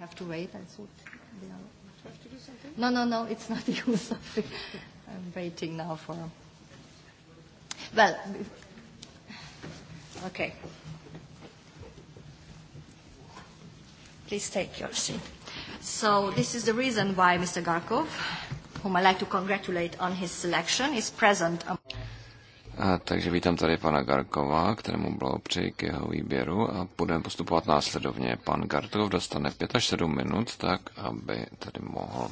Have to wait, I thought. They are... Have to do something? No, no, no, it's not you. I'm waiting now for... Well, okay. Please take your seat. So this is the reason why Mr. Garkov, whom I'd like to congratulate on his selection, is present. A, takže vítám tady pana Garkova, kterému bylo přeji k jeho výběru a budeme postupovat následovně. Pan Garkov dostane 5 až 7 minut, tak aby tady mohl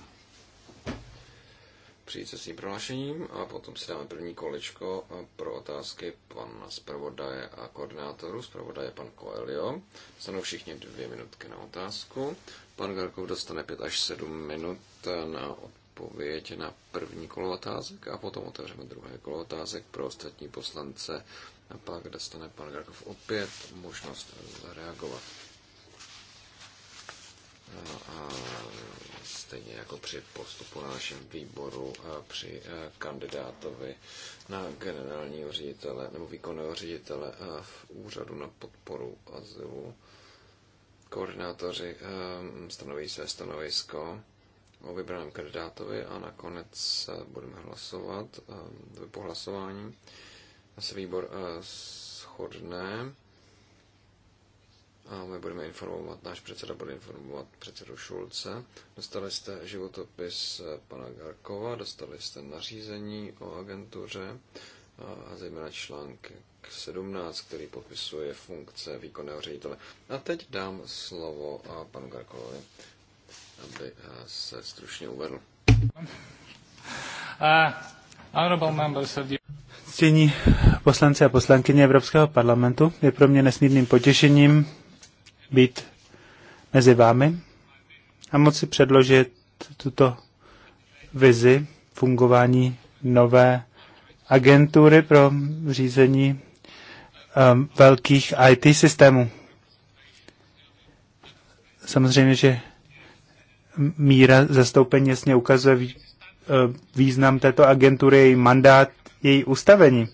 přijít se svým prohlášením a potom si dáme první kolečko pro otázky pana zpravodaje a koordinátoru. Zpravodaje pan Coelio. Dostanou všichni dvě minutky na otázku. Pan Garkov dostane pět až 7 minut na odpověď odpověď na první kolo otázek a potom otevřeme druhé kolo otázek pro ostatní poslance a pak dostane pan Grakov opět možnost zareagovat. No a stejně jako při postupu na našem výboru a při e, kandidátovi na generálního ředitele nebo výkonného ředitele e, v úřadu na podporu azylu. Koordinátoři e, stanoví své stanovisko o vybraném kandidátovi a nakonec eh, budeme hlasovat eh, po hlasování. Se výbor eh, shodne a my budeme informovat, náš předseda bude informovat předsedu Šulce. Dostali jste životopis pana Garkova, dostali jste nařízení o agentuře a zejména článek 17, který popisuje funkce výkonného ředitele. A teď dám slovo panu Garkovovi aby eh, se stručně uvedl. Eh, Ctění poslanci a poslankyně Evropského parlamentu, je pro mě nesmírným potěšením být mezi vámi a moci předložit tuto vizi fungování nové agentury pro řízení um, velkých IT systémů. Samozřejmě, že míra zastoupení jasně ukazuje e, význam této agentury, její mandát, její ustavení.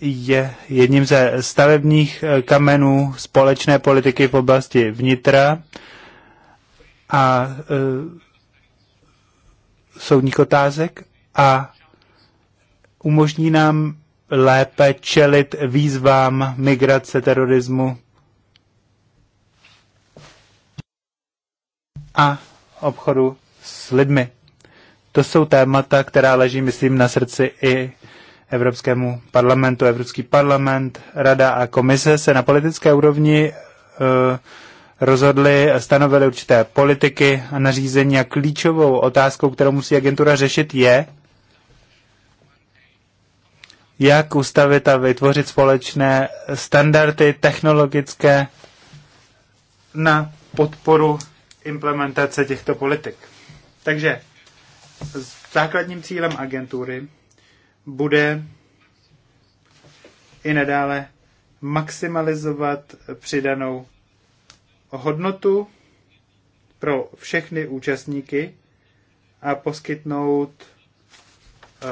Je jedním ze stavebních e, kamenů společné politiky v oblasti vnitra a e, soudních otázek a umožní nám lépe čelit výzvám migrace, terorismu a obchodu s lidmi. To jsou témata, která leží, myslím, na srdci i Evropskému parlamentu. Evropský parlament, rada a komise se na politické úrovni eh, rozhodli, stanovili určité politiky a nařízení a klíčovou otázkou, kterou musí agentura řešit, je, jak ustavit a vytvořit společné standardy technologické na podporu implementace těchto politik. Takže základním cílem agentury bude i nadále maximalizovat přidanou hodnotu pro všechny účastníky a poskytnout eh,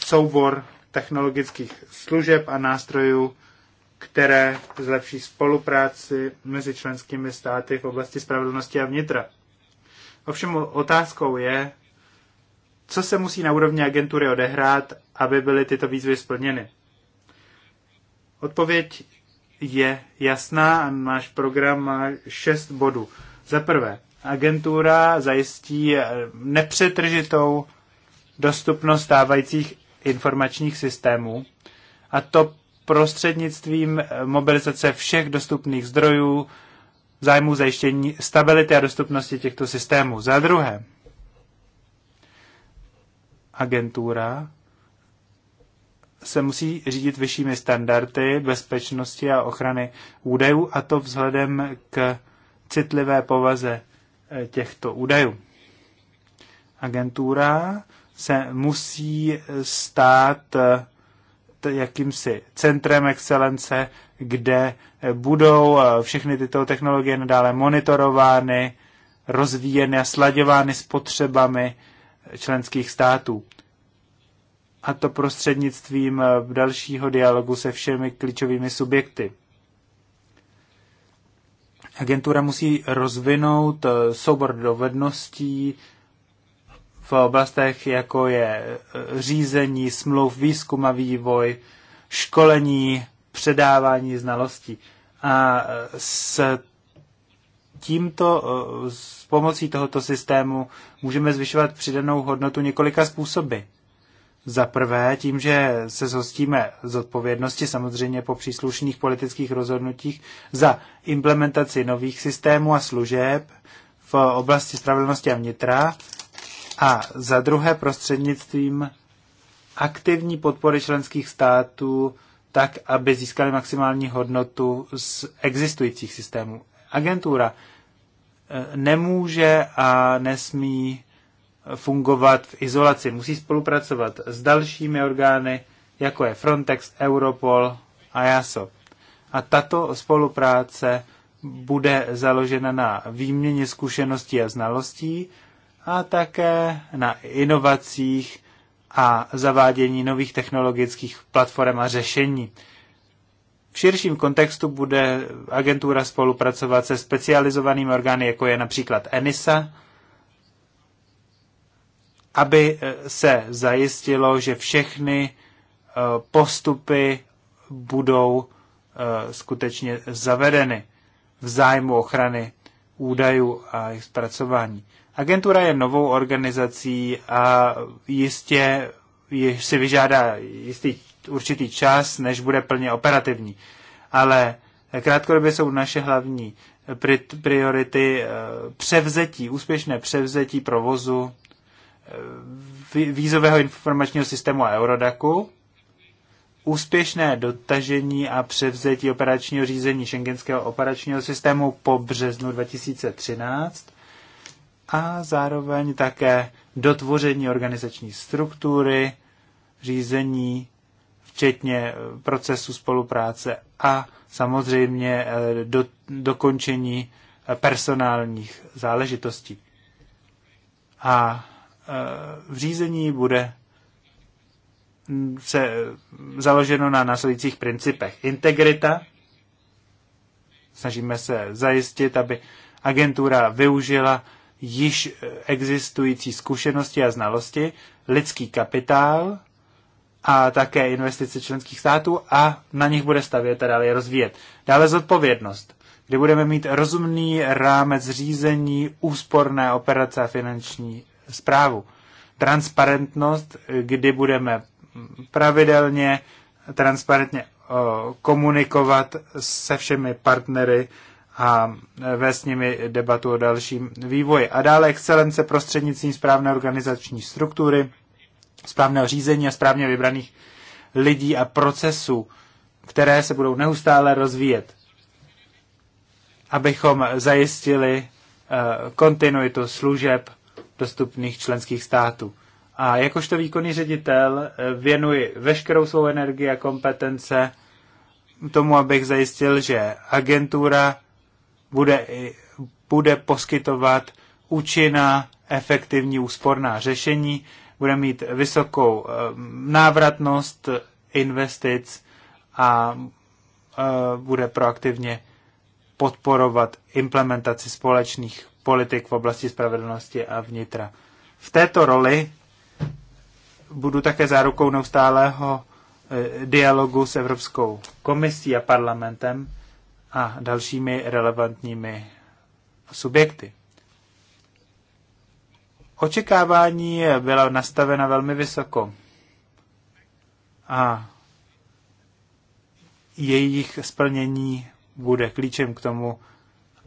soubor technologických služeb a nástrojů které zlepší spolupráci mezi členskými státy v oblasti spravedlnosti a vnitra. Ovšem otázkou je, co se musí na úrovni agentury odehrát, aby byly tyto výzvy splněny. Odpověď je jasná a náš program má šest bodů. Za prvé, agentura zajistí nepřetržitou dostupnost stávajících informačních systémů a to prostřednictvím mobilizace všech dostupných zdrojů zájmu zajištění stability a dostupnosti těchto systémů. Za druhé, agentura se musí řídit vyššími standardy bezpečnosti a ochrany údajů, a to vzhledem k citlivé povaze eh, těchto údajů. Agentura se musí stát eh, jakýmsi centrem excelence, kde eh, budou eh, všechny tyto technologie nadále monitorovány, rozvíjeny a sladěvány s potřebami eh, členských států. A to prostřednictvím dalšího dialogu se všemi klíčovými subjekty. Agentura musí rozvinout soubor dovedností, v oblastech, jako je e, řízení, smluv, výzkum a vývoj, školení, předávání znalostí. A e, s tímto, e, s pomocí tohoto systému můžeme zvyšovat přidanou hodnotu několika způsoby. Za prvé, tím, že se zhostíme z odpovědnosti, samozřejmě po příslušných politických rozhodnutích, za implementaci nových systémů a služeb v oblasti spravedlnosti a vnitra, a za druhé prostřednictvím aktivní podpory členských států tak, aby získali maximální hodnotu z existujících systémů. Agentura eh, nemůže a nesmí fungovat v izolaci. Musí spolupracovat s dalšími orgány, jako je Frontex, Europol a JASO. A tato spolupráce bude založena na výměně zkušeností a znalostí a také na inovacích a zavádění nových technologických platform a řešení. V širším kontextu bude agentura spolupracovat se specializovanými orgány, jako je například ENISA, aby eh, se zajistilo, že všechny eh, postupy budou eh, skutečně zavedeny v zájmu ochrany údajů a jejich zpracování. Agentura je novou organizací a jistě si vyžádá jistý určitý čas, než bude plně operativní. Ale krátkodobě jsou naše hlavní priority eh, převzetí, úspěšné převzetí provozu eh, vízového informačního systému a Eurodaku, úspěšné dotažení a převzetí operačního řízení šengenského operačního systému po březnu 2013 a zároveň také dotvoření organizační struktury, řízení, včetně e, procesu spolupráce a samozřejmě e, do, dokončení e, personálních záležitostí. A v řízení bude se založeno na následujících principech. Integrita. Snažíme se zajistit, aby agentura využila již existující zkušenosti a znalosti, lidský kapitál a také investice členských států a na nich bude stavět a dále je rozvíjet. Dále zodpovědnost, kde budeme mít rozumný rámec řízení, úsporné operace a finanční zprávu. Transparentnost, kdy budeme pravidelně, transparentně eh, komunikovat se všemi partnery a vést s nimi debatu o dalším vývoji. A dále excelence prostřednictvím správné organizační struktury, správného řízení a správně vybraných lidí a procesů, které se budou neustále rozvíjet, abychom zajistili eh, kontinuitu služeb dostupných členských států. A jakožto výkonný ředitel eh, věnuji veškerou svou energii a kompetence tomu, abych zajistil, že agentura bude, bude poskytovat účinná, efektivní, úsporná řešení, bude mít vysokou eh, návratnost investic a eh, bude proaktivně podporovat implementaci společných politik v oblasti spravedlnosti a vnitra. V této roli budu také zárukou neustálého eh, dialogu s Evropskou komisí a parlamentem a dalšími relevantními subjekty. Očekávání byla nastavena velmi vysoko a jejich splnění bude klíčem k tomu,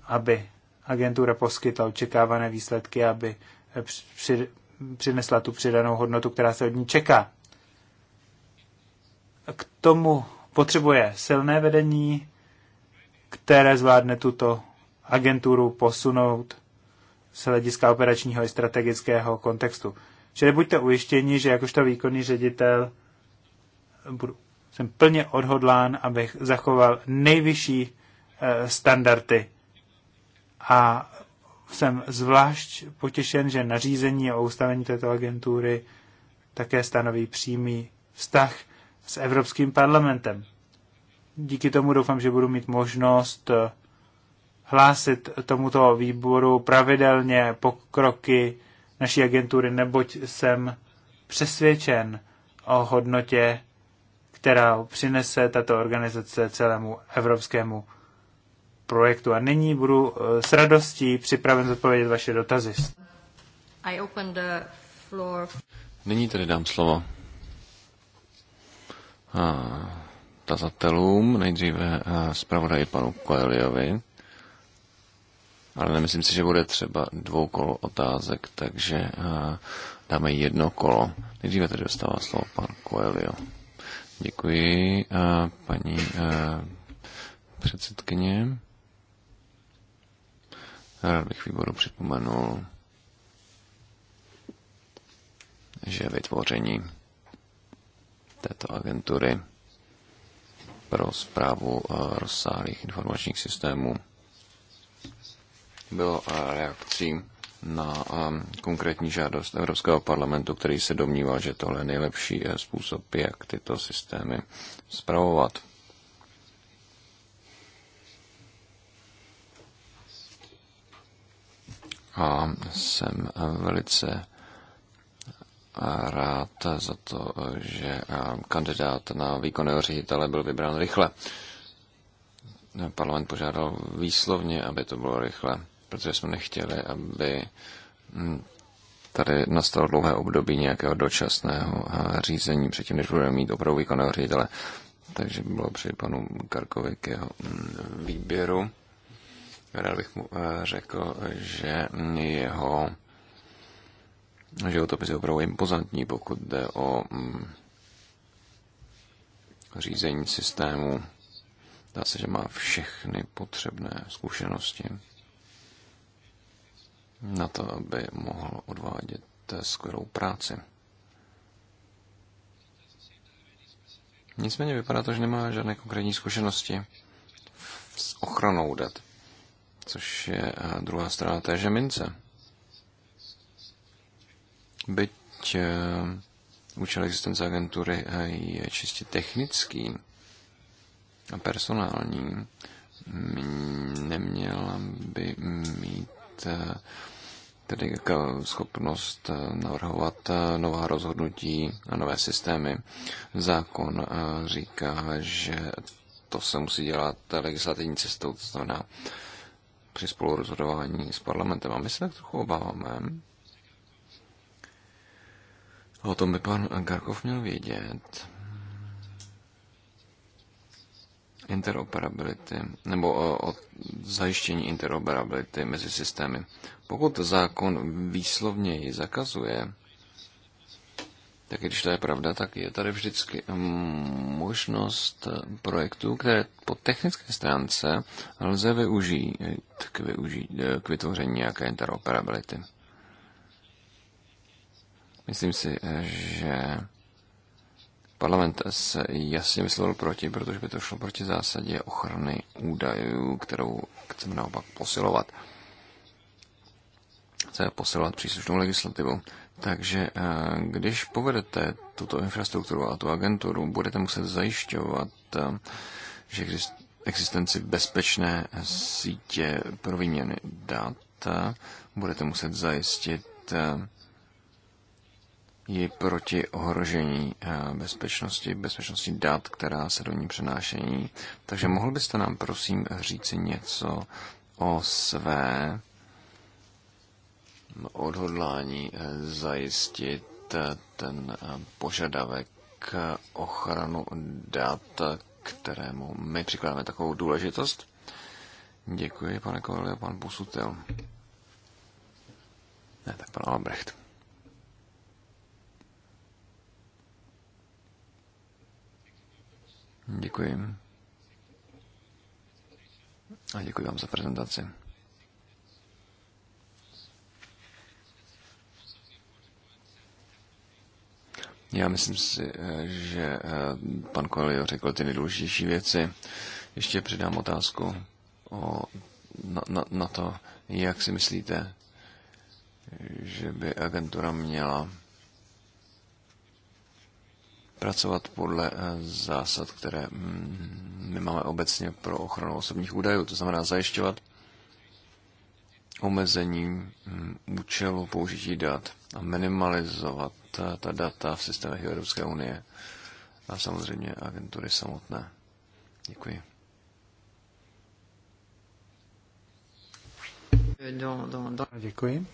aby agentura poskytla očekávané výsledky, aby při, přinesla tu přidanou hodnotu, která se od ní čeká. K tomu potřebuje silné vedení, které zvládne tuto agenturu posunout z hlediska operačního i strategického kontextu. Čili buďte ujištěni, že jakožto výkonný ředitel budu, jsem plně odhodlán, abych zachoval nejvyšší e, standardy. A jsem zvlášť potěšen, že nařízení o ustavení této agentury také stanoví přímý vztah s Evropským parlamentem díky tomu doufám, že budu mít možnost eh, hlásit tomuto výboru pravidelně pokroky naší agentury, neboť jsem přesvědčen o hodnotě, která přinese tato organizace celému evropskému projektu. A nyní budu eh, s radostí připraven zodpovědět vaše dotazy. I open the floor. Nyní tedy dám slovo. Ah tazatelům, nejdříve eh, zpravodaji panu Koeliovi, ale nemyslím si, že bude třeba dvou kolo otázek, takže eh, dáme jedno kolo. Nejdříve tedy dostává slovo pan Koelio. Děkuji, eh, paní předsedkyně. Rád bych výboru připomenul, že vytvoření této agentury pro zprávu eh, rozsáhlých informačních systémů. Bylo eh, reakcí na eh, konkrétní žádost Evropského parlamentu, který se domnívá, že tohle je nejlepší způsob, jak tyto systémy zpravovat. A jsem velice rád za to, že kandidát na výkonného ředitele byl vybrán rychle. Parlament požádal výslovně, aby to bylo rychle, protože jsme nechtěli, aby hm, tady nastalo dlouhé období nějakého dočasného řízení předtím, než budeme mít opravdu výkonného ředitele. Takže by bylo při panu Karkovi k jeho hm, výběru. Rád bych mu řekl, že jeho životopis je opravdu impozantní, pokud jde o mm, řízení systému. Dá se, že má všechny potřebné zkušenosti na to, aby mohl odvádět skvělou práci. Nicméně vypadá to, že nemá žádné konkrétní zkušenosti s ochranou dat, což je eh, druhá strana té mince. Byť eh, účel existence agentury eh, je čistě technický a personální, mm, neměla by mít eh, tedy schopnost navrhovat nová rozhodnutí a nové systémy. Zákon říká, že to se musí dělat legislativní cestou, to znamená při spolurozhodování s parlamentem. A my se tak trochu obáváme, O tom by pan Garkov měl vědět. Interoperability, nebo o, o zajištění interoperability mezi systémy. Pokud zákon výslovně ji zakazuje, tak když to je pravda, tak je tady vždycky možnost projektů, které po technické stránce lze využít k, využít, k vytvoření nějaké interoperability. Myslím si, že parlament se jasně vyslovil proti, protože by to šlo proti zásadě ochrany údajů, kterou chceme naopak posilovat. Chceme posilovat příslušnou legislativu. Takže eh, když povedete tuto infrastrukturu a tu agenturu, budete muset zajišťovat, eh, že existenci bezpečné sítě pro výměny dat eh, budete muset zajistit ji proti ohrožení eh, bezpečnosti, bezpečnosti dat, která se do ní přenášení. Takže mohl byste nám prosím říci něco o své no, odhodlání eh, zajistit eh, ten požadavek ochranu dat, kterému my přikládáme takovou důležitost? Děkuji, pane Kovalio, pan Busutel. Ne, tak pan Albrecht. Děkuji. A děkuji vám za prezentaci. Já myslím si, že eh, pan Koelio řekl ty nejdůležitější věci. Ještě přidám otázku o, na, na, na to, jak si myslíte, že by agentura měla pracovat podle eh, zásad, které mm, my máme obecně pro ochranu osobních údajů, to znamená zajišťovat omezením mm, účelu použití dat a minimalizovat eh, ta data v systémech Evropské unie a samozřejmě agentury samotné. Děkuji. Děkuji.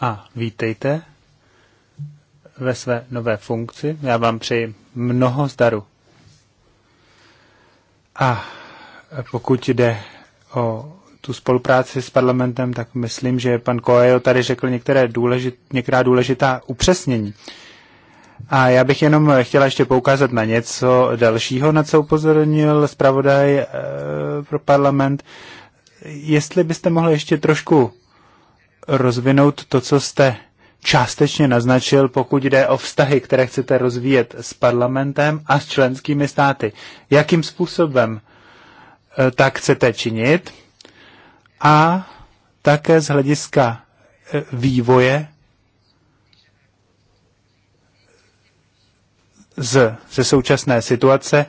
A vítejte ve své nové funkci. Já vám přeji mnoho zdaru. A pokud jde o tu spolupráci s parlamentem, tak myslím, že pan Koejo tady řekl některé důležit, některá důležitá upřesnění. A já bych jenom chtěla ještě poukázat na něco dalšího, na co upozornil zpravodaj e, pro parlament. Jestli byste mohli ještě trošku rozvinout to, co jste částečně naznačil, pokud jde o vztahy, které chcete rozvíjet s parlamentem a s členskými státy. Jakým způsobem e, tak chcete činit a také z hlediska e, vývoje z, ze současné situace,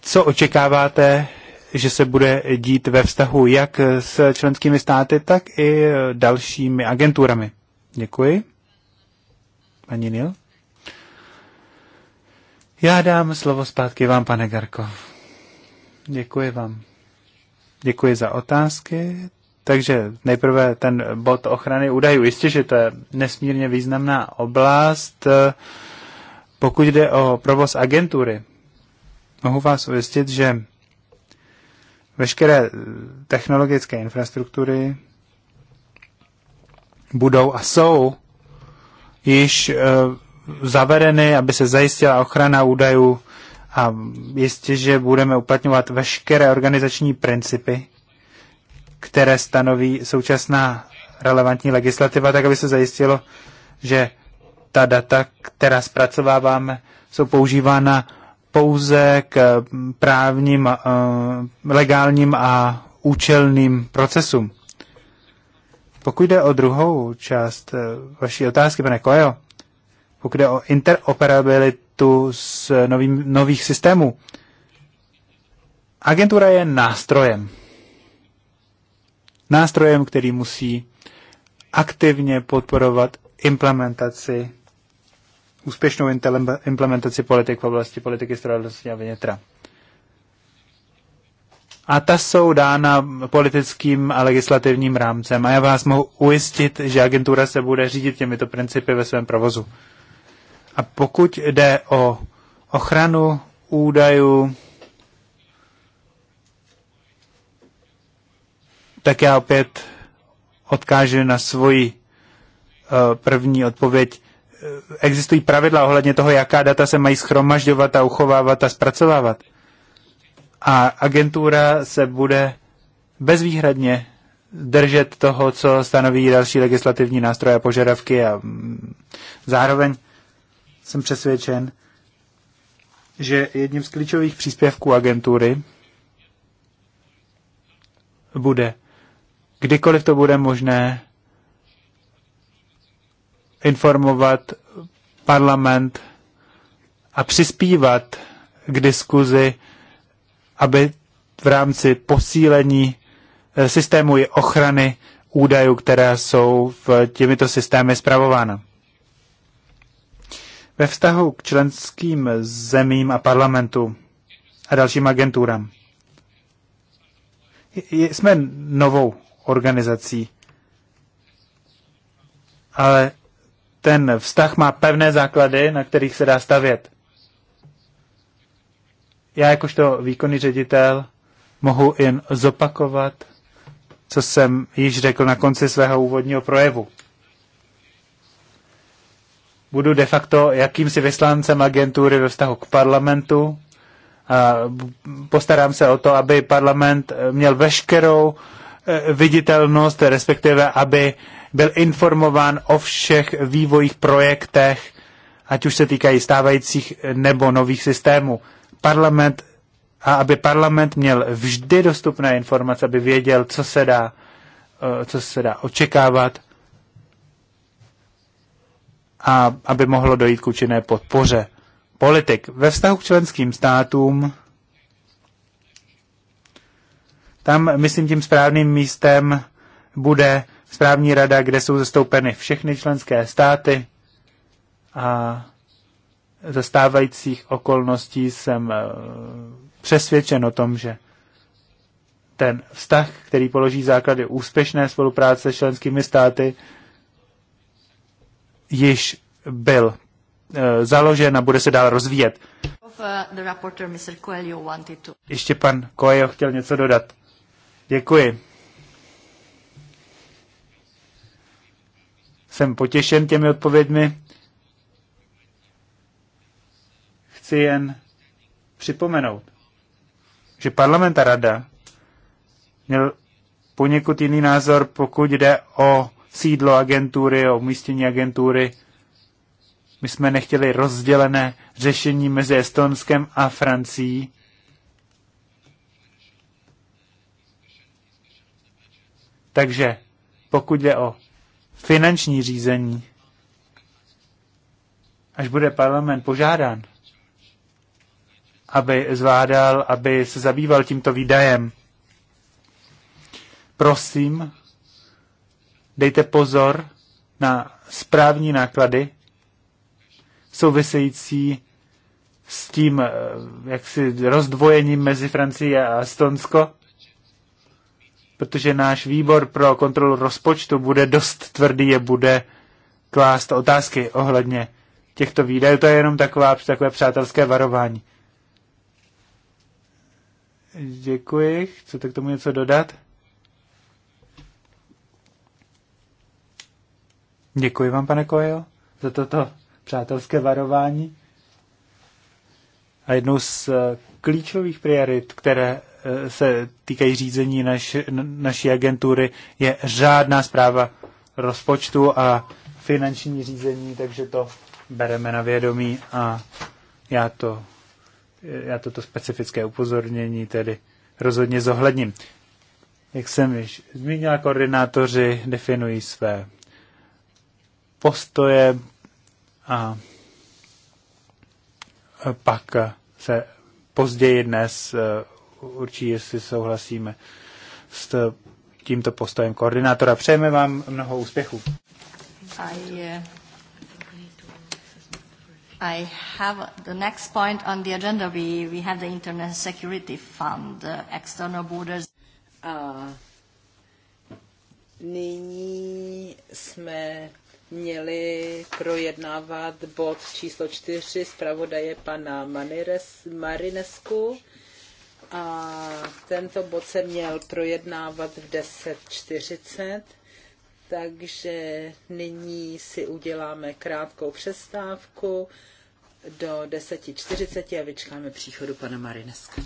co očekáváte že se bude dít ve vztahu jak s členskými státy, tak i dalšími agenturami. Děkuji. Paní Nil. Já dám slovo zpátky vám, pane Garko. Děkuji vám. Děkuji za otázky. Takže nejprve ten bod ochrany údajů. Jistě, že to je nesmírně významná oblast. Pokud jde o provoz agentury, mohu vás ujistit, že veškeré eh, technologické infrastruktury budou a jsou již eh, zavedeny, aby se zajistila ochrana údajů a jistě, že budeme uplatňovat veškeré organizační principy, které stanoví současná relevantní legislativa, tak aby se zajistilo, že ta data, která zpracováváme, jsou používána pouze k mm, právním, legálním a účelným procesům. Pokud jde o druhou část e, vaší otázky, pane Kojo, pokud jde o interoperabilitu s novým, nových systémů, agentura je nástrojem. Nástrojem, který musí aktivně podporovat implementaci úspěšnou implementaci politik v oblasti politiky spravedlnosti a vnitra. A ta jsou dána politickým a legislativním rámcem. A já vás mohu ujistit, že agentura se bude řídit těmito principy ve svém provozu. A pokud jde o ochranu údajů, tak já opět odkážu na svoji eh, první odpověď existují pravidla ohledně toho, jaká data se mají schromažďovat a uchovávat a zpracovávat. A agentura se bude bezvýhradně držet toho, co stanoví další legislativní nástroje a požadavky a mm, zároveň jsem přesvědčen, že jedním z klíčových příspěvků agentury bude, kdykoliv to bude možné, informovat parlament a přispívat k diskuzi, aby v rámci posílení eh, systému i ochrany údajů, které jsou v těmito systémy zpravována. Ve vztahu k členským zemím a parlamentu a dalším agenturám. Jsme novou organizací, ale ten vztah má pevné základy, na kterých se dá stavět. Já jakožto výkonný ředitel mohu jen zopakovat, co jsem již řekl na konci svého úvodního projevu. Budu de facto jakýmsi vyslancem agentury ve vztahu k parlamentu. A postarám se o to, aby parlament měl veškerou eh, viditelnost, respektive aby byl informován o všech vývojích, projektech, ať už se týkají stávajících nebo nových systémů. Parlament a aby parlament měl vždy dostupné informace, aby věděl, co se dá, eh, co se dá očekávat a aby mohlo dojít k účinné podpoře. Politik. Ve vztahu k členským státům tam, myslím, tím správným místem bude správní rada, kde jsou zastoupeny všechny členské státy a zastávajících okolností jsem eh, přesvědčen o tom, že ten vztah, který položí základy úspěšné spolupráce s členskými státy, již byl eh, založen a bude se dál rozvíjet. Eh, Ještě pan Coelho chtěl něco dodat. Děkuji. jsem potěšen těmi odpověďmi. Chci jen připomenout, že parlament a rada měl poněkud jiný názor, pokud jde o sídlo agentury, o umístění agentury. My jsme nechtěli rozdělené řešení mezi Estonskem a Francií. Takže pokud jde o finanční řízení, až bude parlament požádán, aby zvládal, aby se zabýval tímto výdajem. Prosím, dejte pozor na správní náklady související s tím eh, jaksi rozdvojením mezi Francii a Estonsko protože náš výbor pro kontrolu rozpočtu bude dost tvrdý, je bude klást otázky ohledně těchto výdajů. To je jenom taková, takové přátelské varování. Děkuji. Chcete k tomu něco dodat? Děkuji vám, pane Kojo, za toto přátelské varování. A jednou z eh, klíčových priorit, které se týkají řízení naš, naší agentury, je řádná zpráva rozpočtu a finanční řízení, takže to bereme na vědomí a já to já toto specifické upozornění tedy rozhodně zohledním. Jak jsem již zmínila, koordinátoři definují své postoje a pak se později dnes určí, jestli souhlasíme s tímto postojem koordinátora. Přejeme vám mnoho úspěchů. I, uh, I have the next point on the agenda. We, we have the Internet Security Fund, uh, external borders. A nyní jsme měli projednávat bod číslo čtyři zpravodaje pana Marines, Marinesku a tento bod se měl projednávat v 10.40, takže nyní si uděláme krátkou přestávku do 10.40 a vyčkáme příchodu pana Marineska.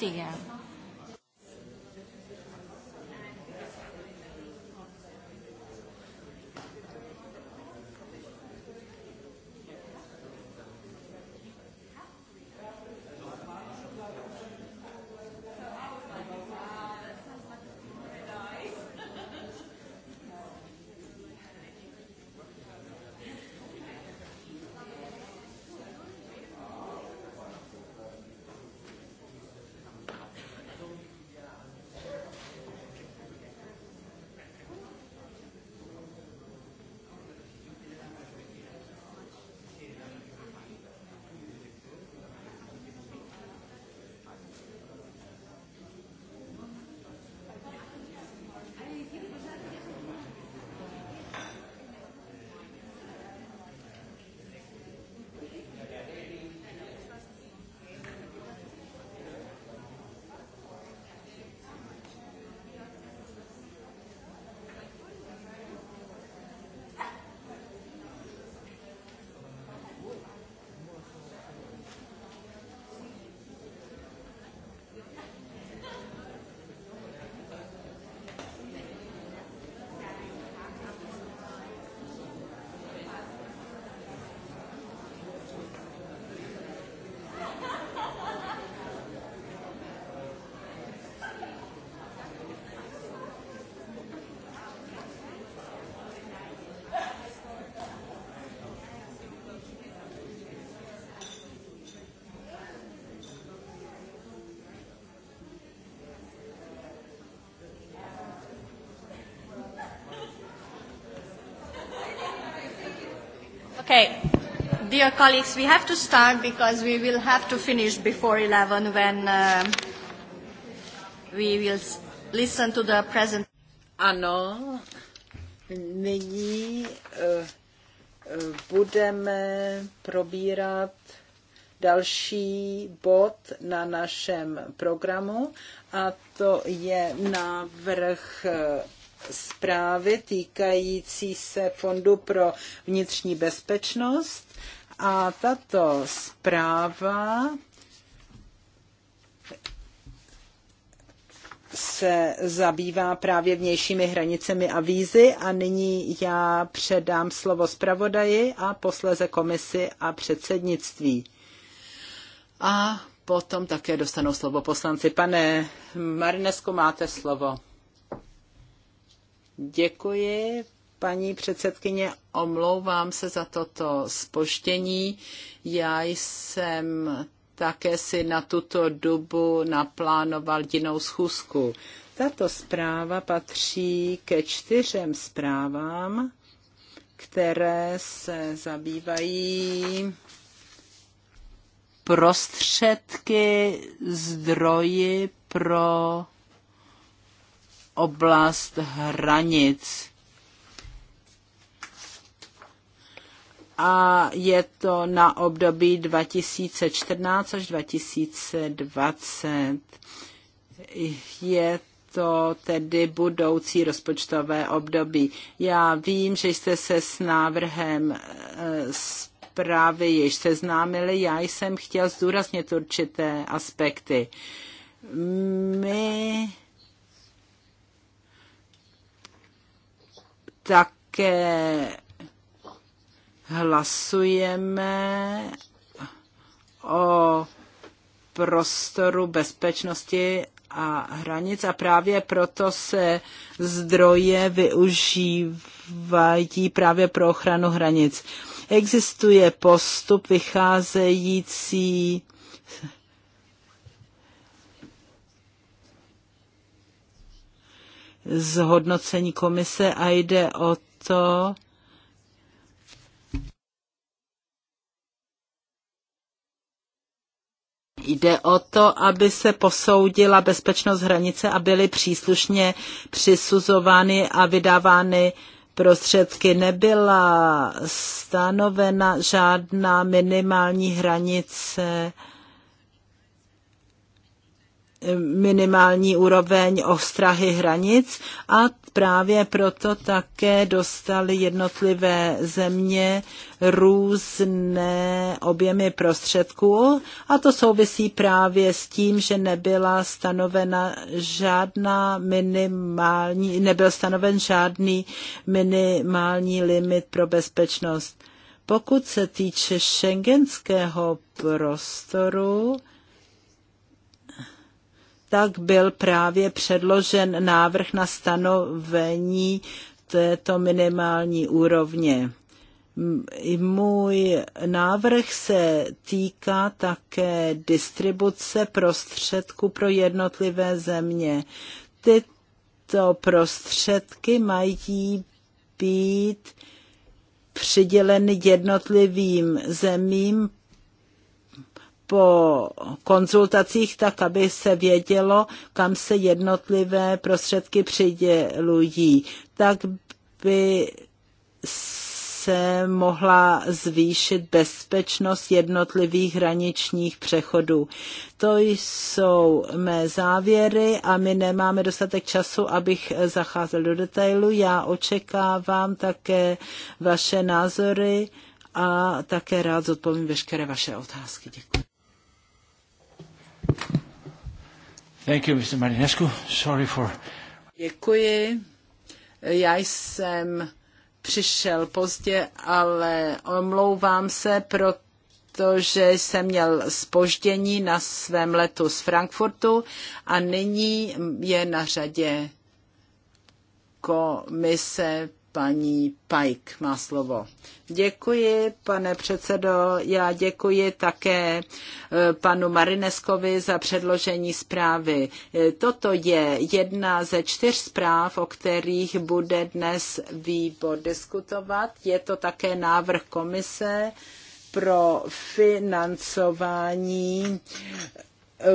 Fotiga. Okay. Dear colleagues, we have to start because we will have to finish before 11 when uh, we will listen to the present. Ano, nyní uh, budeme probírat další bod na našem programu a to je návrh uh, zprávy týkající se Fondu pro vnitřní bezpečnost a tato zpráva se zabývá právě vnějšími hranicemi a vízy a nyní já předám slovo zpravodaji a posleze komisi a předsednictví. A potom také dostanou slovo poslanci. Pane Marinesko, máte slovo. Děkuji, paní předsedkyně, omlouvám se za toto spoštění. Já jsem také si na tuto dobu naplánoval jinou schůzku. Tato zpráva patří ke čtyřem zprávám, které se zabývají prostředky, zdroji pro oblast hranic. A je to na období 2014 až 2020. Je to tedy budoucí rozpočtové období. Já vím, že jste se s návrhem eh, zprávy již seznámili. Já jsem chtěl zdůraznit určité aspekty. My také hlasujeme o prostoru bezpečnosti a hranic a právě proto se zdroje využívají právě pro ochranu hranic. Existuje postup vycházející zhodnocení komise a jde o to, Jde o to, aby se posoudila bezpečnost hranice a byly příslušně přisuzovány a vydávány prostředky. Nebyla stanovena žádná minimální hranice minimální úroveň ostrahy hranic a právě proto také dostaly jednotlivé země různé objemy prostředků a to souvisí právě s tím, že nebyla stanovena žádná minimální, nebyl stanoven žádný minimální limit pro bezpečnost. Pokud se týče šengenského prostoru, tak byl právě předložen návrh na stanovení této minimální úrovně. Můj návrh se týká také distribuce prostředků pro jednotlivé země. Tyto prostředky mají být přiděleny jednotlivým zemím po konzultacích, tak aby se vědělo, kam se jednotlivé prostředky přidělují. Tak by se mohla zvýšit bezpečnost jednotlivých hraničních přechodů. To jsou mé závěry a my nemáme dostatek času, abych zacházel do detailu. Já očekávám také vaše názory a také rád zodpovím veškeré vaše otázky. Děkuji. Thank you, Mr. Marinescu. Sorry for... Děkuji. Já jsem přišel pozdě, ale omlouvám se, protože jsem měl spoždění na svém letu z Frankfurtu a nyní je na řadě komise Paní Pajk má slovo. Děkuji, pane předsedo. Já děkuji také eh, panu Marineskovi za předložení zprávy. Eh, Toto je jedna ze čtyř zpráv, o kterých bude dnes výbor diskutovat. Je to také návrh komise pro financování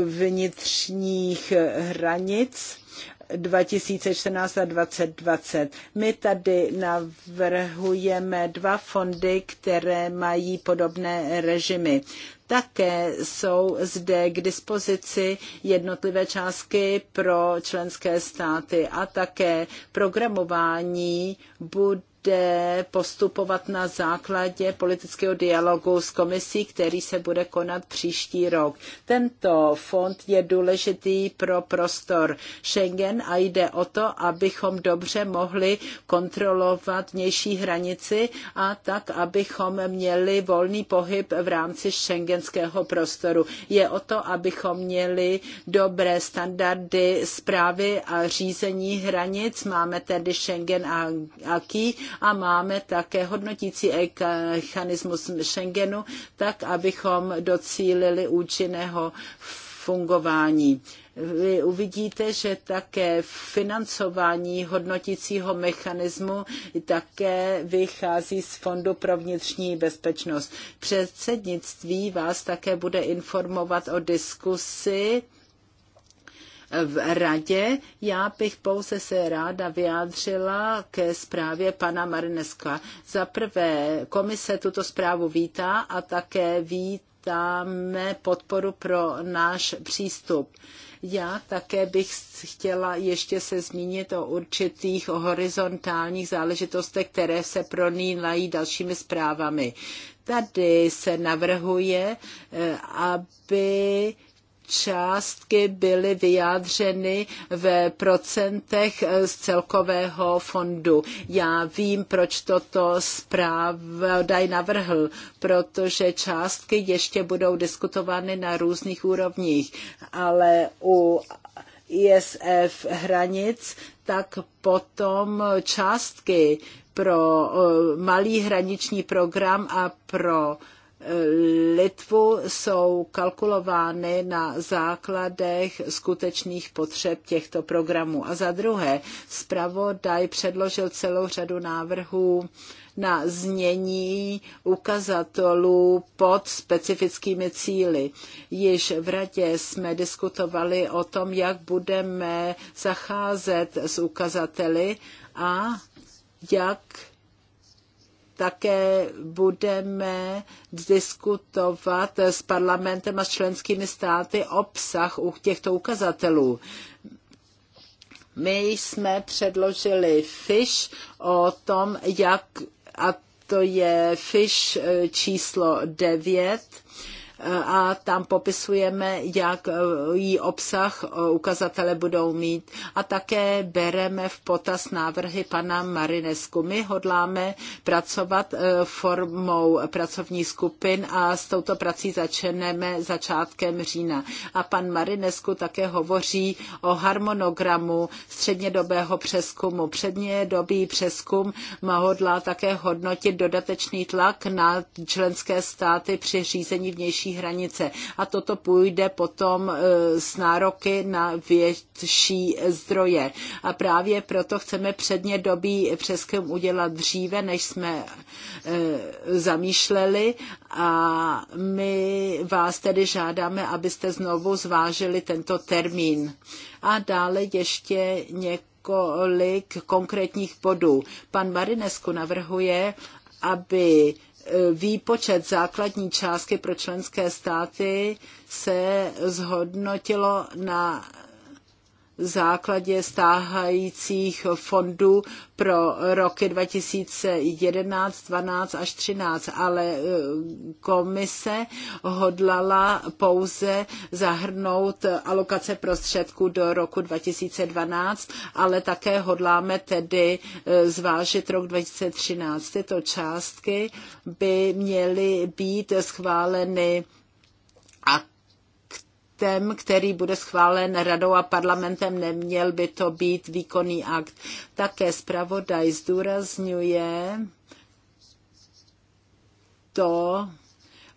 vnitřních hranic 2014 a 2020. My tady navrhujeme dva fondy, které mají podobné režimy. Také jsou zde k dispozici jednotlivé částky pro členské státy a také programování bude bude postupovat na základě politického dialogu s komisí, který se bude konat příští rok. Tento fond je důležitý pro prostor Schengen a jde o to, abychom dobře mohli kontrolovat vnější hranici a tak, abychom měli volný pohyb v rámci šengenského prostoru. Je o to, abychom měli dobré standardy zprávy a řízení hranic. Máme tedy Schengen a Aki a máme také hodnotící mechanismus Schengenu, tak abychom docílili účinného fungování. Vy uvidíte, že také financování hodnotícího mechanismu také vychází z Fondu pro vnitřní bezpečnost. Předsednictví vás také bude informovat o diskusi v radě. Já bych pouze se ráda vyjádřila ke zprávě pana Marineska. Za prvé, komise tuto zprávu vítá a také vítáme podporu pro náš přístup. Já také bych chtěla ještě se zmínit o určitých horizontálních záležitostech, které se pronínají dalšími zprávami. Tady se navrhuje, eh, aby částky byly vyjádřeny v procentech eh, z celkového fondu. Já vím, proč toto zpravodaj navrhl, protože částky ještě budou diskutovány na různých úrovních, ale u ISF hranic, tak potom částky pro eh, malý hraniční program a pro Litvu jsou kalkulovány na základech skutečných potřeb těchto programů. A za druhé, zpravodaj předložil celou řadu návrhů na změní ukazatelů pod specifickými cíly. Již v radě jsme diskutovali o tom, jak budeme zacházet s ukazateli a jak také budeme diskutovat s parlamentem a s členskými státy obsah u těchto ukazatelů. My jsme předložili FISH o tom, jak, a to je FISH číslo 9, a tam popisujeme, jak e, jí obsah e, ukazatele budou mít. A také bereme v potaz návrhy pana Marinesku. My hodláme pracovat e, formou pracovních skupin a s touto prací začneme začátkem října. A pan Marinesku také hovoří o harmonogramu střednědobého přeskumu. Přednědobý přeskum hodlá také hodnotit dodatečný tlak na členské státy při řízení vnější vnější hranice. A toto půjde potom e, s nároky na větší zdroje. A právě proto chceme předně dobí přeskum udělat dříve, než jsme e, zamýšleli a my vás tedy žádáme, abyste znovu zvážili tento termín. A dále ještě několik konkrétních bodů. Pan Marinesku navrhuje, aby Eh, výpočet základní částky pro členské státy se zhodnotilo na základě stáhajících fondů pro roky 2011, 12 až 13, ale eh, komise hodlala pouze zahrnout alokace prostředků do roku 2012, ale také hodláme tedy eh, zvážit rok 2013. Tyto částky by měly být schváleny aktem, který bude schválen radou a parlamentem, neměl by to být výkonný akt. Také zpravodaj zdůrazňuje to,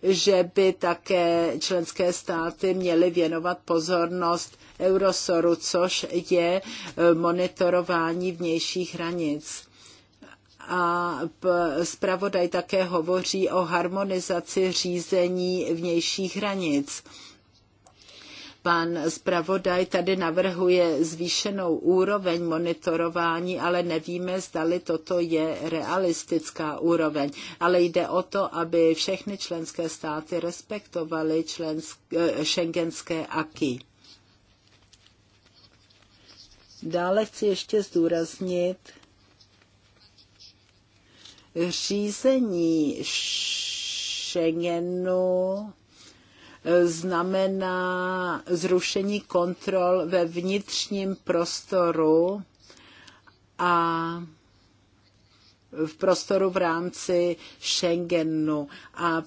že by také členské státy měly věnovat pozornost Eurosoru, což je eh, monitorování vnějších hranic. A zpravodaj také hovoří o harmonizaci řízení vnějších hranic Pan zpravodaj tady navrhuje zvýšenou úroveň monitorování, ale nevíme, zdali toto je realistická úroveň. Ale jde o to, aby všechny členské státy respektovaly člensk, eh, šengenské aky. Dále chci ještě zdůraznit, řízení Schengenu znamená zrušení kontrol ve vnitřním prostoru a v prostoru v rámci Schengenu. A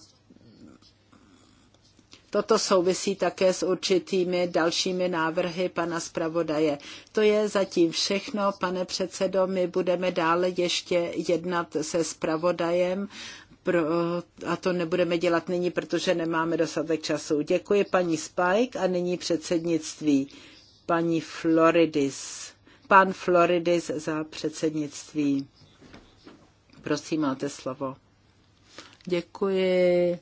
Toto souvisí také s určitými dalšími návrhy pana zpravodaje. To je zatím všechno, pane předsedo. My budeme dále ještě jednat se zpravodajem pro, a to nebudeme dělat nyní, protože nemáme dostatek času. Děkuji paní Spike a nyní předsednictví paní Floridis. Pan Floridis za předsednictví. Prosím, máte slovo. Děkuji.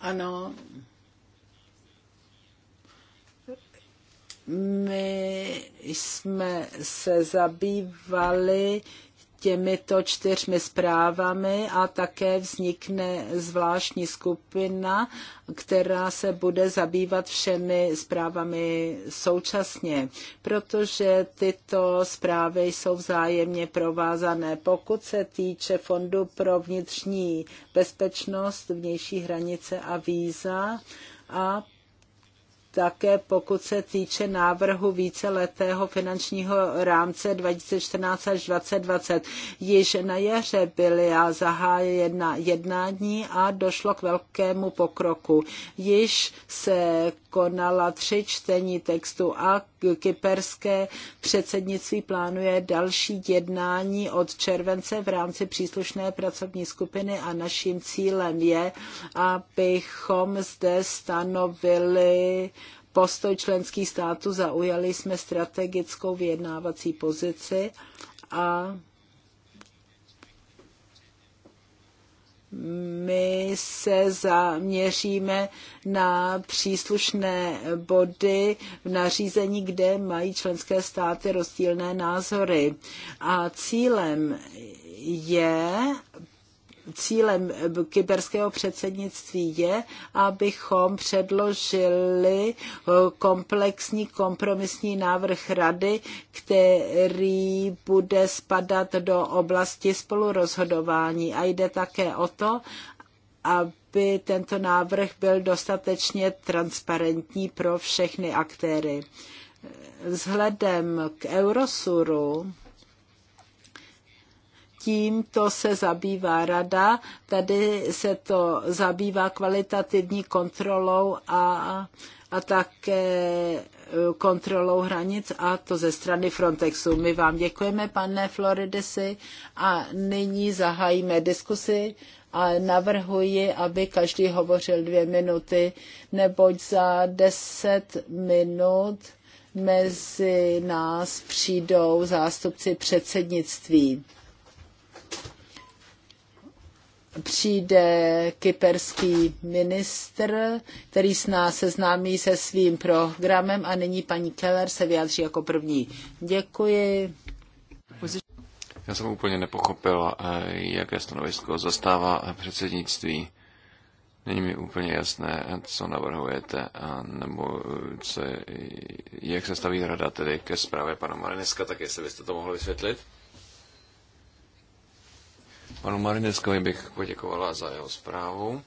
Ano, My jsme se zabývali těmito čtyřmi zprávami a také vznikne zvláštní skupina, která se bude zabývat všemi zprávami současně, protože tyto zprávy jsou vzájemně provázané. Pokud se týče Fondu pro vnitřní bezpečnost, vnější hranice a víza, a také pokud se týče návrhu víceletého finančního rámce 2014 až 2020. Již na jaře byly zahájena jednání a došlo k velkému pokroku. Již se konala tři čtení textu a kyperské předsednictví plánuje další jednání od července v rámci příslušné pracovní skupiny a naším cílem je, abychom zde stanovili postoj členských států, zaujali jsme strategickou vyjednávací pozici a my se zaměříme na příslušné body v nařízení, kde mají členské státy rozdílné názory. A cílem je cílem kyberského předsednictví je, abychom předložili eh, komplexní kompromisní návrh rady, který bude spadat do oblasti spolurozhodování. A jde také o to, aby tento návrh byl dostatečně transparentní pro všechny aktéry. Vzhledem k Eurosuru, Tímto se zabývá rada, tady se to zabývá kvalitativní kontrolou a, a také e, kontrolou hranic a to ze strany Frontexu. My vám děkujeme, pane Floridesi, a nyní zahájíme diskusi a navrhuji, aby každý hovořil dvě minuty, neboť za deset minut mezi nás přijdou zástupci předsednictví přijde kyperský ministr, který s nás seznámí se svým programem a nyní paní Keller se vyjádří jako první. Děkuji. Já jsem úplně nepochopil, eh, jaké stanovisko zastává předsednictví. Není mi úplně jasné, co navrhujete, a nebo eh, co, jak se staví rada tedy ke zprávě pana Marineska, tak jestli byste to mohli vysvětlit. Panu Marineckovi bych poděkovala za jeho zprávu.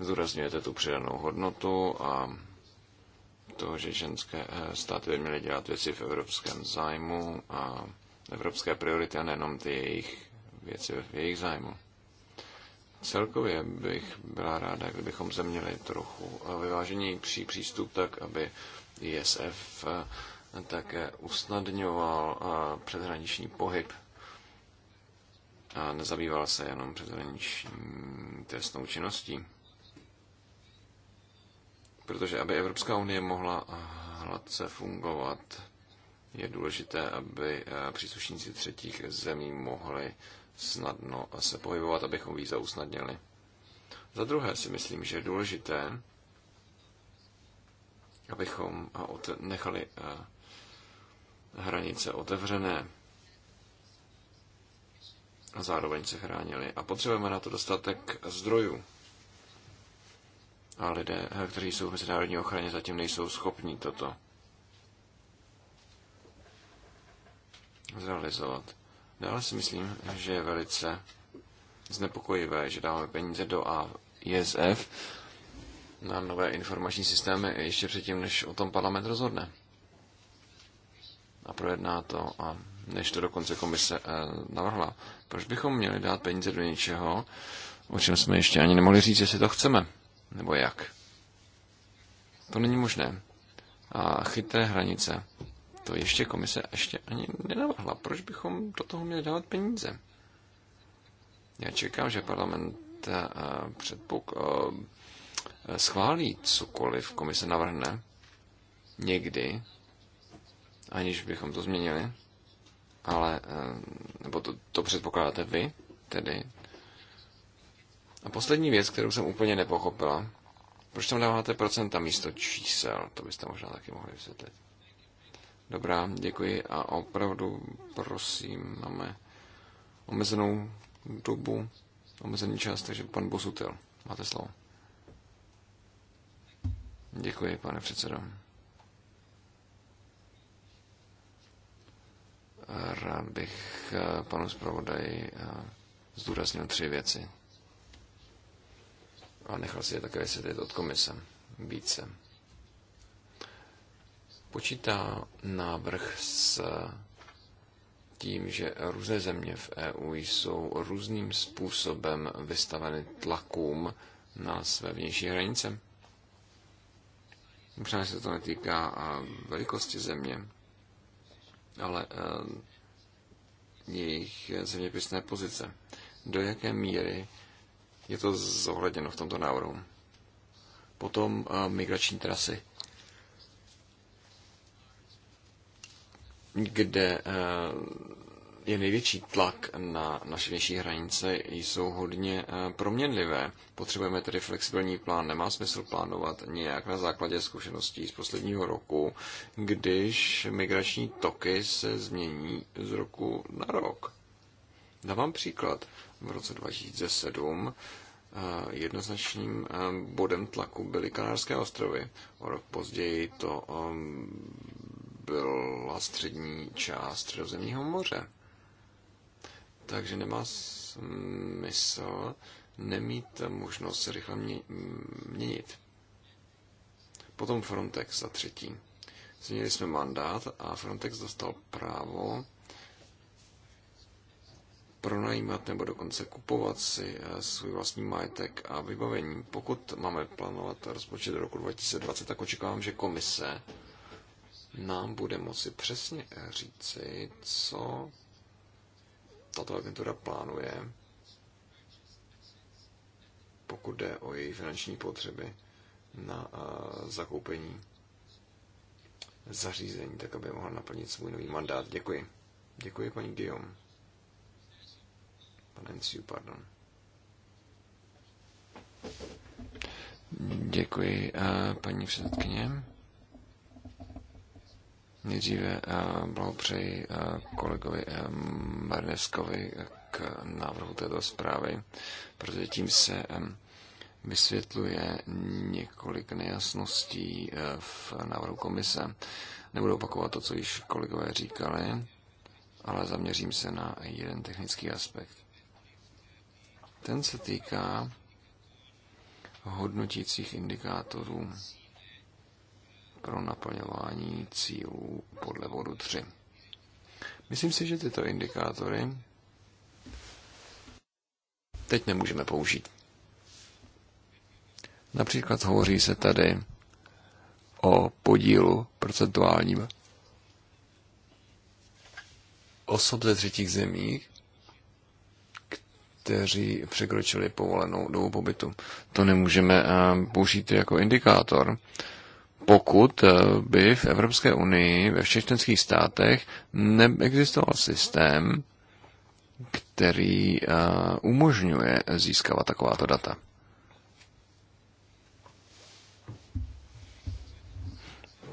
Zúrazňujete tu přidanou hodnotu a to, že ženské eh, státy by měly dělat věci v evropském zájmu a evropské priority a nejenom ty jejich věci v jejich zájmu. Celkově bych byla ráda, kdybychom se měli trochu vyvážení pří přístup tak, aby ISF eh, také usnadňoval eh, přeshraniční pohyb a nezabýval se jenom přeshraniční trestnou činností. Protože aby Evropská unie mohla hladce fungovat, je důležité, aby eh, příslušníci třetích zemí mohli snadno se pohybovat, abychom víza usnadnili. Za druhé si myslím, že je důležité, abychom nechali eh, hranice otevřené a zároveň se chránili. A potřebujeme na to dostatek zdrojů. A lidé, kteří jsou v mezinárodní ochraně, zatím nejsou schopní toto zrealizovat. Dále si myslím, že je velice znepokojivé, že dáme peníze do ISF na nové informační systémy ještě předtím, než o tom parlament rozhodne. A projedná to a než to dokonce komise eh, navrhla. Proč bychom měli dát peníze do něčeho, o čem jsme ještě ani nemohli říct, jestli to chceme? Nebo jak? To není možné. A chytré hranice. To ještě komise ještě ani nenavrhla. Proč bychom do toho měli dávat peníze? Já čekám, že parlament eh, předpok eh, schválí cokoliv komise navrhne někdy, aniž bychom to změnili ale, eh, nebo to, to předpokládáte vy, tedy. A poslední věc, kterou jsem úplně nepochopila, proč tam dáváte procenta místo čísel? To byste možná taky mohli vysvětlit. Dobrá, děkuji a opravdu prosím, máme omezenou dobu, omezený čas, takže pan Bosutil, máte slovo. Děkuji, pane předsedo. Rád bych eh, panu zpravodaji eh, zdůraznil tři věci. A nechal si je také vysvětlit od komise více. Počítá návrh s tím, že různé země v EU jsou různým způsobem vystaveny tlakům na své vnější hranice. Možná se to netýká eh, velikosti země, ale eh, jejich zeměpisné pozice. Do jaké míry je to zohledněno v tomto návrhu? Potom eh, migrační trasy. kde eh, je největší tlak na naše vnější hranice, jsou hodně eh, proměnlivé. Potřebujeme tedy flexibilní plán. Nemá smysl plánovat nějak na základě zkušeností z posledního roku, když migrační toky se změní z roku na rok. Dávám příklad. V roce 2007 eh, jednoznačným eh, bodem tlaku byly Kanárské ostrovy. O rok později to byla střední část Středozemního moře. Takže nemá smysl nemít možnost se rychle měnit. Potom Frontex za třetí. Změnili jsme mandát a Frontex dostal právo pronajímat nebo dokonce kupovat si eh, svůj vlastní majetek a vybavení. Pokud máme plánovat rozpočet roku 2020, tak očekávám, že komise nám bude moci přesně říci, co tato agentura plánuje, pokud jde o její finanční potřeby na zakoupení zařízení, tak aby mohla naplnit svůj nový mandát. Děkuji. Děkuji, paní Guillaume. Pane Enciu, pardon. Děkuji, paní předsedkyně. Nejdříve eh, blahopřeji eh, kolegovi eh, Marneskovi k návrhu této zprávy, protože tím se vysvětluje několik nejasností v návrhu komise. Nebudu opakovat to, co již kolegové říkali, ale zaměřím se na jeden technický aspekt. Ten se týká hodnotících indikátorů pro naplňování cílů podle bodu 3. Myslím si, že tyto indikátory teď nemůžeme použít. Například hovoří se tady o podílu procentuálním osob ze třetích zemí, kteří překročili povolenou dobu pobytu. To nemůžeme eh, použít jako indikátor, pokud eh, by v Evropské unii ve všech členských státech neexistoval systém, který eh, umožňuje získávat takováto data.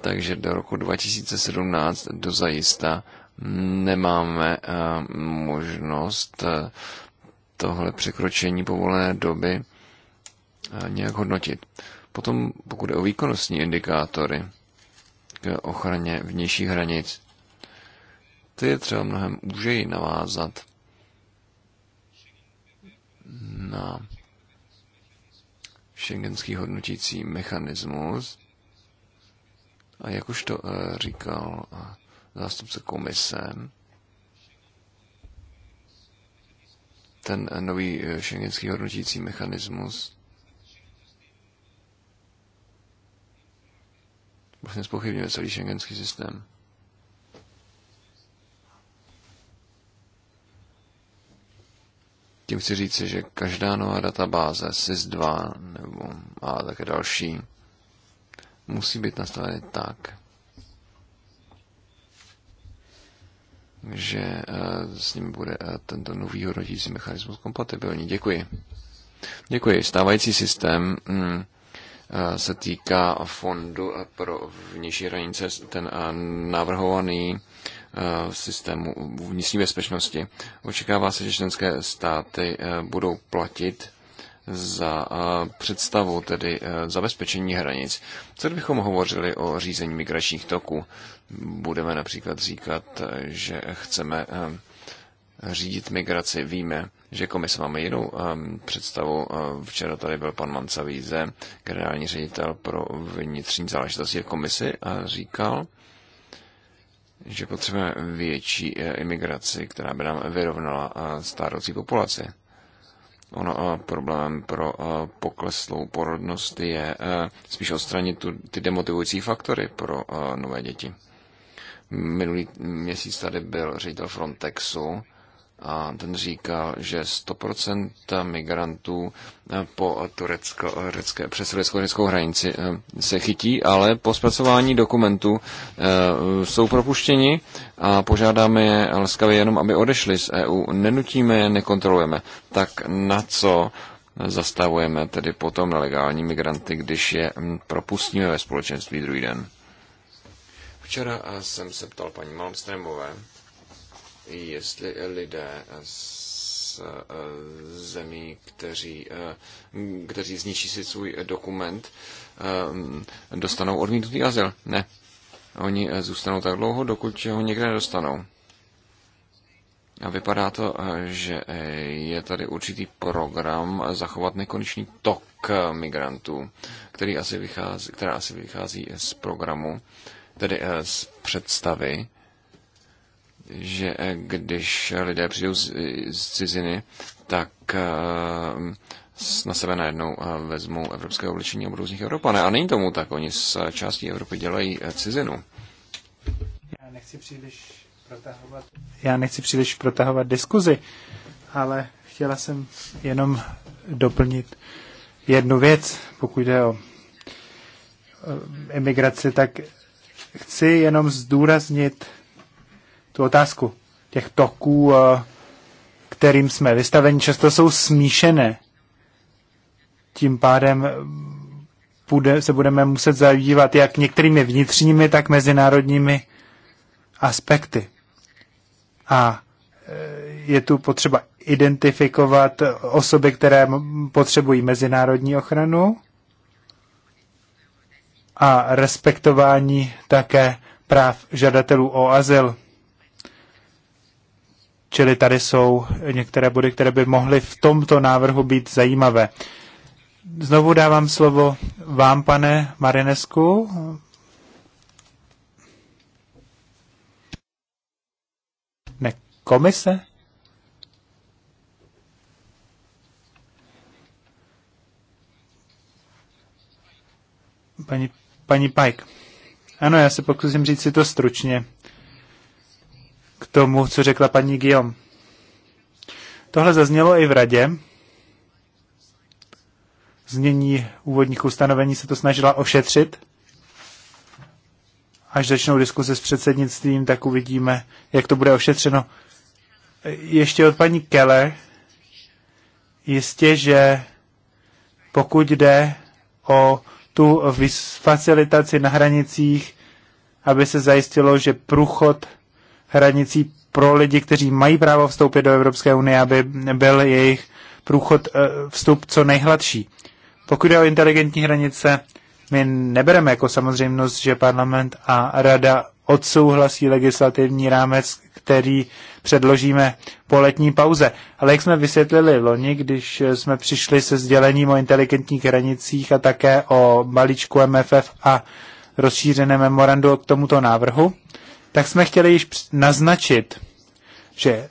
Takže do roku 2017 do zajista nemáme eh, možnost tohle překročení povolené doby nějak hodnotit. Potom, pokud je o výkonnostní indikátory k ochraně vnějších hranic, ty je třeba mnohem úžeji navázat na šengenský hodnotící mechanismus. A jak už to eh, říkal eh, zástupce komise, ten nový šengenský eh, hodnotící mechanismus vlastně spochybňuje celý šengenský systém. Tím chci říct, že každá nová databáze SIS-2 nebo a také další musí být nastaveny tak, že eh, s ním bude eh, tento nový hodnotící mechanismus kompatibilní. Děkuji. Děkuji. Stávající systém hmm, Eh, se týká fondu eh, pro vnější hranice, ten eh, navrhovaný systému vnitřní bezpečnosti. Očekává se, že členské státy budou platit za představu, tedy zabezpečení hranic. Co bychom hovořili o řízení migračních toků? Budeme například říkat, že chceme řídit migraci. Víme, že komise máme jinou um, představu. Ehm, včera tady byl pan Manca Víze, generální ředitel pro vnitřní záležitosti v komisi a říkal, že potřebujeme větší eh, imigraci, která by nám vyrovnala eh, stároucí populaci. Ono eh, problémem pro pokleslou porodnost je spíš odstranit tu, ty demotivující faktory pro nové děti. Minulý měsíc tady byl ředitel Frontexu a ten říkal, že 100% migrantů eh, po turecko, eh, řecké, přes turecko-řeckou hranici eh, se chytí, ale po zpracování dokumentů jsou propuštěni a požádáme je laskavě jenom, aby odešli z EU. Nenutíme je, nekontrolujeme. Tak na co zastavujeme tedy potom nelegální migranty, když je hm, propustíme ve společenství druhý den? Včera jsem se ptal paní Malmstremové, jestli lidé z eh, zemí, kteří, eh, kteří zničí si svůj dokument, eh, dostanou odmítnutý azyl. Ne. Oni zůstanou tak dlouho, dokud ho někde nedostanou. A vypadá to, že je tady určitý program zachovat nekonečný tok migrantů, který asi vychází, která asi vychází z programu, tedy z představy, že eh, když lidé přijdou z, z ciziny, tak eh, na sebe najednou eh, vezmou evropské oblečení a budou z nich Evropané. A není tomu tak, oni z částí Evropy dělají cizinu. Já nechci příliš protahovat, já nechci příliš protahovat diskuzi, ale chtěla jsem jenom doplnit jednu věc, pokud jde o emigraci, tak chci jenom zdůraznit, tu otázku těch toků, eh, kterým jsme vystaveni, často jsou smíšené. Tím pádem eh, bude, se budeme muset zabývat jak některými vnitřními, tak mezinárodními aspekty. A eh, je tu potřeba identifikovat osoby, které potřebují mezinárodní ochranu a respektování také práv žadatelů o azyl. Čili tady jsou některé body, které by mohly v tomto návrhu být zajímavé. Znovu dávám slovo vám, pane Marinesku. Ne, komise? Paní, paní Pike. Ano, já se pokusím říct si to stručně tomu, co řekla paní Guillaume. Tohle zaznělo i v radě. Znění úvodních ustanovení se to snažila ošetřit. Až začnou diskuse s předsednictvím, tak uvidíme, jak to bude ošetřeno. Ještě od paní Keller. Jistě, že pokud jde o tu facilitaci na hranicích, aby se zajistilo, že průchod hranicí pro lidi, kteří mají právo vstoupit do Evropské unie, aby byl jejich průchod eh, vstup co nejhladší. Pokud je o inteligentní hranice, my nebereme jako samozřejmost, že parlament a rada odsouhlasí legislativní rámec, který předložíme po letní pauze. Ale jak jsme vysvětlili loni, když jsme přišli se sdělením o inteligentních hranicích a také o balíčku MFF a rozšířené memorandu k tomuto návrhu, tak jsme chtěli již naznačit, že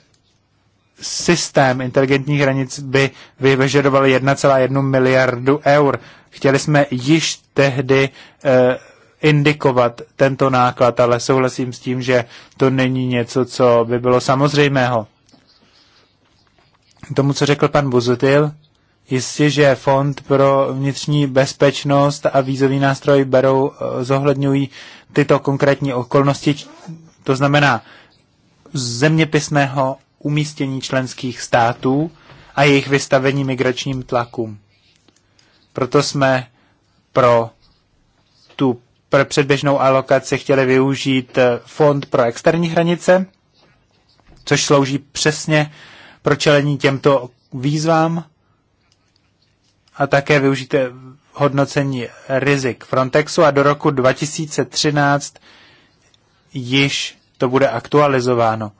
systém inteligentních hranic by vyžadoval 1,1 miliardu eur. Chtěli jsme již tehdy eh, indikovat tento náklad, ale souhlasím s tím, že to není něco, co by bylo samozřejmého. Tomu, co řekl pan Buzutil, Jistě, že Fond pro vnitřní bezpečnost a vízový nástroj berou, eh, zohledňují tyto konkrétní okolnosti, to znamená zeměpisného umístění členských států a jejich vystavení migračním tlakům. Proto jsme pro tu pro předběžnou alokaci chtěli využít eh, fond pro externí hranice, což slouží přesně pro čelení těmto výzvám a také využijte hodnocení rizik Frontexu a do roku 2013 již to bude aktualizováno.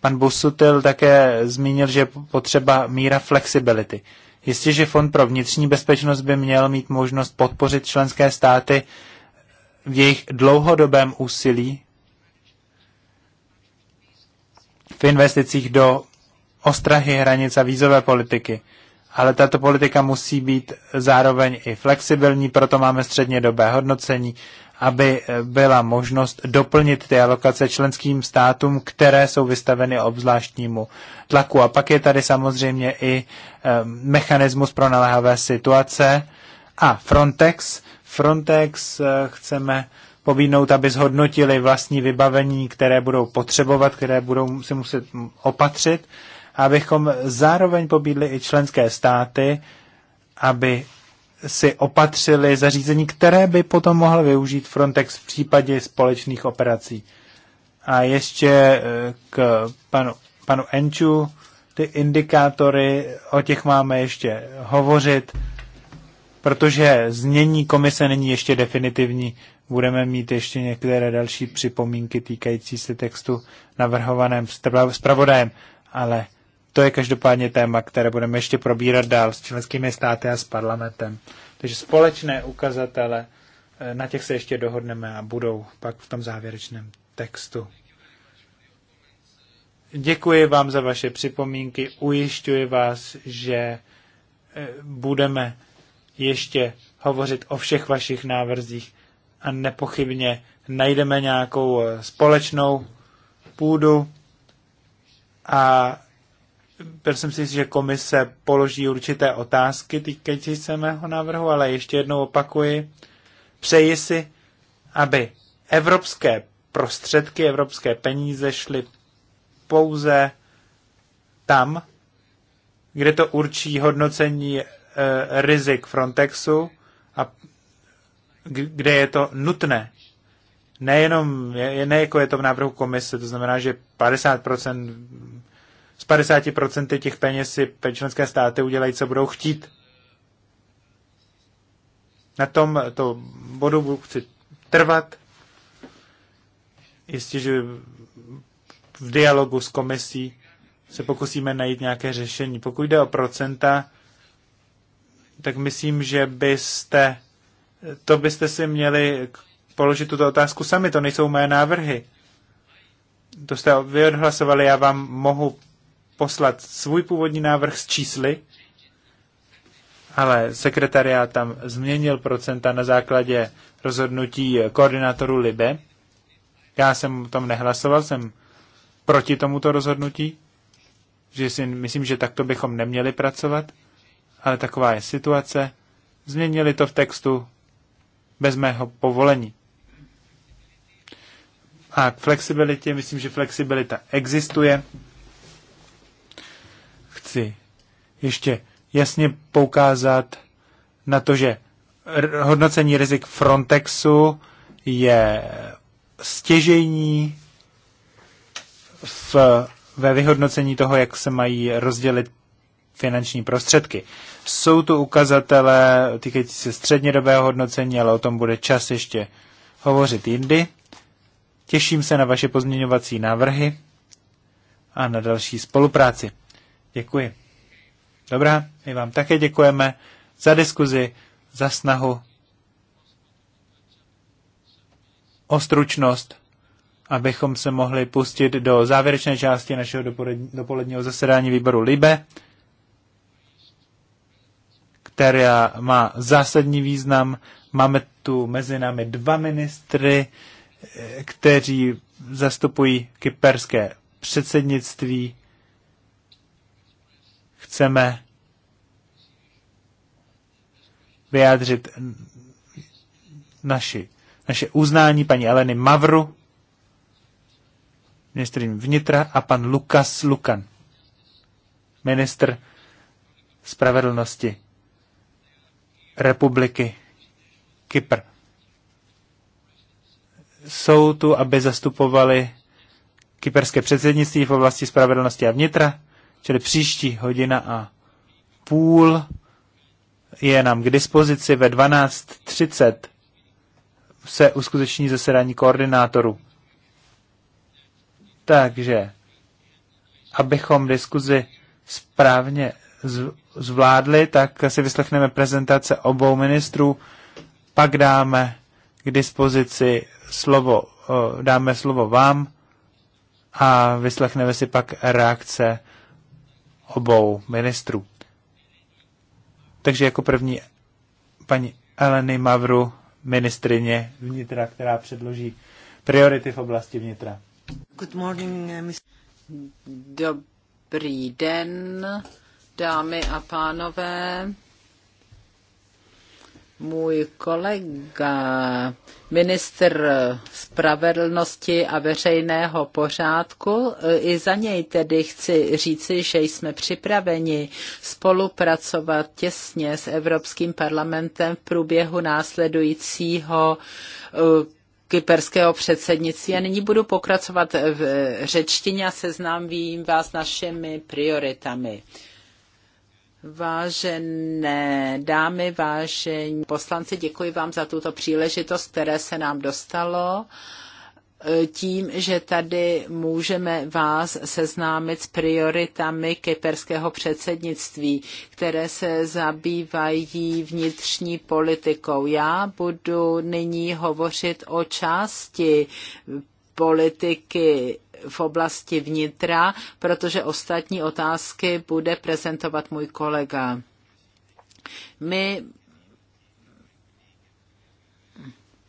Pan Busutil také zmínil, že potřeba míra flexibility. Jestliže Fond pro vnitřní bezpečnost by měl mít možnost podpořit členské státy v jejich dlouhodobém úsilí v investicích do ostrahy hranic a vízové politiky ale tato politika musí být zároveň i flexibilní, proto máme středně dobé hodnocení, aby eh, byla možnost doplnit ty alokace členským státům, které jsou vystaveny obzvláštnímu tlaku. A pak je tady samozřejmě i eh, mechanismus pro naléhavé situace a Frontex. Frontex eh, chceme pobídnout, aby zhodnotili vlastní vybavení, které budou potřebovat, které budou si muset opatřit abychom zároveň pobídli i členské státy, aby si opatřili zařízení, které by potom mohl využít Frontex v případě společných operací. A ještě eh, k panu, panu Enču, ty indikátory, o těch máme ještě hovořit, protože znění komise není ještě definitivní. Budeme mít ještě některé další připomínky týkající se textu navrhovaném spravodajem, ale to je každopádně téma, které budeme ještě probírat dál s členskými státy a s parlamentem. Takže společné ukazatele, eh, na těch se ještě dohodneme a budou pak v tom závěrečném textu. Děkuji vám za vaše připomínky, ujišťuji vás, že eh, budeme ještě hovořit o všech vašich návrzích a nepochybně najdeme nějakou eh, společnou půdu a byl jsem si jistý, že komise položí určité otázky týkající se mého návrhu, ale ještě jednou opakuji, přeji si, aby evropské prostředky, evropské peníze šly pouze tam, kde to určí hodnocení e, rizik Frontexu a kde je to nutné. Nejenom, ne jako je to v návrhu komise, to znamená, že 50% 50% těch peněz si členské státy udělají, co budou chtít. Na tom to bodu chci trvat. Jestliže že v dialogu s komisí se pokusíme najít nějaké řešení. Pokud jde o procenta, tak myslím, že byste, to byste si měli položit tuto otázku sami, to nejsou mé návrhy. To jste vy odhlasovali, já vám mohu poslat svůj původní návrh s čísly, ale sekretariát tam změnil procenta na základě rozhodnutí koordinátoru Libe. Já jsem o tom nehlasoval, jsem proti tomuto rozhodnutí, že si myslím, že takto bychom neměli pracovat, ale taková je situace. Změnili to v textu bez mého povolení. A k flexibilitě, myslím, že flexibilita existuje chci ještě jasně poukázat na to, že hodnocení rizik Frontexu je stěžení v, ve vyhodnocení toho, jak se mají rozdělit finanční prostředky. Jsou tu ukazatele týkající se střednědobého hodnocení, ale o tom bude čas ještě hovořit jindy. Těším se na vaše pozměňovací návrhy a na další spolupráci. Děkuji. Dobrá, my vám také děkujeme za diskuzi, za snahu o stručnost, abychom se mohli pustit do závěrečné části našeho dopoledního zasedání výboru LIBE, která má zásadní význam. Máme tu mezi námi dva ministry, eh, kteří zastupují kyperské předsednictví chceme vyjádřit naši, naše uznání paní Eleny Mavru, ministrin vnitra, a pan Lukas Lukan, ministr spravedlnosti republiky Kypr. Jsou tu, aby zastupovali kyperské předsednictví v oblasti spravedlnosti a vnitra Čili příští hodina a půl je nám k dispozici ve 12.30 se uskuteční zasedání koordinátorů. Takže, abychom diskuzi správně zvládli, tak si vyslechneme prezentace obou ministrů, pak dáme k dispozici slovo, eh, dáme slovo vám a vyslechneme si pak reakce obou ministrů. Takže jako první paní Eleny Mavru, ministrině vnitra, která předloží priority v oblasti vnitra. Good morning, uh, Ms. Dobrý den, dámy a pánové můj kolega, ministr spravedlnosti a veřejného pořádku. I za něj tedy chci říci, že jsme připraveni spolupracovat těsně s Evropským parlamentem v průběhu následujícího eh, kyperského předsednictví. A nyní budu pokračovat v řečtině a seznámím vás našimi prioritami. Vážené dámy, vážení poslanci, děkuji vám za tuto příležitost, které se nám dostalo e, tím, že tady můžeme vás seznámit s prioritami kyperského předsednictví, které se zabývají vnitřní politikou. Já budu nyní hovořit o části politiky v oblasti vnitra, protože ostatní otázky bude prezentovat můj kolega. My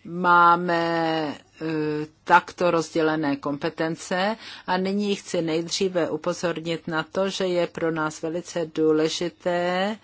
máme eh, takto rozdělené kompetence a nyní chci nejdříve upozornit na to, že je pro nás velice důležité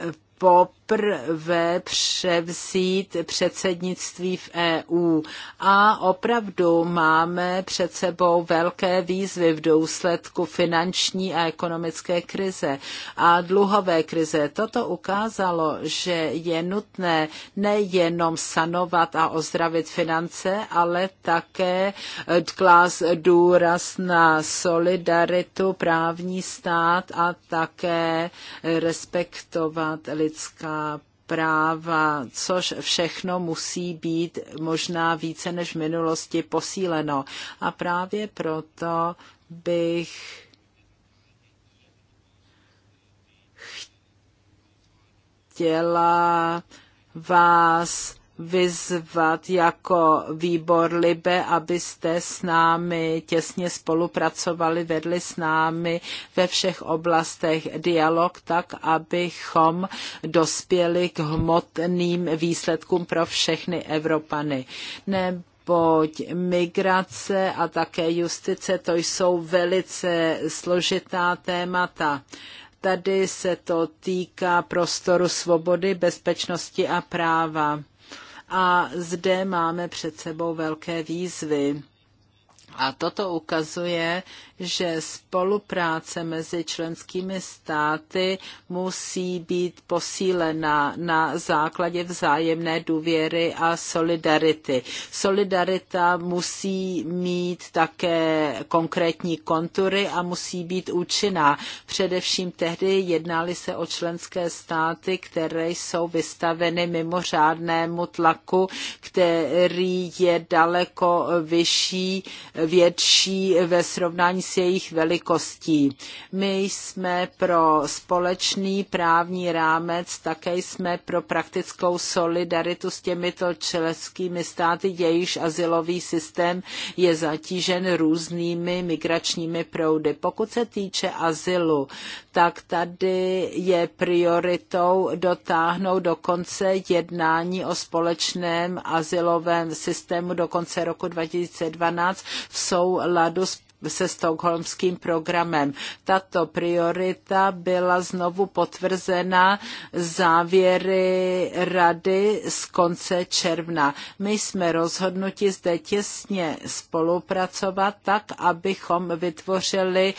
eh, po poprvé převzít předsednictví v EU. A opravdu máme před sebou velké výzvy v důsledku finanční a ekonomické krize a dluhové krize. Toto ukázalo, že je nutné nejenom sanovat a ozdravit finance, ale také klás důraz na solidaritu, právní stát a také respektovat lidská práva, což všechno musí být možná více než v minulosti posíleno. A právě proto bych chtěla vás vyzvat jako výbor Libe, abyste s námi těsně spolupracovali, vedli s námi ve všech oblastech dialog, tak abychom dospěli k hmotným výsledkům pro všechny Evropany. Ne Poď migrace a také justice, to jsou velice složitá témata. Tady se to týká prostoru svobody, bezpečnosti a práva a zde máme před sebou velké výzvy a toto ukazuje, že spolupráce mezi členskými státy musí být posílena na základě vzájemné důvěry a solidarity. Solidarita musí mít také konkrétní kontury a musí být účinná. Především tehdy jednali se o členské státy, které jsou vystaveny mimořádnému tlaku, který je daleko vyšší větší ve srovnání s jejich velikostí. My jsme pro společný právní rámec, také jsme pro praktickou solidaritu s těmito členskými státy, jejichž asilový systém je zatížen různými migračními proudy. Pokud se týče asilu, tak tady je prioritou dotáhnout do konce jednání o společném asilovém systému do konce roku 2012 v souladu s se stokholmským programem. Tato priorita byla znovu potvrzena závěry rady z konce června. My jsme rozhodnuti zde těsně spolupracovat tak, abychom vytvořili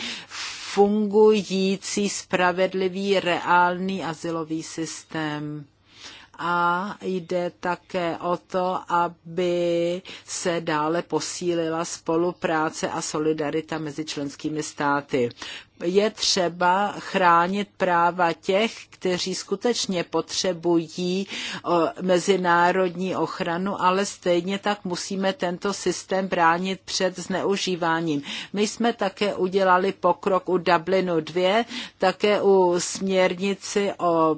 fungující, spravedlivý, reálný asilový systém a jde také o to, aby se dále posílila spolupráce a solidarita mezi členskými státy je třeba chránit práva těch, kteří skutečně potřebují eh, mezinárodní ochranu, ale stejně tak musíme tento systém bránit před zneužíváním. My jsme také udělali pokrok u Dublinu 2, také u směrnici o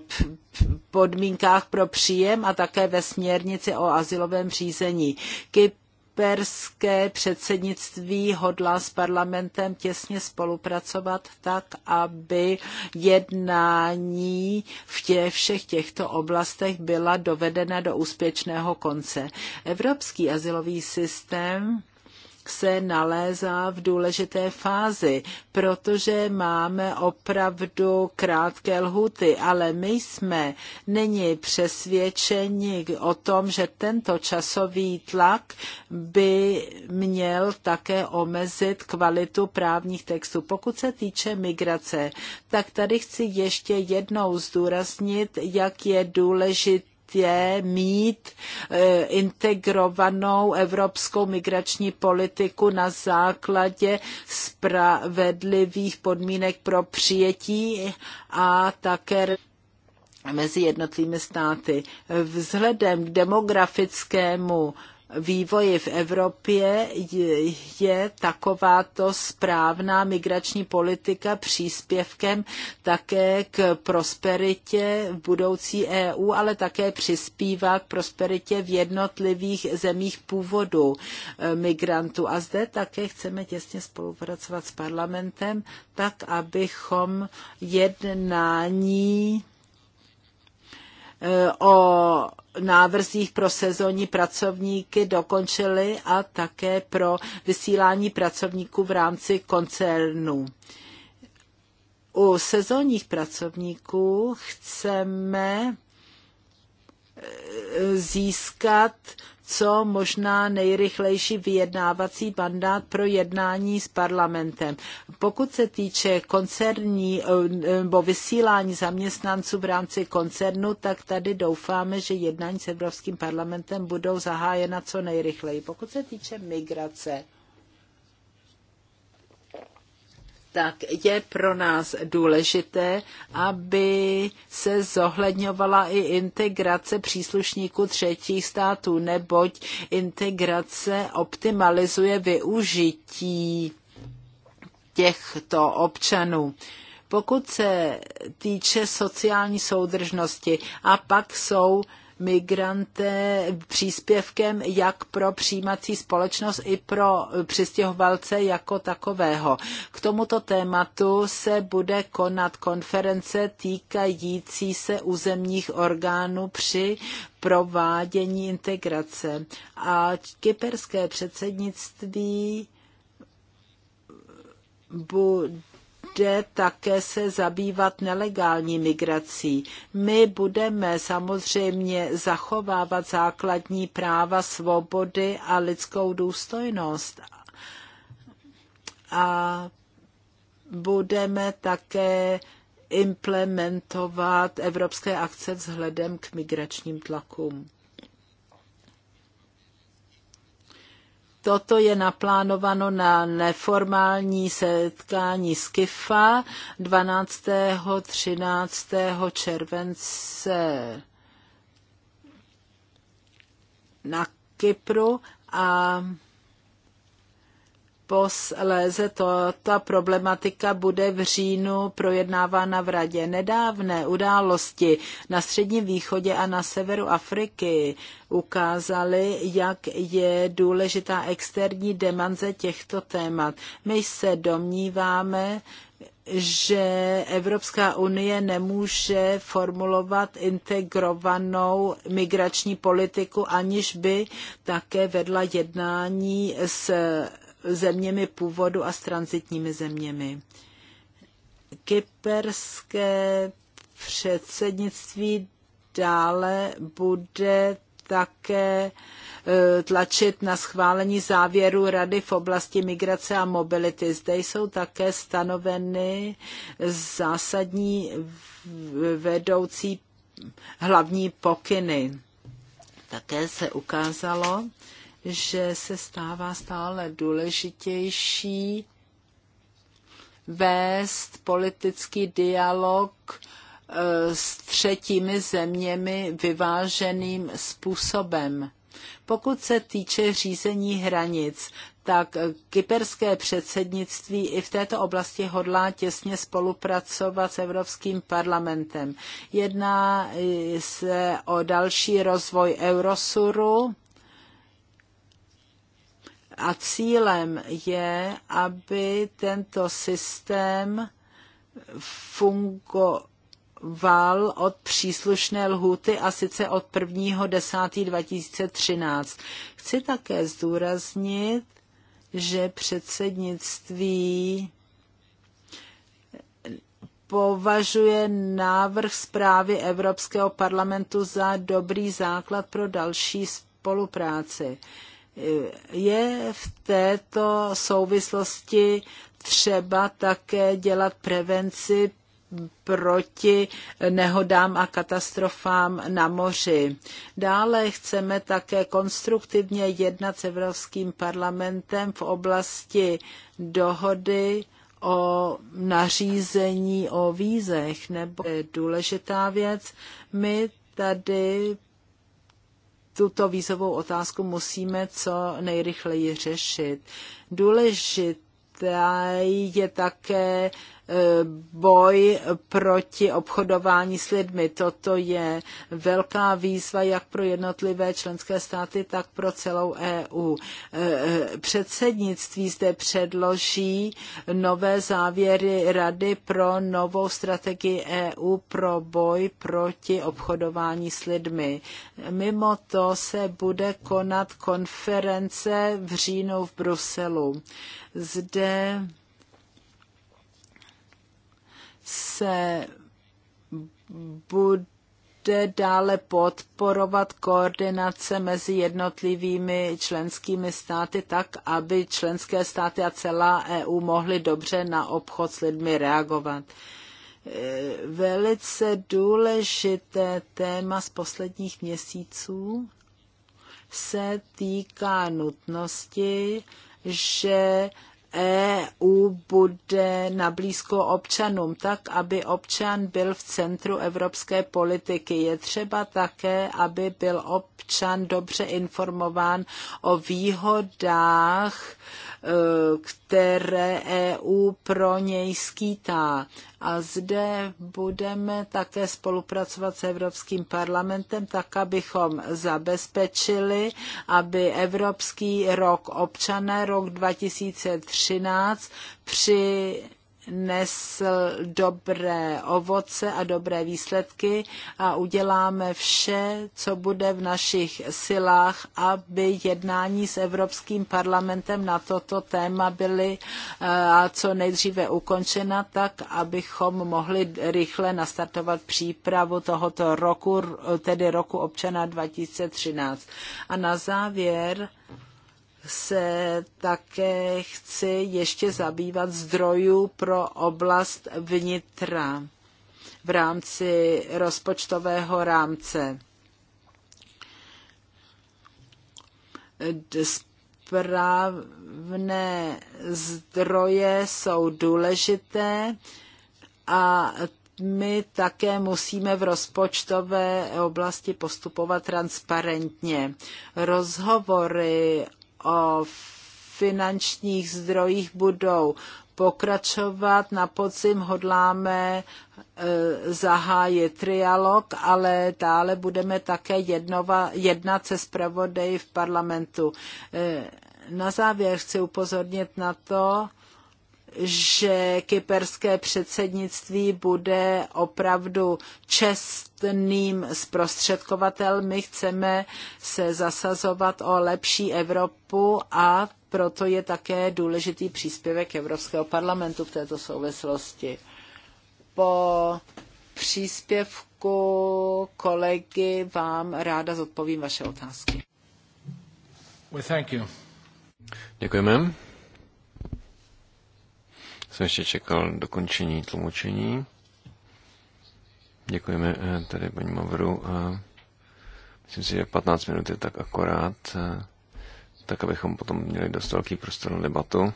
podmínkách pro příjem a také ve směrnici o asilovém řízení. Kypr kyperské předsednictví hodlá s parlamentem těsně spolupracovat tak, aby jednání v těch, všech těchto oblastech byla dovedena do úspěšného konce. Evropský asilový systém se nalézá v důležité fázi, protože máme opravdu krátké lhuty, ale my jsme není přesvědčeni o tom, že tento časový tlak by měl také omezit kvalitu právních textů. Pokud se týče migrace, tak tady chci ještě jednou zdůraznit, jak je důležitý světě mít e, integrovanou evropskou migrační politiku na základě spravedlivých podmínek pro přijetí a také mezi jednotlivými státy. Vzhledem k demografickému vývoji v Evropě je takováto správná migrační politika příspěvkem také k prosperitě v budoucí EU, ale také přispívá k prosperitě v jednotlivých zemích původu e, migrantů. A zde také chceme těsně spolupracovat s parlamentem, tak abychom jednání o návrzích pro sezónní pracovníky dokončili a také pro vysílání pracovníků v rámci koncernu. U sezónních pracovníků chceme získat co možná nejrychlejší vyjednávací mandát pro jednání s parlamentem. Pokud se týče koncerní nebo vysílání zaměstnanců v rámci koncernu, tak tady doufáme, že jednání s Evropským parlamentem budou zahájena co nejrychleji. Pokud se týče migrace, tak je pro nás důležité, aby se zohledňovala i integrace příslušníků třetích států, neboť integrace optimalizuje využití těchto občanů pokud se týče sociální soudržnosti. A pak jsou migranté příspěvkem jak pro přijímací společnost i pro přistěhovalce jako takového. K tomuto tématu se bude konat konference týkající se územních orgánů při provádění integrace. A kyperské předsednictví bude jde také se zabývat nelegální migrací. My budeme samozřejmě zachovávat základní práva, svobody a lidskou důstojnost. A budeme také implementovat evropské akce vzhledem k migračním tlakům. Toto je naplánováno na neformální setkání z KIFA 12. 13. července na Kypru a posléze to, ta problematika bude v říjnu projednávána v radě. Nedávné události na Středním východě a na severu Afriky ukázaly, jak je důležitá externí demanze těchto témat. My se domníváme, že Evropská unie nemůže formulovat integrovanou migrační politiku, aniž by také vedla jednání s zeměmi původu a s transitními zeměmi. Kyperské předsednictví dále bude také e, tlačit na schválení závěru Rady v oblasti migrace a mobility. Zde jsou také stanoveny zásadní vedoucí hlavní pokyny. Také se ukázalo, že se stává stále důležitější vést politický dialog eh, s třetími zeměmi vyváženým způsobem. Pokud se týče řízení hranic, tak kyperské předsednictví i v této oblasti hodlá těsně spolupracovat s Evropským parlamentem. Jedná se o další rozvoj Eurosuru a cílem je, aby tento systém fungoval od příslušné lhuty a sice od 1.10.2013. Chci také zdůraznit, že předsednictví považuje návrh zprávy Evropského parlamentu za dobrý základ pro další spolupráci. Je v této souvislosti třeba také dělat prevenci proti nehodám a katastrofám na moři. Dále chceme také konstruktivně jednat s Evropským parlamentem v oblasti dohody o nařízení o vízech, nebo je důležitá věc. My tady tuto vízovou otázku musíme co nejrychleji řešit. Důležité je také boj proti obchodování s lidmi. Toto je velká výzva jak pro jednotlivé členské státy, tak pro celou EU. Předsednictví zde předloží nové závěry Rady pro novou strategii EU pro boj proti obchodování s lidmi. Mimo to se bude konat konference v říjnu v Bruselu. Zde se bude dále podporovat koordinace mezi jednotlivými členskými státy tak, aby členské státy a celá EU mohly dobře na obchod s lidmi reagovat. Eh, velice důležité téma z posledních měsíců se týká nutnosti, že EU bude nablízko občanům, tak aby občan byl v centru evropské politiky. Je třeba také, aby byl občan dobře informován o výhodách Eh, které EU pro něj skýtá. A zde budeme také spolupracovat s Evropským parlamentem, tak abychom zabezpečili, aby Evropský rok občané, rok 2013, při nesl dobré ovoce a dobré výsledky a uděláme vše, co bude v našich silách, aby jednání s Evropským parlamentem na toto téma byly eh, co nejdříve ukončena, tak abychom mohli rychle nastartovat přípravu tohoto roku, tedy roku občana 2013. A na závěr se také chci ještě zabývat zdrojů pro oblast vnitra v rámci rozpočtového rámce. Správné zdroje jsou důležité a my také musíme v rozpočtové oblasti postupovat transparentně. Rozhovory o finančních zdrojích budou pokračovat. Na podzim hodláme e, zahájit trialog, ale dále budeme také jednova, jednat se zpravodaji v parlamentu. E, na závěr chci upozornit na to, že kyperské předsednictví bude opravdu čestným zprostředkovatelem. My chceme se zasazovat o lepší Evropu a proto je také důležitý příspěvek Evropského parlamentu v této souvislosti. Po příspěvku kolegy vám ráda zodpovím vaše otázky. Well, thank you. Děkujeme jsem ještě čekal dokončení tlumočení. Děkujeme eh, tady paní Mavru. myslím si, že 15 minut je tak akorát, eh, tak abychom potom měli dost velký prostor na debatu.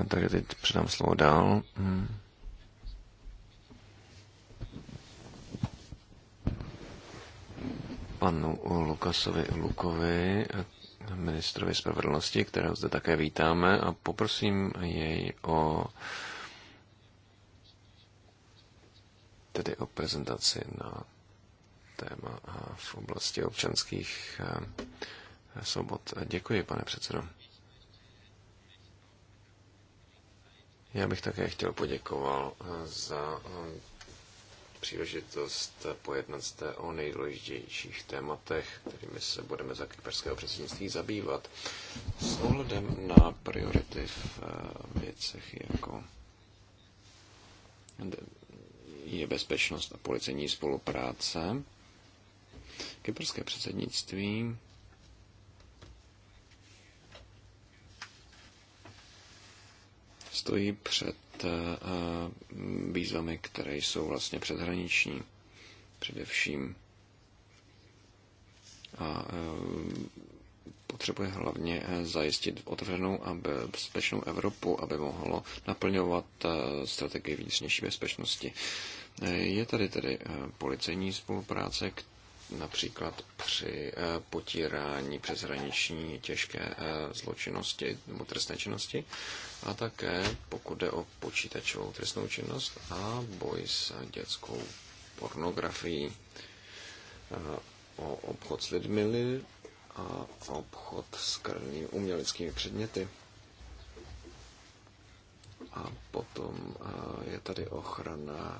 Eh, takže teď předám slovo dál. Hmm. Panu Lukasovi Lukovi, ministrovi spravedlnosti, kterého zde také vítáme a poprosím jej o tedy o prezentaci na téma v oblasti občanských eh, svobod. Děkuji, pane předsedo. Já bych také chtěl poděkoval eh, za eh, příležitost pojednat zde o nejdůležitějších tématech, kterými se budeme za kyperského předsednictví zabývat, s ohledem na priority v eh, věcech jako je bezpečnost a policejní spolupráce. Kyperské předsednictví stojí před Eh, výzvami, které jsou vlastně předhraniční především. A eh, potřebuje hlavně eh, zajistit otevřenou a bezpečnou Evropu, aby mohlo naplňovat strategii vnitřnější bezpečnosti. Je tady tedy policejní spolupráce, například při eh, potírání přeshraniční těžké eh, zločinnosti nebo trestné činnosti a také pokud jde o počítačovou trestnou činnost a boj s dětskou pornografií, eh, o obchod s lidmi a obchod s krvnými uměleckými předměty. A potom je tady ochrana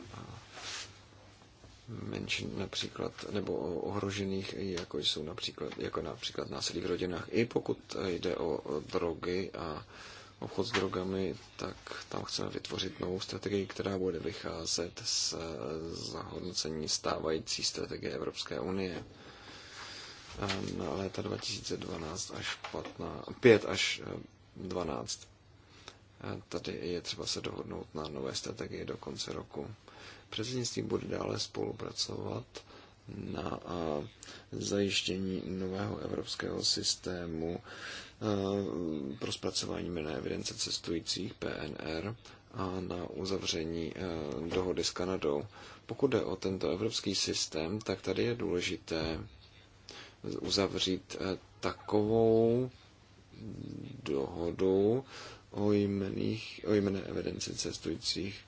menšin například, nebo ohrožených, jako jsou například, jako například násilí v rodinách. I pokud jde o drogy a obchod s drogami, tak tam chceme vytvořit novou strategii, která bude vycházet z zahodnocení stávající strategie Evropské unie na léta 2012 až 15, 5 až 12. Tady je třeba se dohodnout na nové strategii do konce roku. Předsednictví bude dále spolupracovat na zajištění nového evropského systému pro zpracování jména evidence cestujících PNR a na uzavření dohody s Kanadou. Pokud jde o tento evropský systém, tak tady je důležité uzavřít takovou dohodu, o, jmených, o jmené evidenci cestujících.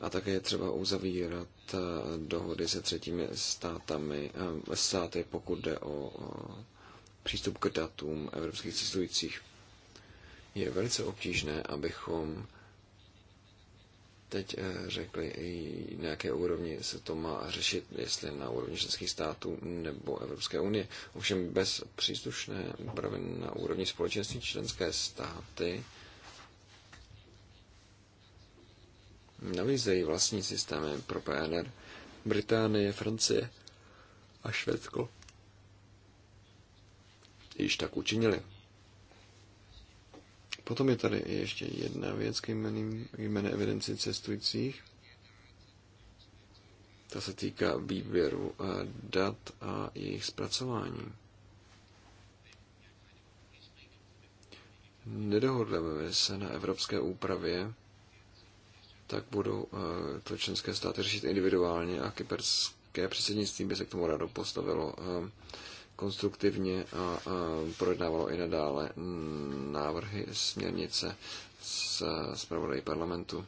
A také je třeba uzavírat eh, dohody se třetími státami, eh, státy, pokud jde o přístup k datům evropských cestujících. Je velice obtížné, abychom teď eh, řekli, na jaké úrovni se to má řešit, jestli na úrovni členských států nebo Evropské unie. Ovšem bez příslušné úpravy na úrovni společenství členské státy navízejí vlastní systémy pro PNR Británie, Francie a Švédsko. Již tak učinili. Potom je tady ještě jedna věc k jménem, jméne evidenci cestujících. Ta se týká výběru eh, dat a jejich zpracování. Nedohodneme se na evropské úpravě, tak budou eh, to členské státy řešit individuálně a kyperské předsednictví by se k tomu rádo postavilo eh, konstruktivně a projednávalo i nadále návrhy směrnice s zpravodají parlamentu.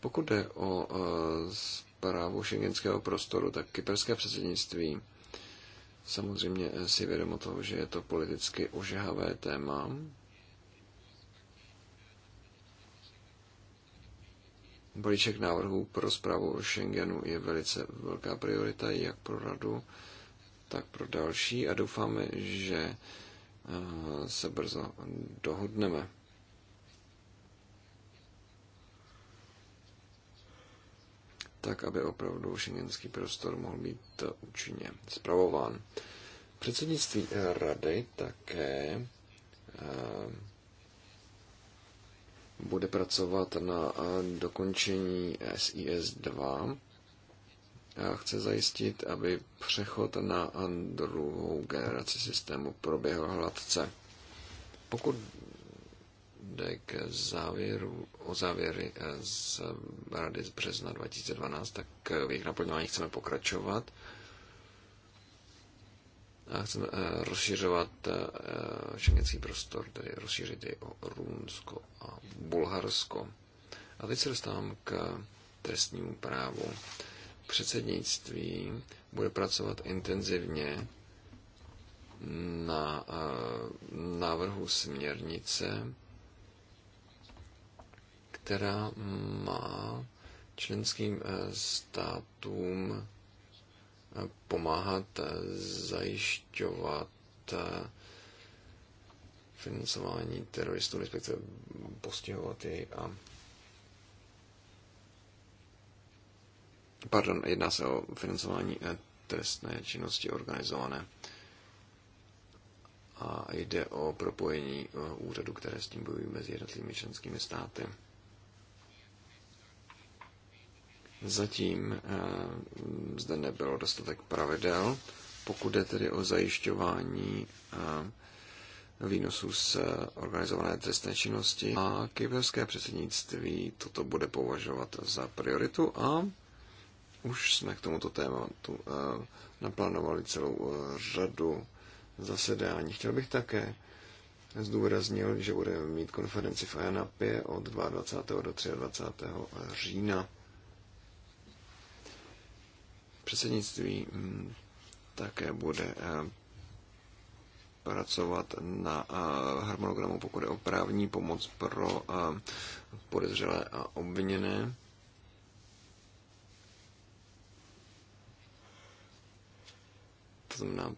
Pokud jde o zprávu šengenského prostoru, tak kyperské předsednictví samozřejmě si vědomo toho, že je to politicky ožehavé téma. Balíček návrhů pro zprávu o Schengenu je velice velká priorita jak pro radu, tak pro další a doufáme, že eh, se brzo dohodneme. tak, aby opravdu šengenský prostor mohl být eh, účinně zpravován. Předsednictví eh, rady také bude pracovat na dokončení SIS 2 chce zajistit, aby přechod na druhou generaci systému proběhl hladce. Pokud jde k závěru, o závěry z Rady z března 2012, tak v jejich naplňování chceme pokračovat a chceme eh, rozšiřovat šengenský eh, prostor, tedy rozšířit i o Rumunsko a Bulharsko. A teď se dostávám k trestnímu právu předsednictví bude pracovat intenzivně na eh, návrhu směrnice, která má členským eh, státům eh, pomáhat zajišťovat financování teroristů, respektive postihovat jej a Pardon, jedná se o financování eh, trestné činnosti organizované. A jde o propojení eh, úřadu, které s tím bojují mezi jednotlivými členskými státy. Zatím eh, zde nebylo dostatek pravidel, pokud jde tedy o zajišťování výnosů z organizované trestné činnosti a kyberské předsednictví toto bude považovat za prioritu a už jsme k tomuto tématu eh, naplánovali celou eh, řadu zasedání. Chtěl bych také zdůraznil, že budeme mít konferenci v Ajanapě od 22. do 23. října. Předsednictví hm, také bude eh, pracovat na harmonogramu, pokud je o právní pomoc pro podezřelé a obviněné. znamená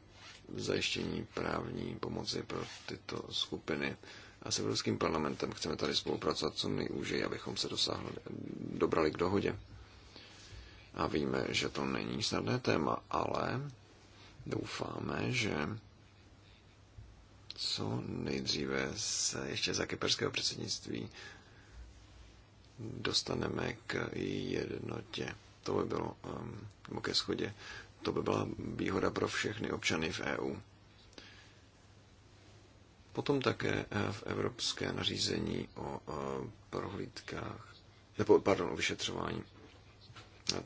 zajištění právní pomoci pro tyto skupiny. A s Evropským parlamentem chceme tady spolupracovat co nejúžej, abychom se dosáhli, dobrali k dohodě. A víme, že to není snadné téma, ale doufáme, že co nejdříve se ještě za kyperského předsednictví dostaneme k jednotě. To by bylo, um, ke schodě to by byla výhoda pro všechny občany v EU. Potom také eh, v evropské nařízení o eh, prohlídkách, nebo pardon, o vyšetřování.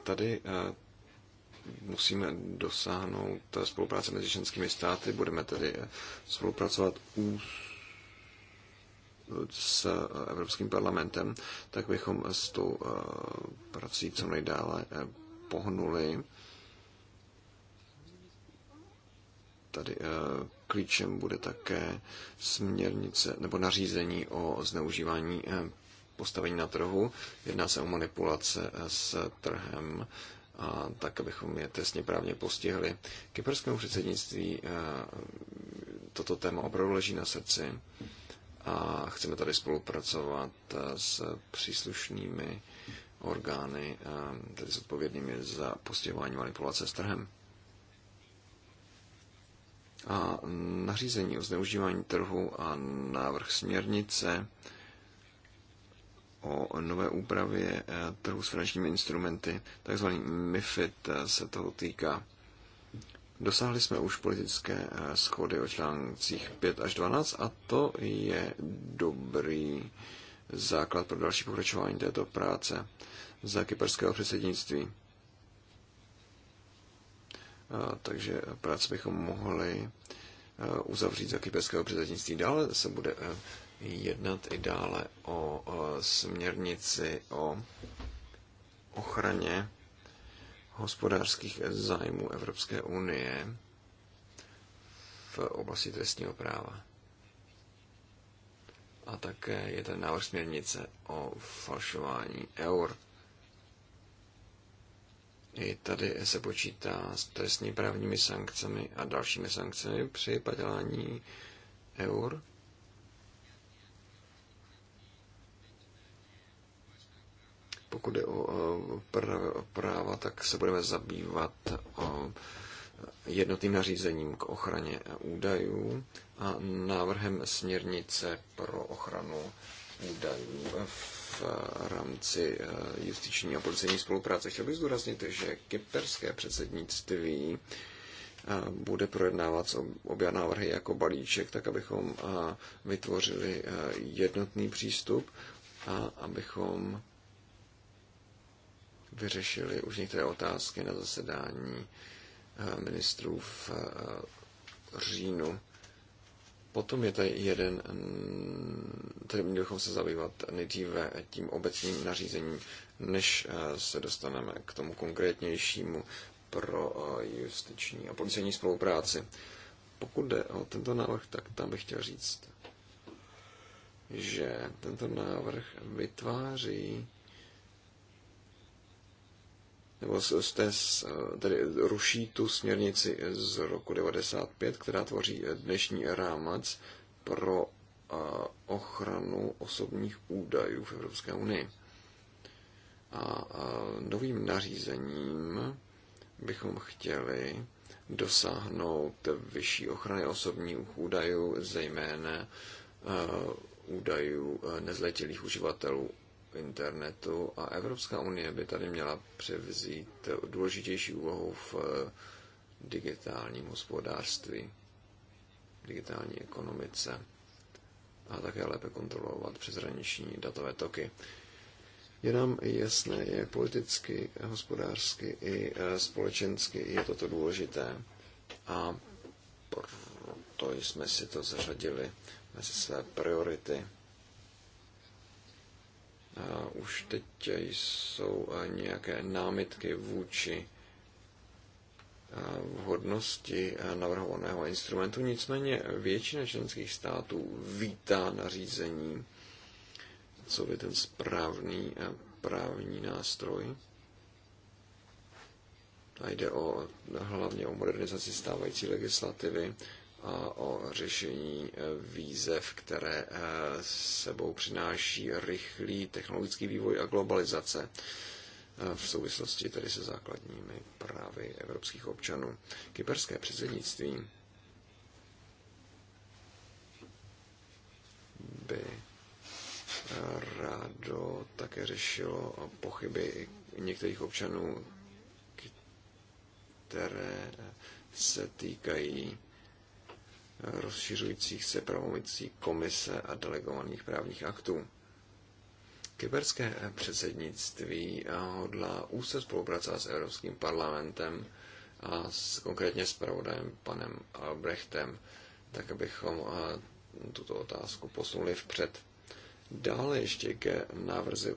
Tady eh, musíme dosáhnout spolupráce mezi ženskými státy. Budeme tedy spolupracovat s Evropským parlamentem, tak bychom s tou prací co nejdále pohnuli tady eh, klíčem bude také směrnice nebo nařízení o zneužívání eh, postavení na trhu. Jedná se o manipulace eh, s trhem a tak, abychom je trestně právně postihli. Kyperskému předsednictví toto téma opravdu leží na srdci a chceme tady spolupracovat s příslušnými orgány, tedy s odpovědnými za postihování manipulace s trhem a nařízení o zneužívání trhu a návrh směrnice o nové úpravě eh, trhu s finančními instrumenty, takzvaný MIFID eh, se toho týká. Dosáhli jsme už politické eh, schody o článcích 5 až 12 a to je dobrý základ pro další pokračování této práce za kyperského předsednictví takže práce bychom mohli e, uzavřít za kyperského předsednictví. Dále se bude e, jednat i dále o e, směrnici o ochraně hospodářských zájmů Evropské unie v oblasti trestního práva. A také je ten návrh směrnice o falšování eur. I tady se počítá s trestně právními sankcemi a dalšími sankcemi při padělání eur. Pokud je o práva, tak se budeme zabývat o jednotným nařízením k ochraně údajů a návrhem směrnice pro ochranu údajů v Eh, rámci eh, justiční a policejní spolupráce. Chtěl bych zdůraznit, že kyperské předsednictví eh, bude projednávat obě návrhy jako balíček, tak abychom vytvořili jednotný přístup a abychom vyřešili už některé otázky na zasedání ministrů v říjnu. Potom je tady jeden, tady měli bychom se zabývat nejdříve tím obecným nařízením, než eh, se dostaneme k tomu konkrétnějšímu pro eh, justiční a policejní spolupráci. Pokud jde o tento návrh, tak tam bych chtěl říct, že tento návrh vytváří nebo z té, tedy ruší tu směrnici z roku 95, která tvoří dnešní rámec pro ochranu osobních údajů v Evropské unii. A novým nařízením bychom chtěli dosáhnout vyšší ochrany osobních údajů, zejména údajů nezletilých uživatelů internetu a Evropská unie by tady měla převzít důležitější úlohu v eh, digitálním hospodářství, digitální ekonomice a také lépe kontrolovat přeshraniční datové toky. Je nám jasné, jak politicky, hospodářsky i eh, společensky je toto důležité a proto jsme si to zařadili mezi své priority už teď jsou nějaké námitky vůči vhodnosti navrhovaného instrumentu, nicméně většina členských států vítá nařízení, co by ten správný právní nástroj. A jde o, hlavně o modernizaci stávající legislativy a o řešení e, výzev, které e, sebou přináší rychlý technologický vývoj a globalizace e, v souvislosti tedy se základními právy evropských občanů. Kyperské předsednictví by rádo také řešilo pochyby některých občanů, které se týkají rozšiřujících se pravomocí komise a delegovaných právních aktů. Kyberské předsednictví eh, hodlá úzce spolupracovat s Evropským parlamentem a s, konkrétně s pravodajem panem Albrechtem, tak abychom eh, tuto otázku posunuli vpřed. Dále ještě ke návrzi,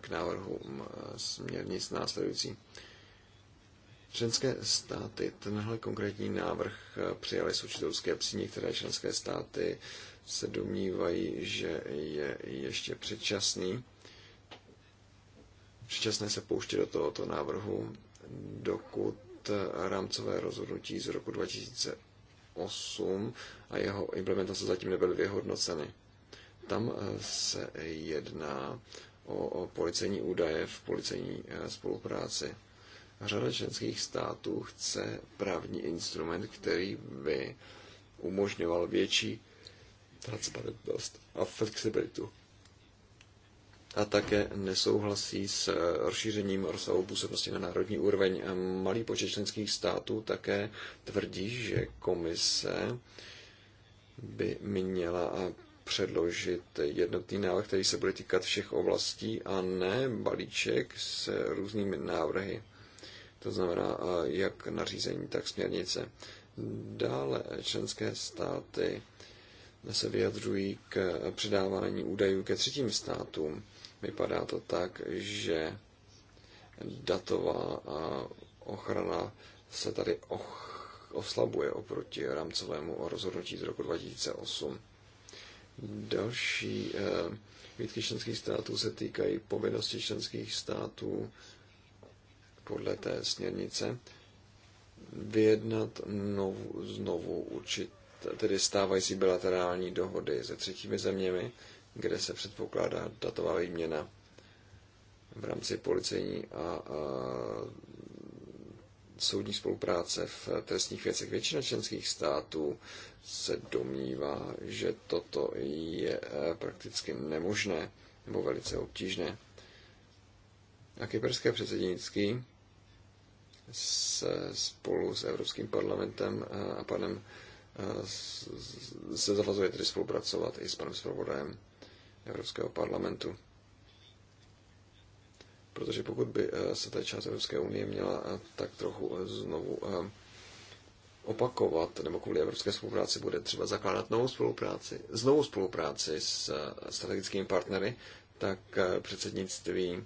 k návrhu eh, směrnic následující. Členské státy tenhle konkrétní návrh eh, přijali s určitou skepsí. Některé členské státy se domnívají, že je ještě předčasný. Předčasné se pouštět do tohoto návrhu, dokud eh, rámcové rozhodnutí z roku 2008 a jeho implementace zatím nebyly vyhodnoceny. Tam eh, se jedná o, o policejní údaje v policejní spolupráci Řada členských států chce právní instrument, který by umožňoval větší transparentnost a flexibilitu. A také nesouhlasí s rozšířením rozsahu působnosti na národní úroveň. Malý počet členských států také tvrdí, že komise by měla předložit jednotný návrh, který se bude týkat všech oblastí a ne balíček s různými návrhy to znamená jak nařízení, tak směrnice. Dále členské státy se vyjadřují k předávání údajů ke třetím státům. Vypadá to tak, že datová ochrana se tady oslabuje oproti rámcovému rozhodnutí z roku 2008. Další eh, výtky členských států se týkají povinnosti členských států podle té směrnice vyjednat novu, znovu určit, tedy stávající bilaterální dohody se třetími zeměmi, kde se předpokládá datová výměna v rámci policejní a, a soudní spolupráce v trestních věcech. Většina členských států se domnívá, že toto je e, prakticky nemožné nebo velice obtížné. A kyperské předsednictví se spolu s Evropským parlamentem eh, a panem eh, se zavazuje tedy spolupracovat i s panem zpravodajem Evropského parlamentu. Protože pokud by eh, se ta část Evropské unie měla tak trochu znovu opakovat, nebo kvůli evropské spolupráci bude třeba zakládat novou spolupráci, znovu spolupráci s strategickými partnery, tak předsednictví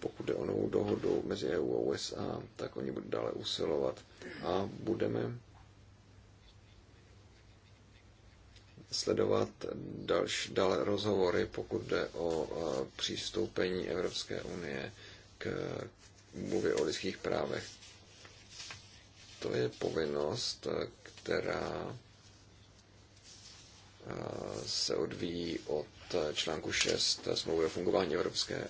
pokud jde o novou dohodu mezi EU a USA, tak oni budou dále usilovat a budeme sledovat další, dále rozhovory, pokud jde o e, přistoupení Evropské unie k mluvě o lidských právech. To je povinnost, e, která e, se odvíjí od článku 6 smlouvy o fungování Evropské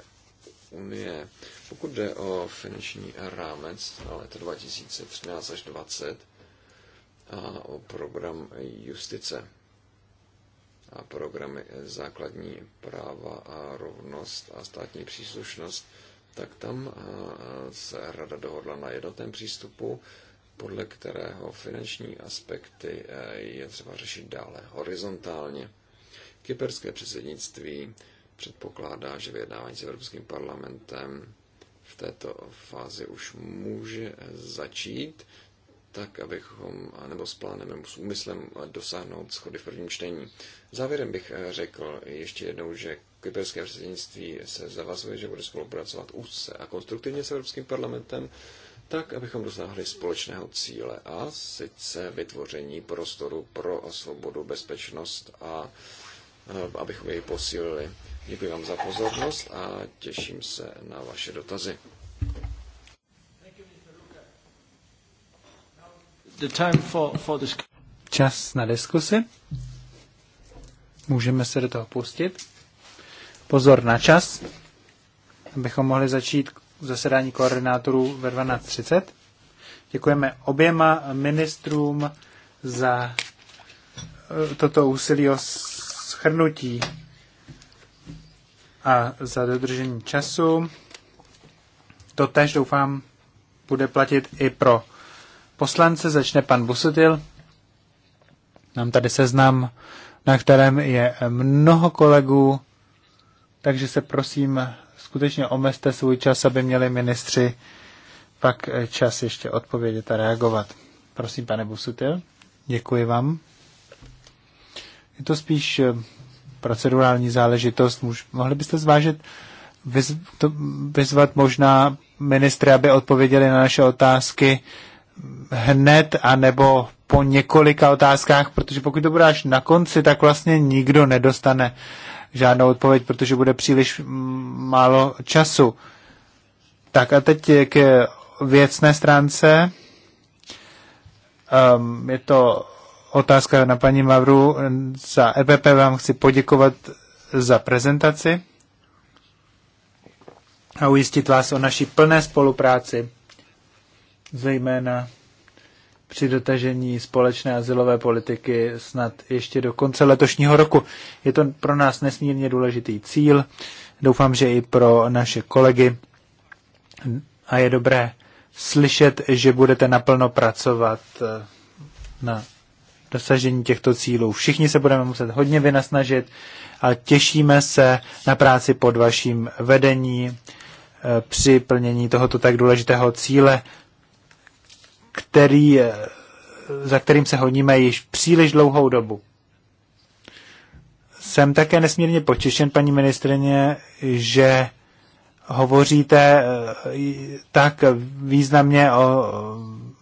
unie. Pokud jde o finanční rámec na léto 2013 až 2020 a o program justice a programy základní práva a rovnost a státní příslušnost, tak tam se rada dohodla na jednotném přístupu, podle kterého finanční aspekty e, je třeba řešit dále horizontálně. Kyperské předsednictví předpokládá, že vyjednávání s Evropským parlamentem v této fázi už může začít, tak abychom, nebo s plánem, nebo s úmyslem dosáhnout schody v prvním čtení. Závěrem bych eh, řekl ještě jednou, že kyperské předsednictví se zavazuje, že bude spolupracovat úzce a konstruktivně s Evropským parlamentem, tak, abychom dosáhli společného cíle a sice vytvoření prostoru pro svobodu, bezpečnost a eh, abychom jej posílili. Děkuji vám za pozornost a těším se na vaše dotazy. The time for, for Čas na diskusi. Můžeme se do toho pustit. Pozor na čas, abychom mohli začít zasedání koordinátorů ve 12.30. Děkujeme oběma ministrům za eh, toto úsilí o schrnutí a za dodržení času. To tež doufám bude platit i pro poslance. Začne pan Busutil. Mám tady seznam, na kterém je mnoho kolegů, takže se prosím skutečně omezte svůj čas, aby měli ministři pak čas ještě odpovědět a reagovat. Prosím, pane Busutil, děkuji vám. Je to spíš procedurální záležitost. Můž, mohli byste zvážit, vyz, to, vyzvat možná ministry, aby odpověděli na naše otázky hned, anebo po několika otázkách, protože pokud to bude až na konci, tak vlastně nikdo nedostane žádnou odpověď, protože bude příliš málo času. Tak a teď k věcné stránce. Um, je to otázka na paní Mavru. Za EPP vám chci poděkovat za prezentaci a ujistit vás o naší plné spolupráci, zejména při dotažení společné asilové politiky snad ještě do konce letošního roku. Je to pro nás nesmírně důležitý cíl, doufám, že i pro naše kolegy a je dobré slyšet, že budete naplno pracovat eh, na dosažení těchto cílů. Všichni se budeme muset hodně vynasnažit a těšíme se na práci pod vaším vedení eh, při plnění tohoto tak důležitého cíle, který, eh, za kterým se honíme již příliš dlouhou dobu. Jsem také nesmírně potěšen, paní ministrině, že hovoříte eh, tak významně o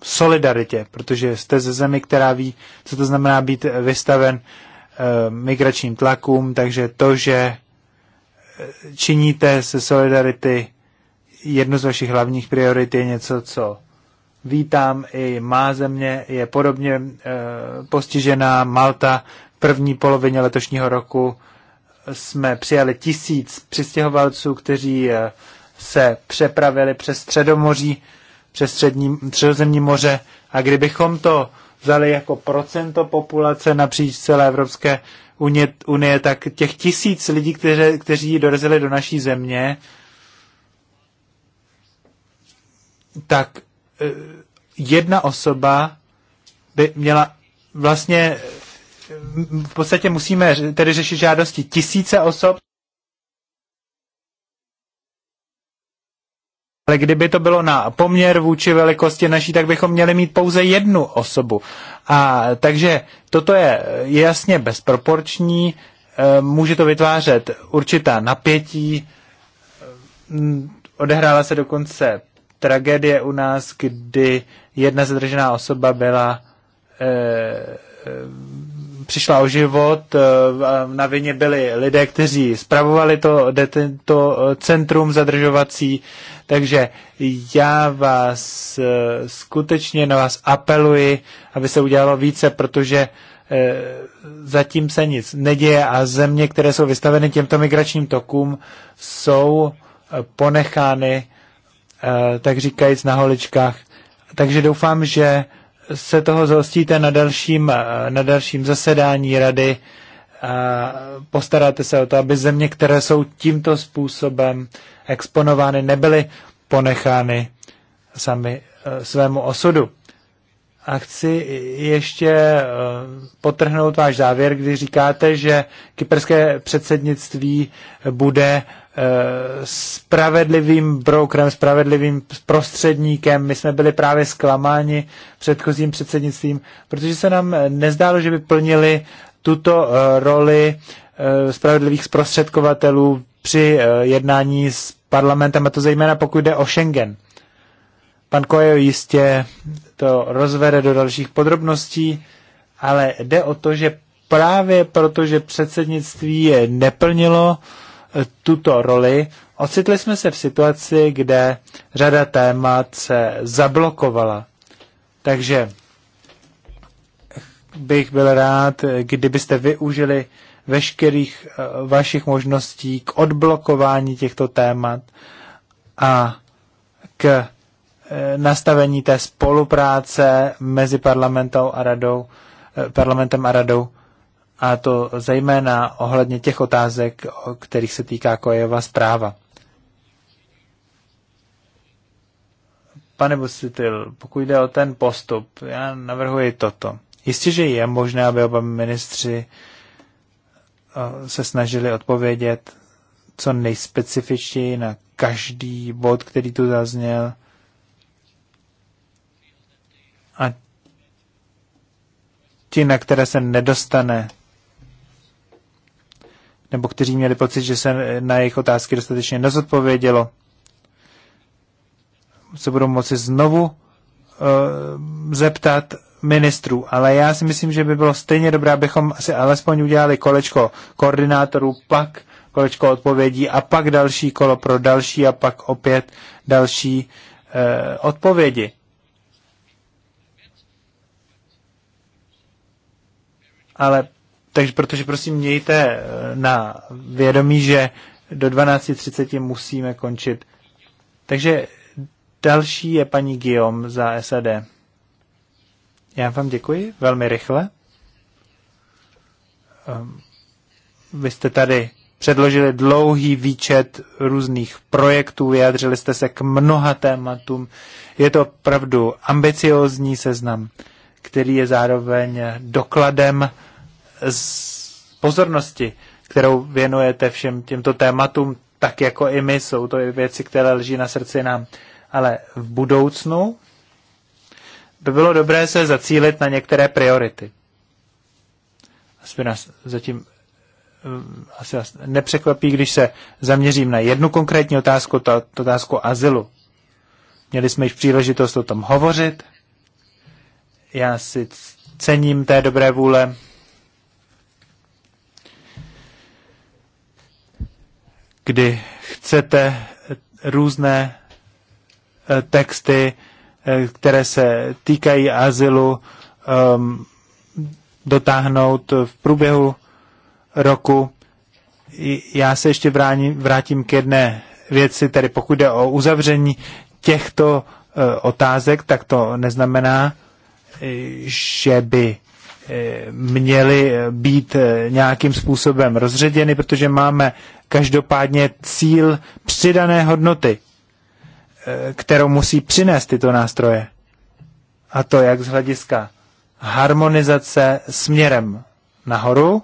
solidaritě, protože jste ze zemi, která ví, co to znamená být vystaven eh, migračním tlakům, takže to, že eh, činíte se solidarity jednu z vašich hlavních priorit je něco, co vítám i má země, je podobně eh, postižená Malta. V první polovině letošního roku jsme přijali tisíc přistěhovalců, kteří se přepravili přes Středomoří přes střední, středozemní moře. A kdybychom to vzali jako procento populace napříč celé Evropské unie, unie tak těch tisíc lidí, kteři, kteří dorazili do naší země, tak eh, jedna osoba by měla vlastně eh, v podstatě musíme tedy řešit žádosti tisíce osob Ale kdyby to bylo na poměr vůči velikosti naší, tak bychom měli mít pouze jednu osobu. A takže toto je jasně bezproporční, e, může to vytvářet určitá napětí. E, odehrála se dokonce tragédie u nás, kdy jedna zadržená osoba byla e, přišla o život. Na vině byli lidé, kteří spravovali to, to centrum zadržovací. Takže já vás eh, skutečně na vás apeluji, aby se udělalo více, protože eh, zatím se nic neděje a země, které jsou vystaveny těmto migračním tokům, jsou eh, ponechány, tak říkajíc, na holičkách. Takže doufám, že se toho zhostíte na dalším, na dalším zasedání rady a postaráte se o to, aby země, které jsou tímto způsobem exponovány, nebyly ponechány sami e, svému osudu. A chci ještě e, potrhnout váš závěr, kdy říkáte, že kyperské předsednictví bude e, spravedlivým brokerem, spravedlivým prostředníkem. My jsme byli právě zklamáni předchozím předsednictvím, protože se nám nezdálo, že by plnili tuto eh, roli eh, spravedlivých zprostředkovatelů při eh, jednání s parlamentem, a to zejména pokud jde o Schengen. Pan Kojo jistě to rozvede do dalších podrobností, ale jde o to, že právě proto, že předsednictví neplnilo tuto roli, ocitli jsme se v situaci, kde řada témat se zablokovala. Takže bych byl rád, kdybyste využili veškerých eh, vašich možností k odblokování těchto témat a k eh, nastavení té spolupráce mezi parlamentem a radou, eh, parlamentem a radou, a to zejména ohledně těch otázek, o kterých se týká Kojeva zpráva. Pane Busitil, pokud jde o ten postup, já navrhuji toto. Jistě, že je možné, aby oba ministři eh, se snažili odpovědět co nejspecifičtěji na každý bod, který tu zazněl. A ti, na které se nedostane, nebo kteří měli pocit, že se na jejich otázky dostatečně nezodpovědělo, se budou moci znovu uh, zeptat ministrů, ale já si myslím, že by bylo stejně dobré, abychom si alespoň udělali kolečko koordinátorů, pak kolečko odpovědí a pak další kolo pro další a pak opět další eh, odpovědi. Ale takže protože prosím mějte eh, na vědomí, že do 12.30 musíme končit. Takže další je paní Guillaume za SAD. Já vám děkuji velmi rychle. Ehm, vy jste tady předložili dlouhý výčet různých projektů, vyjádřili jste se k mnoha tématům. Je to opravdu ambiciózní seznam, který je zároveň dokladem z pozornosti, kterou věnujete všem těmto tématům, tak jako i my, jsou to i věci, které leží na srdci nám. Ale v budoucnu by bylo dobré se zacílit na některé priority. Asi nás zatím eh, asi nás nepřekvapí, když se zaměřím na jednu konkrétní otázku, to, to otázku azylu. Měli jsme již příležitost o tom hovořit. Já si cením té dobré vůle. Kdy chcete různé eh, texty Eh, které se týkají azylu, um, dotáhnout v průběhu roku. Já se ještě vrátím, vrátím k jedné věci, tedy pokud jde o uzavření těchto eh, otázek, tak to neznamená, eh, že by měly být nějakým způsobem rozředěny, protože máme každopádně cíl přidané hodnoty kterou musí přinést tyto nástroje. A to jak z hlediska harmonizace směrem nahoru,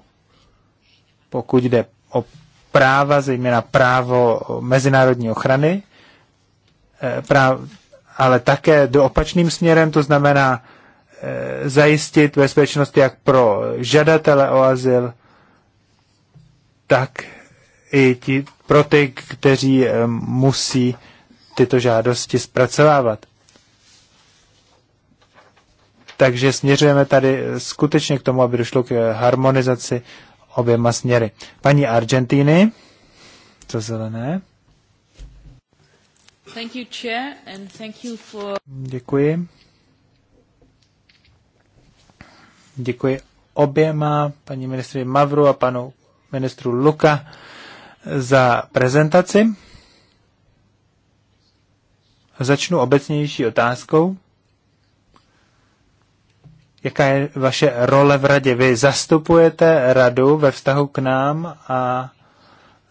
pokud jde o práva, zejména právo mezinárodní ochrany, eh, práv, ale také do opačným směrem, to znamená eh, zajistit bezpečnost jak pro žadatele o azyl, tak i ti, pro ty, kteří eh, musí tyto žádosti zpracovávat. Takže směřujeme tady eh, skutečně k tomu, aby došlo k eh, harmonizaci oběma směry. Paní Argentíny, co zelené? Thank you, chair, and thank you for... Děkuji. Děkuji oběma, paní ministrině Mavru a panu ministru Luka, za prezentaci. Začnu obecnější otázkou. Jaká je vaše role v radě? Vy zastupujete radu ve vztahu k nám a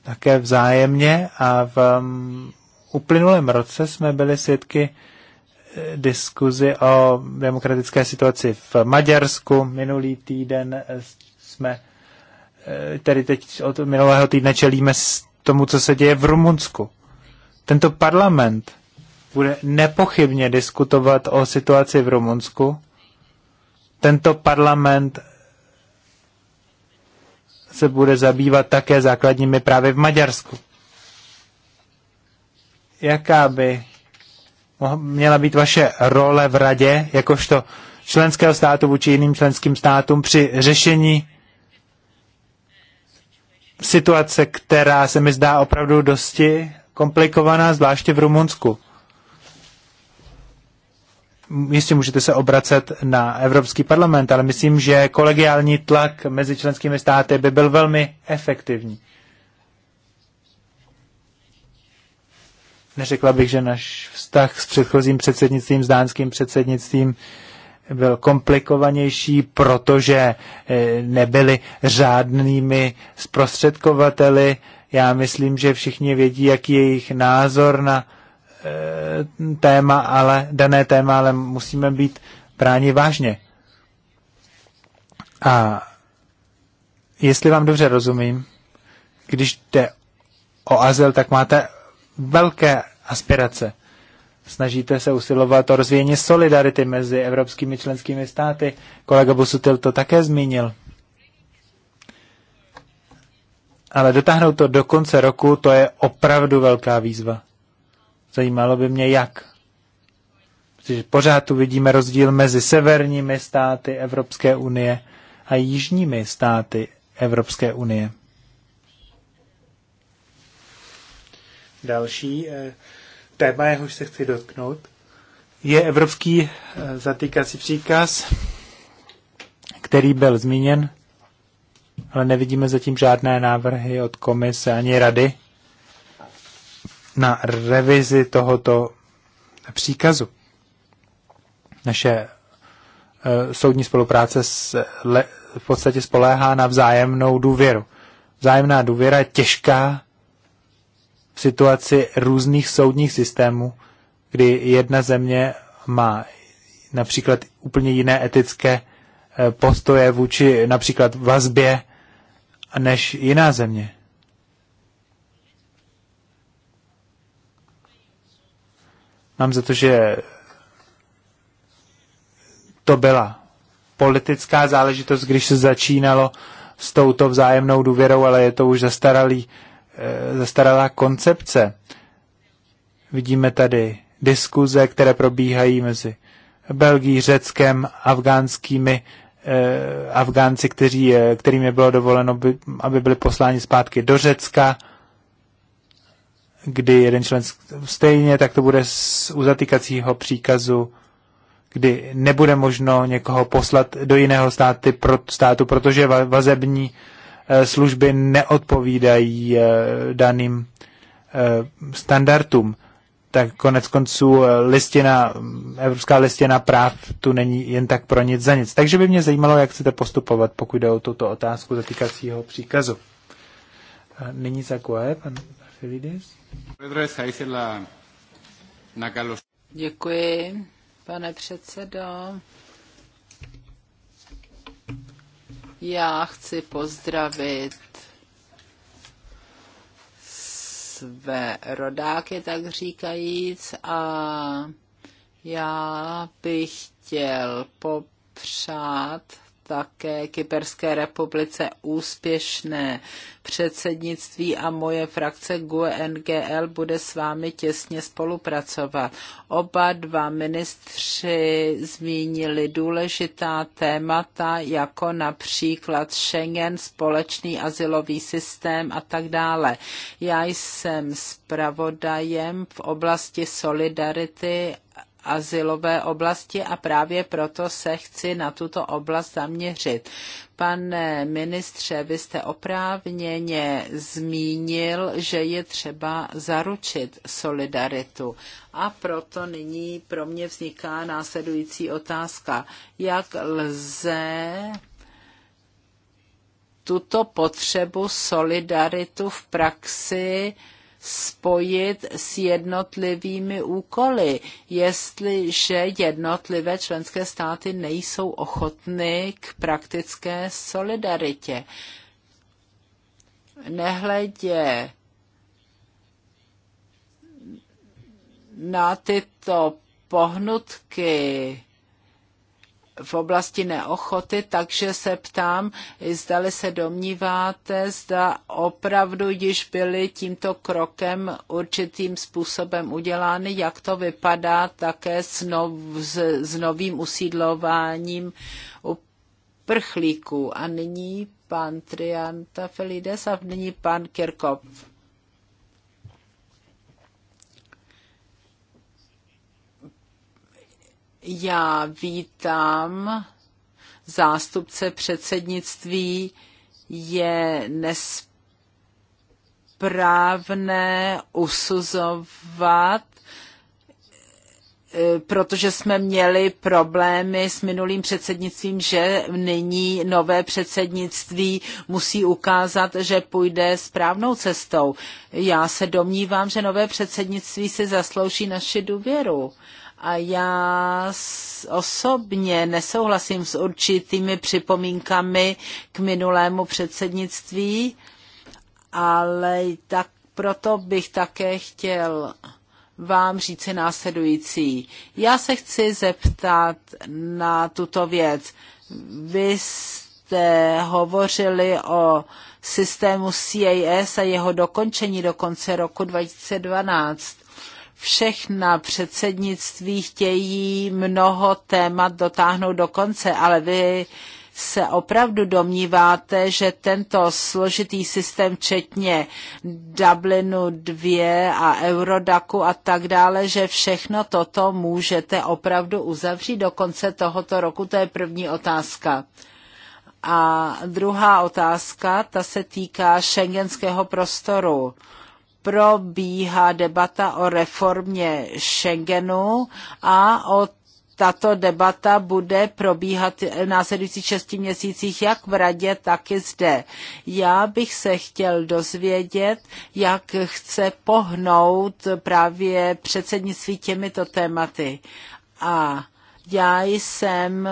také vzájemně a v mm, uplynulém roce jsme byli svědky eh, diskuzi o demokratické situaci v Maďarsku. Minulý týden eh, jsme, eh, tedy teď od minulého týdne čelíme tomu, co se děje v Rumunsku. Tento parlament bude nepochybně diskutovat o situaci v Rumunsku. Tento parlament se bude zabývat také základními právy v Maďarsku. Jaká by měla být vaše role v radě, jakožto členského státu vůči jiným členským státům při řešení situace, která se mi zdá opravdu dosti komplikovaná, zvláště v Rumunsku jistě můžete se obracet na Evropský parlament, ale myslím, že kolegiální tlak mezi členskými státy by byl velmi efektivní. Neřekla bych, že náš vztah s předchozím předsednictvím, s dánským předsednictvím byl komplikovanější, protože eh, nebyli řádnými zprostředkovateli. Já myslím, že všichni vědí, jaký je jejich názor na Eh, téma, ale dané téma, ale musíme být bráni vážně. A jestli vám dobře rozumím, když jde o azyl, tak máte velké aspirace. Snažíte se usilovat o rozvíjení solidarity mezi evropskými členskými státy. Kolega Busutil to také zmínil. Ale dotáhnout to do konce roku, to je opravdu velká výzva. Zajímalo by mě, jak. Protože pořád tu vidíme rozdíl mezi severními státy Evropské unie a jižními státy Evropské unie. Další eh, téma, jehož se chci dotknout, je evropský eh, zatýkací příkaz, který byl zmíněn, ale nevidíme zatím žádné návrhy od komise ani rady na revizi tohoto příkazu. Naše e, soudní spolupráce v podstatě spoléhá na vzájemnou důvěru. Vzájemná důvěra je těžká v situaci různých soudních systémů, kdy jedna země má například úplně jiné etické e, postoje vůči například vazbě než jiná země. Mám za to, že to byla politická záležitost, když se začínalo s touto vzájemnou důvěrou, ale je to už zastaralý, eh, zastaralá koncepce. Vidíme tady diskuze, které probíhají mezi Belgií, Řeckem, afgánskými eh, Afgánci, kteří, eh, kterým je bylo dovoleno, by, aby byli posláni zpátky do Řecka. Eh, kdy jeden člen stejně, tak to bude z uzatýkacího příkazu, kdy nebude možno někoho poslat do jiného státy, pro, státu, protože vazební eh, služby neodpovídají eh, daným eh, standardům. Tak konec konců listina, mm, Evropská listina práv tu není jen tak pro nic za nic. Takže by mě zajímalo, jak chcete postupovat, pokud jde o tuto otázku zatýkacího příkazu. Není takové, e, pan Kefilidis. Děkuji, pane předsedo. Já chci pozdravit své rodáky, tak říkajíc, a já bych chtěl popřát také Kyperské republice úspěšné předsednictví a moje frakce GUNGL e bude s vámi těsně spolupracovat. Oba dva ministři zmínili důležitá témata, jako například Schengen, společný asilový systém a tak dále. Já jsem zpravodajem v oblasti solidarity azylové oblasti a právě proto se chci na tuto oblast zaměřit. Pane ministře, vy jste oprávněně zmínil, že je třeba zaručit solidaritu. A proto nyní pro mě vzniká následující otázka. Jak lze tuto potřebu solidaritu v praxi spojit s jednotlivými úkoly, jestliže jednotlivé členské státy nejsou ochotny k praktické solidaritě. Nehledě na tyto pohnutky v oblasti neochoty, takže se ptám, zdali se domníváte, zda opravdu již byly tímto krokem určitým způsobem udělány, jak to vypadá také s, nov, s, s novým usídlováním uprchlíků. A nyní pan Felides a nyní pan Kirkov. Já vítám zástupce předsednictví je nesprávné usuzovat, eh, protože jsme měli problémy s minulým předsednictvím, že nyní nové předsednictví musí ukázat, že půjde správnou cestou. Já se domnívám, že nové předsednictví si zaslouží naši důvěru. A já osobně nesouhlasím s určitými připomínkami k minulému předsednictví, ale tak proto bych také chtěl vám říci následující. Já se chci zeptat na tuto věc. Vy jste hovořili o systému CAS a jeho dokončení do konce roku 2012 všechna předsednictví chtějí mnoho témat dotáhnout do konce, ale vy se opravdu domníváte, že tento složitý systém, včetně Dublinu 2 a Eurodaku a tak dále, že všechno toto můžete opravdu uzavřít do konce tohoto roku? To je první otázka. A druhá otázka, ta se týká šengenského prostoru probíhá debata o reformě Schengenu a o tato debata bude probíhat v následujících šesti měsících jak v radě, tak i zde. Já bych se chtěl dozvědět, jak chce pohnout právě předsednictví těmito tématy. A já jsem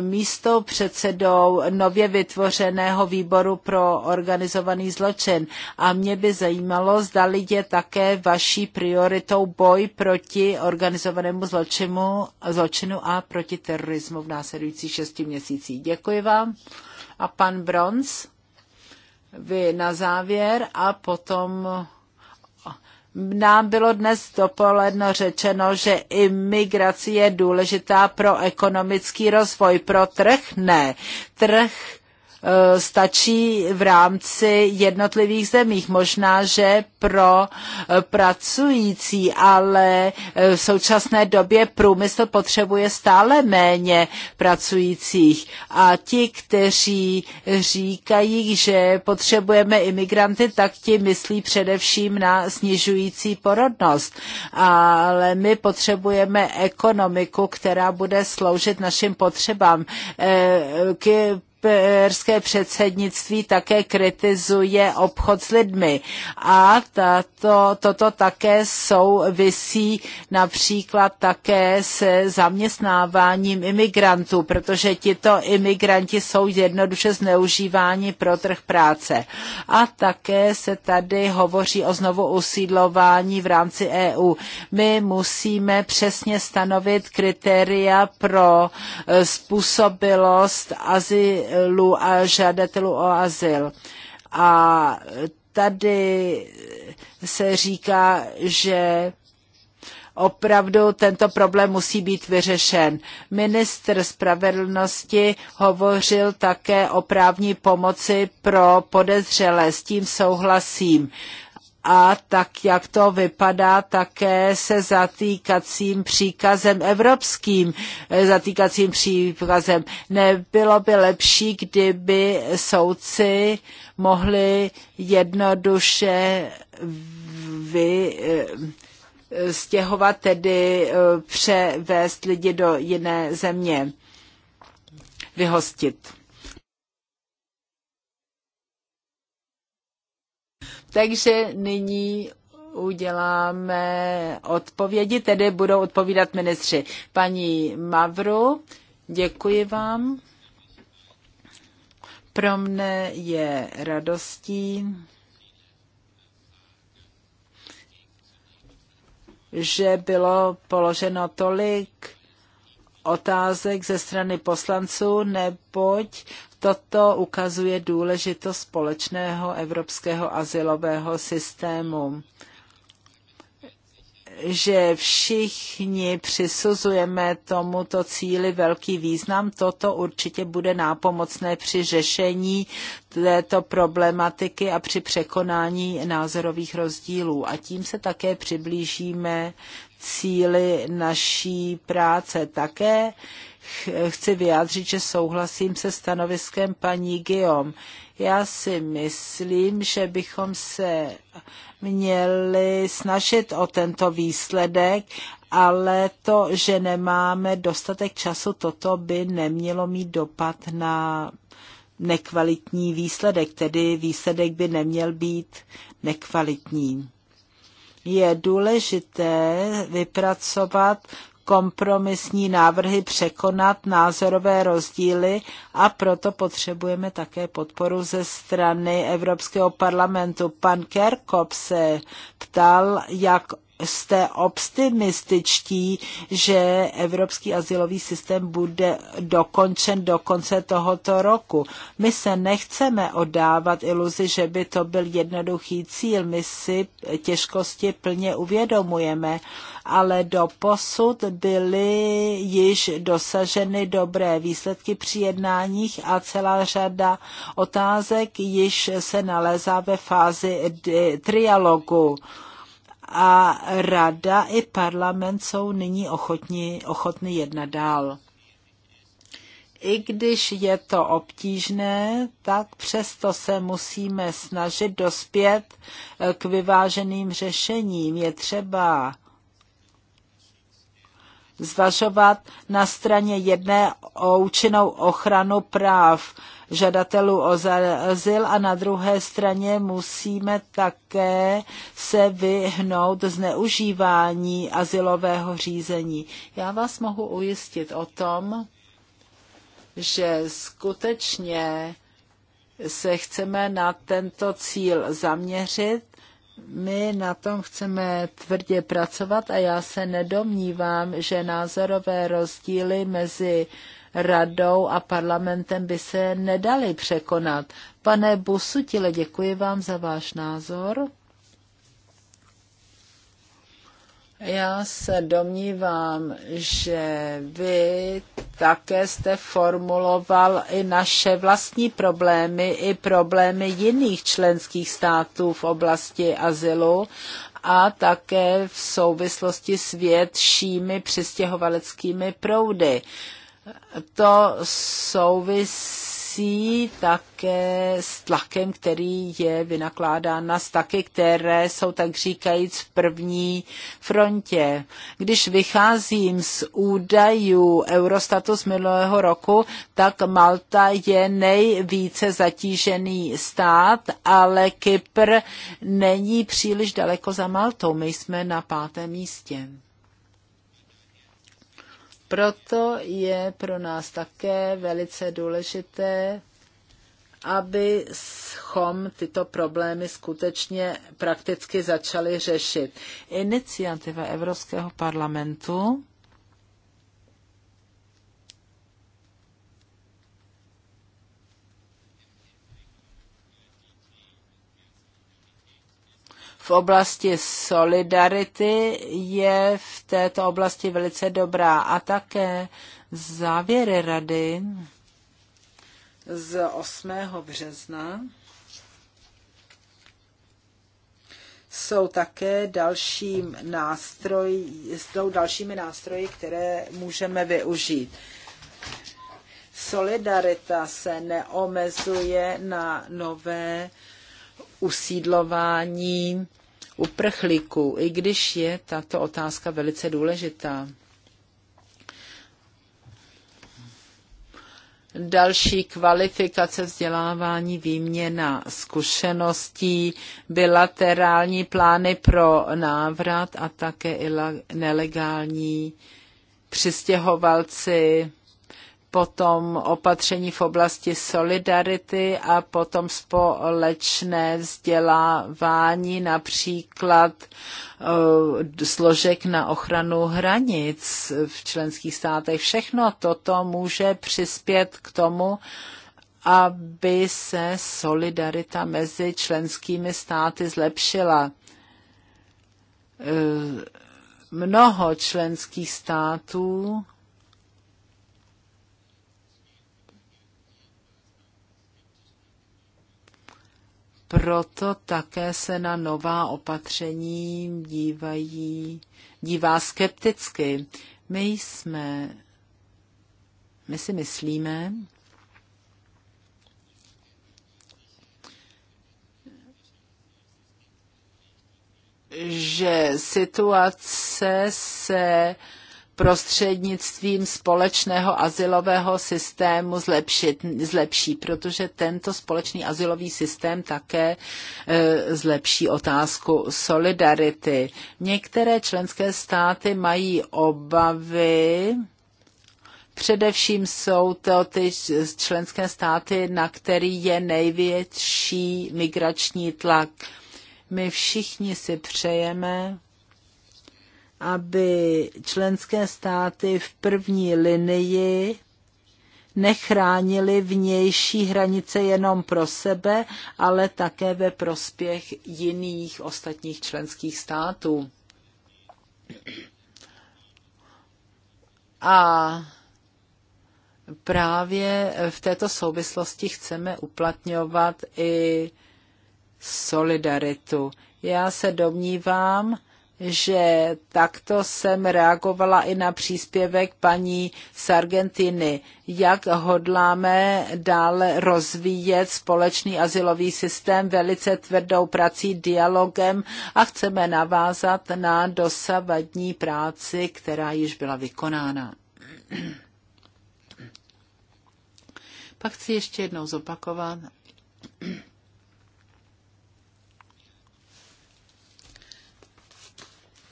místo předsedou nově vytvořeného výboru pro organizovaný zločin. A mě by zajímalo, zda je také vaší prioritou boj proti organizovanému zločinu, zločinu a proti terorismu v následujících šesti měsících. Děkuji vám. A pan Bronz, vy na závěr a potom nám bylo dnes dopoledne řečeno, že imigrace je důležitá pro ekonomický rozvoj, pro trh ne. Trh Eh, stačí v rámci jednotlivých zemích. Možná, že pro eh, pracující, ale eh, v současné době průmysl potřebuje stále méně pracujících. A ti, kteří říkají, že potřebujeme imigranty, tak ti myslí především na snižující porodnost. Ale my potřebujeme ekonomiku, která bude sloužit našim potřebám. K kyperské předsednictví také kritizuje obchod s lidmi. A tato, toto také souvisí například také se zaměstnáváním imigrantů, protože tito imigranti jsou jednoduše zneužíváni pro trh práce. A také se tady hovoří o znovu usídlování v rámci EU. My musíme přesně stanovit kritéria pro eh, způsobilost azy, azylu a žadatelů o azyl. A tady se říká, že opravdu tento problém musí být vyřešen. Ministr spravedlnosti hovořil také o právní pomoci pro podezřelé, s tím souhlasím a tak, jak to vypadá také se zatýkacím příkazem evropským, eh, zatýkacím příkazem. Nebylo by lepší, kdyby soudci mohli jednoduše vy, eh, stěhovat, tedy eh, převést lidi do jiné země, vyhostit. Takže nyní uděláme odpovědi, tedy budou odpovídat ministři. Paní Mavru, děkuji vám. Pro mne je radostí, že bylo položeno tolik otázek ze strany poslanců, neboť Toto ukazuje důležitost společného evropského asilového systému že všichni přisuzujeme tomuto cíli velký význam. Toto určitě bude nápomocné při řešení této problematiky a při překonání názorových rozdílů. A tím se také přiblížíme cíli naší práce. Také chci vyjádřit, že souhlasím se stanoviskem paní Guillaume. Já si myslím, že bychom se měli snažit o tento výsledek, ale to, že nemáme dostatek času, toto by nemělo mít dopad na nekvalitní výsledek, tedy výsledek by neměl být nekvalitní. Je důležité vypracovat kompromisní návrhy překonat názorové rozdíly a proto potřebujeme také podporu ze strany Evropského parlamentu. Pan Kerkop se ptal, jak jste optimističtí, že evropský asilový systém bude dokončen do konce tohoto roku. My se nechceme oddávat iluzi, že by to byl jednoduchý cíl. My si těžkosti plně uvědomujeme, ale do posud byly již dosaženy dobré výsledky při jednáních a celá řada otázek již se nalézá ve fázi trialogu a rada i parlament jsou nyní ochotni, ochotni jednat dál. I když je to obtížné, tak přesto se musíme snažit dospět eh, k vyváženým řešením. Je třeba zvažovat na straně jedné účinnou ochranu práv žadatelů o azyl a na druhé straně musíme také se vyhnout zneužívání azylového řízení. Já vás mohu ujistit o tom, že skutečně se chceme na tento cíl zaměřit. My na tom chceme tvrdě pracovat a já se nedomnívám, že názorové rozdíly mezi radou a parlamentem by se nedaly překonat. Pane Busutile, děkuji vám za váš názor. Já se domnívám, že vy také jste formuloval i naše vlastní problémy, i problémy jiných členských států v oblasti azylu a také v souvislosti s většími přistěhovaleckými proudy. Uh, to souvisí také s tlakem, který je vynakládán na staky, které jsou tak říkajíc v první frontě. Když vycházím z údajů Eurostatu z minulého roku, tak Malta je nejvíce zatížený stát, ale Kypr není příliš daleko za Maltou. My jsme na pátém místě. Proto je pro nás také velice důležité, abychom tyto problémy skutečně prakticky začali řešit. Iniciativa Evropského parlamentu v oblasti solidarity je v této oblasti velice dobrá. A také závěry rady z 8. března jsou také dalším nástroj, jsou dalšími nástroji, které můžeme využít. Solidarita se neomezuje na nové usídlování uprchlíků, i když je tato otázka velice důležitá. další kvalifikace, vzdělávání, výměna zkušeností, bilaterální plány pro návrat a také i nelegální přistěhovalci, potom opatření v oblasti solidarity a potom společné vzdělávání, například eh, složek na ochranu hranic v členských státech. Všechno toto může přispět k tomu, aby se solidarita mezi členskými státy zlepšila. Eh, mnoho členských států proto také se na nová opatření dívají, dívá skepticky. My jsme, my si myslíme, že situace se prostřednictvím společného asilového systému zlepšit, zlepší, protože tento společný asilový systém také e, zlepší otázku solidarity. Některé členské státy mají obavy, Především jsou to ty členské státy, na který je největší migrační tlak. My všichni si přejeme, aby členské státy v první linii nechránili vnější hranice jenom pro sebe, ale také ve prospěch jiných ostatních členských států. A právě v této souvislosti chceme uplatňovat i solidaritu. Já se domnívám, že takto jsem reagovala i na příspěvek paní Sargentiny, jak hodláme dále rozvíjet společný asilový systém velice tvrdou prací, dialogem a chceme navázat na dosavadní práci, která již byla vykonána. Pak chci ještě jednou zopakovat,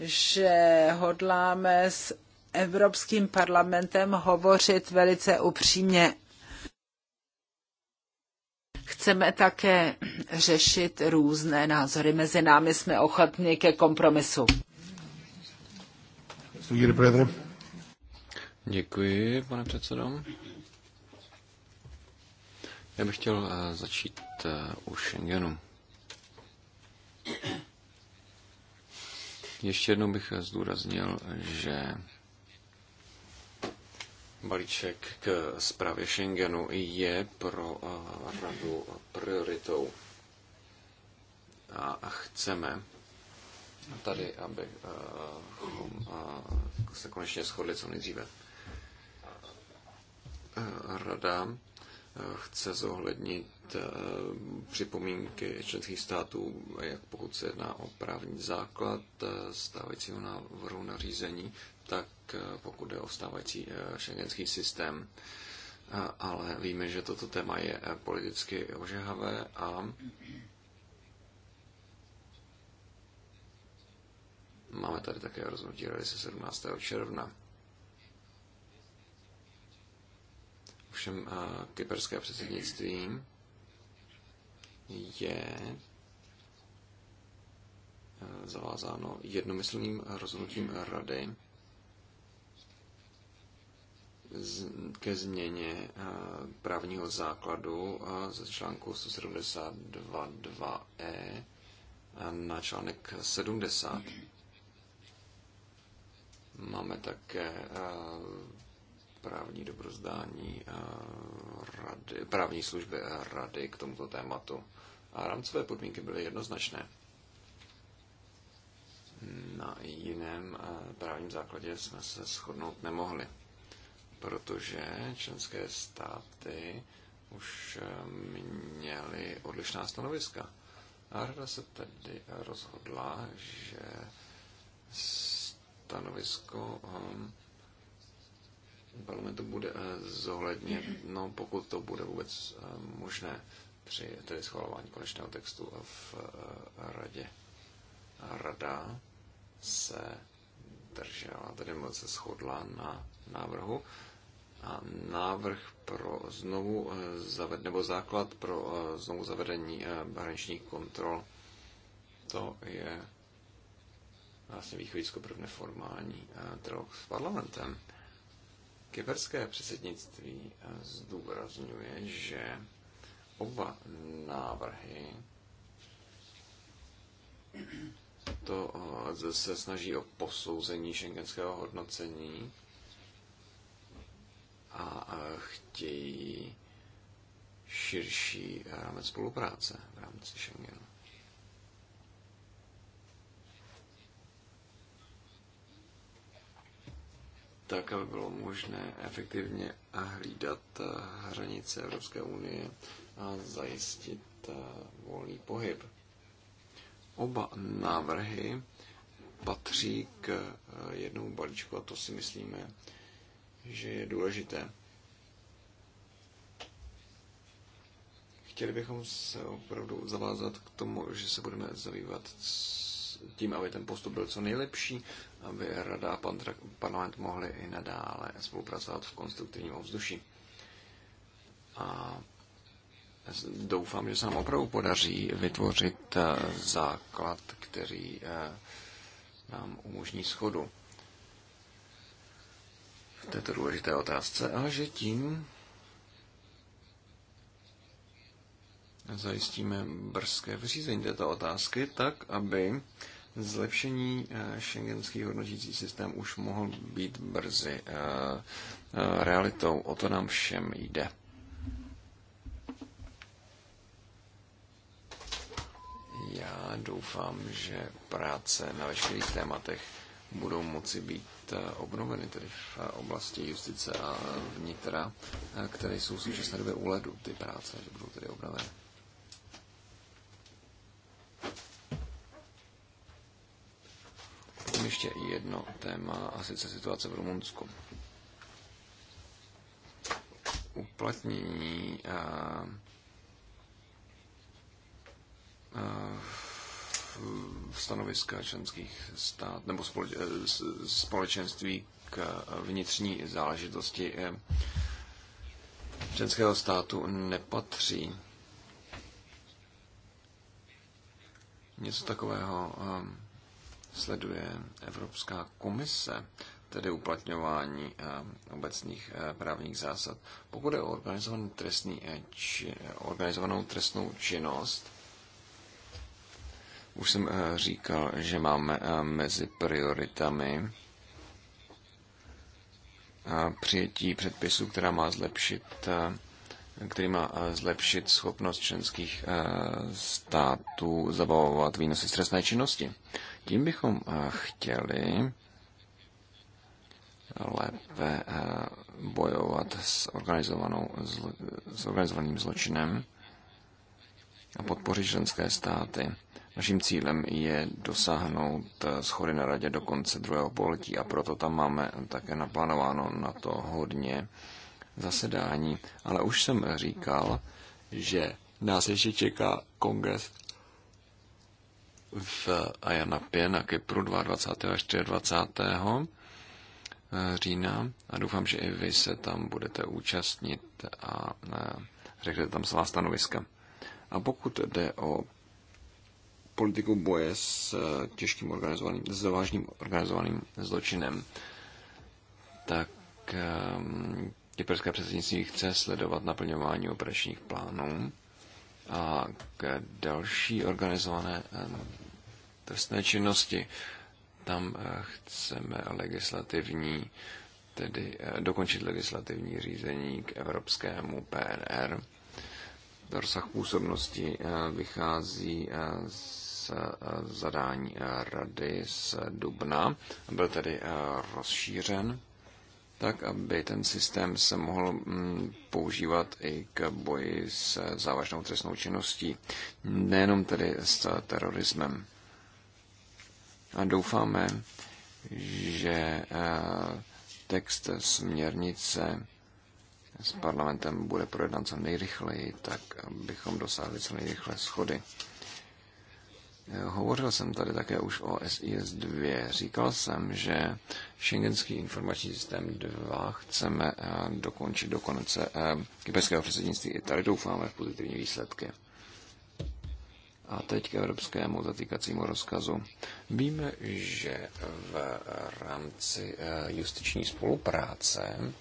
že hodláme s Evropským parlamentem hovořit velice upřímně. Chceme také řešit různé názory. Mezi námi jsme ochotní ke kompromisu. Děkuji, pane předsedo. Já bych chtěl eh, začít eh, u Schengenu. Ještě jednou bych zdůraznil, že balíček k zprávě Schengenu je pro eh, radu prioritou. A chceme tady, aby eh, se konečně shodli co nejdříve. Eh, rada chce zohlednit Eh, připomínky členských států, jak pokud se jedná o právní základ eh, stávajícího návrhu nařízení, tak eh, pokud je o stávající šengenský systém. Ale víme, že toto téma je politicky ožehavé a máme tady také rozhodnutí rady se 17. června. Všem kyperské předsednictví je eh, zavázáno jednomyslným rozhodnutím rady ke změně eh, právního základu eh, ze článku 172.2e na článek 70. Máme také právní dobrozdání rady, právní služby rady k tomuto tématu. A rámcové podmínky byly jednoznačné. Na jiném eh, právním základě jsme se shodnout nemohli, protože členské státy už eh, měly odlišná stanoviska. A rada se tedy rozhodla, že stanovisko eh, parlamentu bude zohledněno, pokud to bude vůbec možné při tedy schvalování konečného textu v eh, radě. rada se držela, tedy moc se shodla na návrhu. A návrh pro znovu eh, zaved, nebo základ pro eh, znovu zavedení hraničních kontrol, to je vlastně východisko pro neformální trh s parlamentem. Kyperské předsednictví zdůrazňuje, že oba návrhy to eh, se snaží o posouzení šengenského hodnocení a eh, chtějí širší rámec spolupráce v rámci Schengenu. tak, aby bylo možné efektivně hlídat eh, hranice Evropské unie a zajistit eh, volný pohyb. Oba návrhy patří k eh, jednomu balíčku a to si myslíme, že je důležité. Chtěli bychom se opravdu zavázat k tomu, že se budeme zabývat tím, aby ten postup byl co nejlepší, aby Rada a parlament mohli i nadále spolupracovat v konstruktivním ovzduší. A doufám, že se nám opravdu podaří vytvořit eh, základ, který eh, nám umožní schodu v této důležité otázce a že tím zajistíme brzké vyřízení této otázky tak, aby zlepšení šengenský eh, hodnotící systém už mohl být brzy realitou. O to nám všem jde. já doufám, že práce na veškerých tématech budou moci být eh, obnoveny tedy v eh, oblasti justice a vnitra, eh, které jsou v současné době u ledu, ty práce, že budou tedy obnoveny. Potom ještě jedno téma, a sice situace v Rumunsku. Uplatnění a stanoviska členských stát nebo společenství k vnitřní záležitosti eh, členského státu nepatří. Něco takového eh, sleduje Evropská komise, tedy uplatňování eh, obecných právních zásad. Pokud je o organizovanou trestnou činnost, už jsem eh, říkal, že máme eh, mezi prioritami eh, přijetí předpisu, která má zlepšit, který má zlepšit schopnost členských států zabavovat výnosy z činnosti. Tím bychom chtěli lépe bojovat s, organizovanou, s organizovaným zločinem a podpořit členské státy Naším cílem je dosáhnout schody na radě do konce druhého poletí a proto tam máme také naplánováno na to hodně zasedání. Ale už jsem říkal, že nás ještě čeká kongres v Ajanapě na Kypru 22. až 24. října a doufám, že i vy se tam budete účastnit a e, řeknete tam svá stanoviska. A pokud jde o politiku boje s eh, těžkým organizovaným, s vážným organizovaným zločinem, tak eh, kyperské předsednictví chce sledovat naplňování operačních plánů a k další organizované eh, trestné činnosti. Tam chceme legislativní, tedy dokončit legislativní řízení k evropskému PNR. Rozsah působnosti vychází z Eh, zadání eh, rady z Dubna, byl tedy eh, rozšířen tak, aby ten systém se mohl mm, používat i k boji s závažnou trestnou činností, nejenom tedy s terorismem. A doufáme, že text směrnice s parlamentem bude projednán co nejrychleji, tak abychom dosáhli co nejrychle schody. Hovořil jsem tady také už o SIS 2. Říkal jsem, že Schengenský informační systém 2 chceme eh, dokončit do konce eh, kyperského předsednictví. I tady doufáme v pozitivní výsledky. A teď k evropskému zatýkacímu rozkazu. Víme, že v rámci eh, justiční spolupráce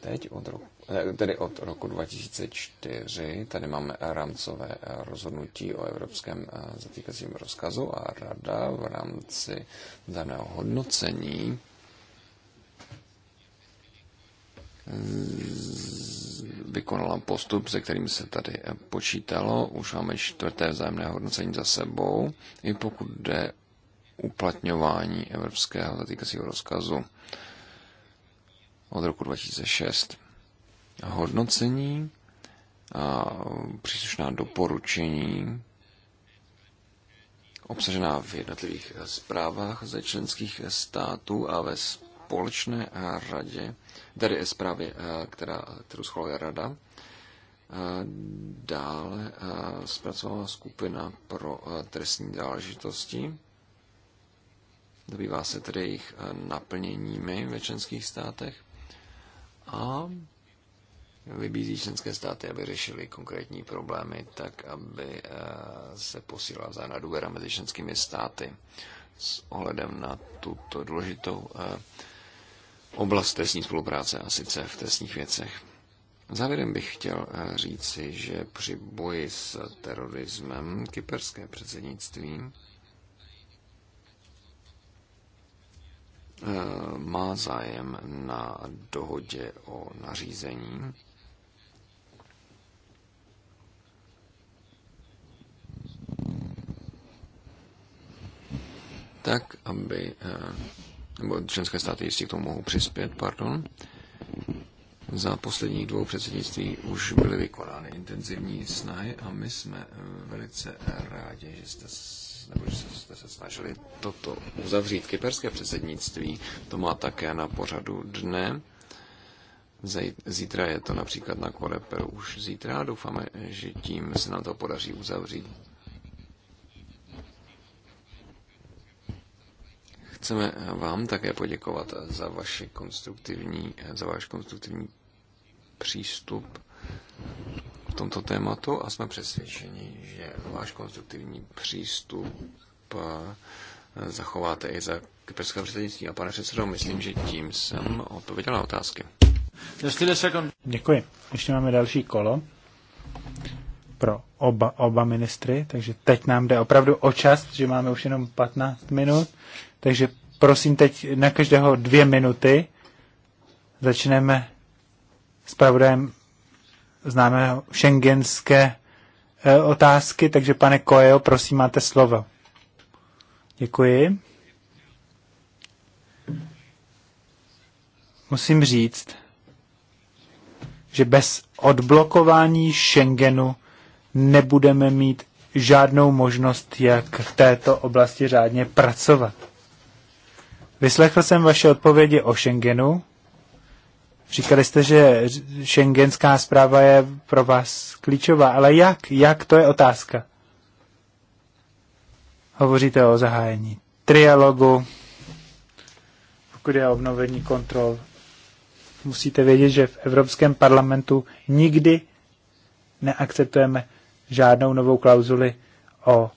teď od roku Eh, tedy od roku 2004. Tady máme rámcové eh, rozhodnutí o evropském eh, zatýkacím rozkazu a rada v rámci daného hodnocení vykonala postup, se kterým se tady počítalo. Už máme čtvrté vzájemné hodnocení za sebou, i pokud jde uplatňování evropského zatýkacího rozkazu od roku 2006 hodnocení a příslušná doporučení obsažená v jednotlivých zprávách ze členských států a ve společné radě, tedy zprávě, eh, která, kterou schvaluje rada, eh, dále eh, zpracovala skupina pro trestní záležitosti. Dobývá se tedy jejich naplněními ve členských státech a vybízí členské státy, aby řešili konkrétní problémy tak, aby eh, se posílala vzájemná důvěra mezi členskými státy s ohledem na tuto důležitou eh, oblast trestní spolupráce a sice v trestních věcech. Závěrem bych chtěl eh, říci, že při boji s terorismem kyperské předsednictví má zájem na dohodě o nařízení tak aby, eh, nebo členské státy jistě k tomu mohou přispět, pardon, za posledních dvou předsednictví už byly vykonány intenzivní snahy a my jsme eh, velice rádi, že jste, nebo že jste se snažili toto uzavřít. Kyperské předsednictví to má také na pořadu dne. Zítra je to například na Koreperu už zítra. Doufáme, že tím se nám to podaří uzavřít Chceme vám také poděkovat za, vaši konstruktivní, za váš konstruktivní přístup k tomto tématu a jsme přesvědčeni, že váš konstruktivní přístup eh, zachováte i za kyperského předsednictví. A pane předsedo, myslím, že tím jsem odpověděl na otázky. Děkuji. Ještě máme další kolo pro oba, oba ministry, takže teď nám jde opravdu o čas, že máme už jenom 15 minut. Takže prosím teď na každého dvě minuty. Začneme s pravodajem známého šengenské e, otázky, takže pane Kojo, prosím, máte slovo. Děkuji. Musím říct, že bez odblokování Schengenu nebudeme mít žádnou možnost, jak v této oblasti řádně pracovat. Vyslechl jsem vaše odpovědi o Schengenu. Říkali jste, že šengenská zpráva je pro vás klíčová, ale jak? Jak? To je otázka. Hovoříte o zahájení trialogu, pokud je obnovení kontrol. Musíte vědět, že v Evropském parlamentu nikdy neakceptujeme žádnou novou klauzuli o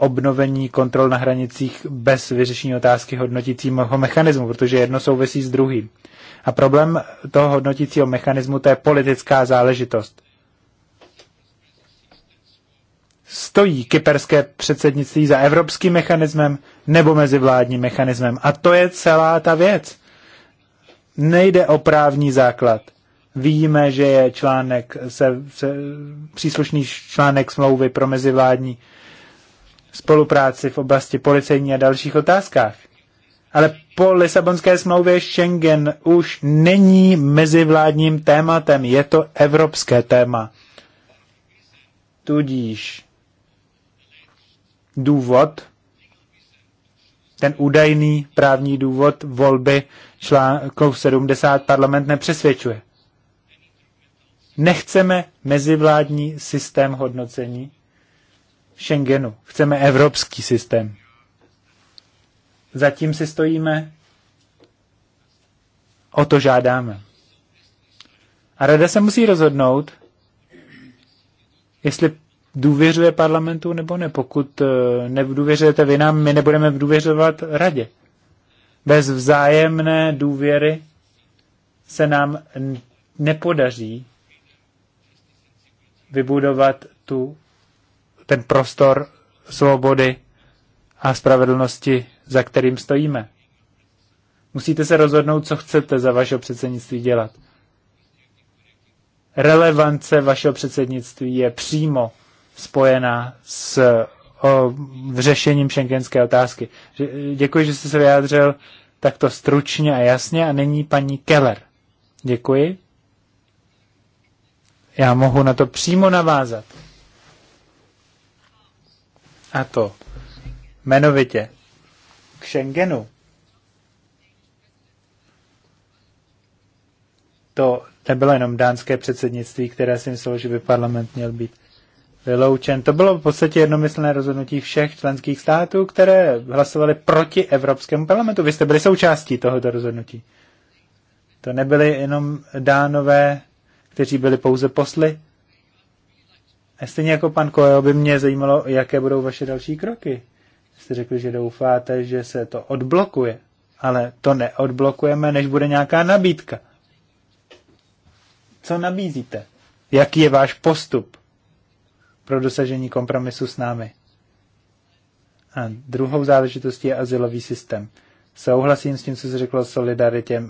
obnovení kontrol na hranicích bez vyřešení otázky hodnotícího mechanismu, protože jedno souvisí s druhým. A problém toho hodnotícího mechanismu to je politická záležitost. Stojí kyperské předsednictví za evropským mechanismem nebo mezivládním mechanismem. A to je celá ta věc. Nejde o právní základ. Víme, že je článek, se, se, příslušný článek smlouvy pro mezivládní spolupráci v oblasti policejní a dalších otázkách. Ale po Lisabonské smlouvě Schengen už není mezivládním tématem, je to evropské téma. Tudíž důvod, ten údajný právní důvod volby článku 70 parlament nepřesvědčuje. Nechceme mezivládní systém hodnocení, Schengenu. Chceme evropský systém. Zatím si stojíme, o to žádáme. A rada se musí rozhodnout, jestli důvěřuje parlamentu nebo ne. Pokud eh, nedůvěřujete vy nám, my nebudeme důvěřovat radě. Bez vzájemné důvěry se nám nepodaří vybudovat tu ten prostor svobody a spravedlnosti, za kterým stojíme. Musíte se rozhodnout, co chcete za vašeho předsednictví dělat. Relevance vašeho předsednictví je přímo spojená s o, v řešením šengenské otázky. Děkuji, že jste se vyjádřil takto stručně a jasně a není paní Keller. Děkuji. Já mohu na to přímo navázat. A to jmenovitě k Schengenu. To nebylo jenom dánské předsednictví, které si myslelo, že by parlament měl být vyloučen. To bylo v podstatě jednomyslné rozhodnutí všech členských států, které hlasovaly proti Evropskému parlamentu. Vy jste byli součástí tohoto rozhodnutí. To nebyly jenom dánové, kteří byli pouze posly, Stejně jako pan Koeo by mě zajímalo, jaké budou vaše další kroky. Jste řekli, že doufáte, že se to odblokuje, ale to neodblokujeme, než bude nějaká nabídka. Co nabízíte? Jaký je váš postup pro dosažení kompromisu s námi? A druhou záležitostí je asilový systém. Souhlasím s tím, co se řekl o solidaritě,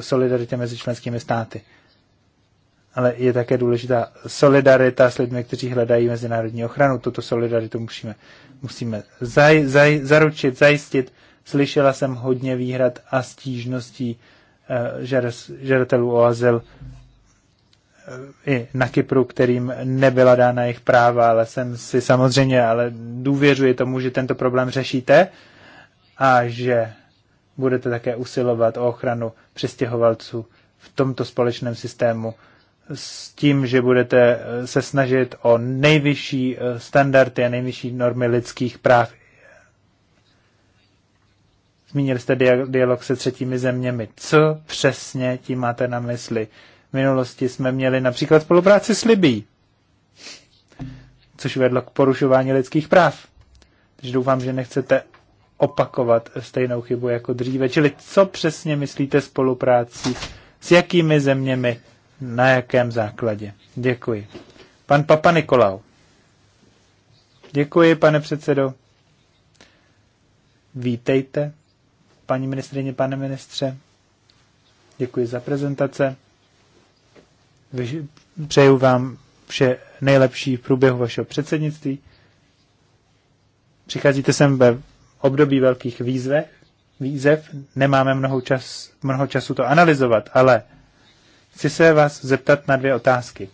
solidaritě mezi členskými státy ale je také důležitá solidarita s lidmi, kteří hledají mezinárodní ochranu. Tuto solidaritu musíme, musíme zaj, zaj, zaručit, zajistit. Slyšela jsem hodně výhrad a stížností eh, žadatelů o azyl eh, i na Kypru, kterým nebyla dána jejich práva, ale jsem si samozřejmě, ale důvěřuji tomu, že tento problém řešíte a že budete také usilovat o ochranu přistěhovalců v tomto společném systému s tím, že budete eh, se snažit o nejvyšší eh, standardy a nejvyšší normy lidských práv. Zmínil jste dialog se třetími zeměmi. Co přesně tím máte na mysli? V minulosti jsme měli například spolupráci s Libí, což vedlo k porušování lidských práv. Takže doufám, že nechcete opakovat stejnou chybu jako dříve. Čili co přesně myslíte spolupráci? S jakými zeměmi? na jakém základě. Děkuji. Pan Papa Nikolau. Děkuji, pane předsedo. Vítejte, paní ministrině, pane ministře. Děkuji za prezentace. Přeju vám vše nejlepší v průběhu vašeho předsednictví. Přicházíte sem ve období velkých výzvech, výzev. Nemáme mnoho, čas, mnoho času to analyzovat, ale Chci se vás zeptat na dvě otázky.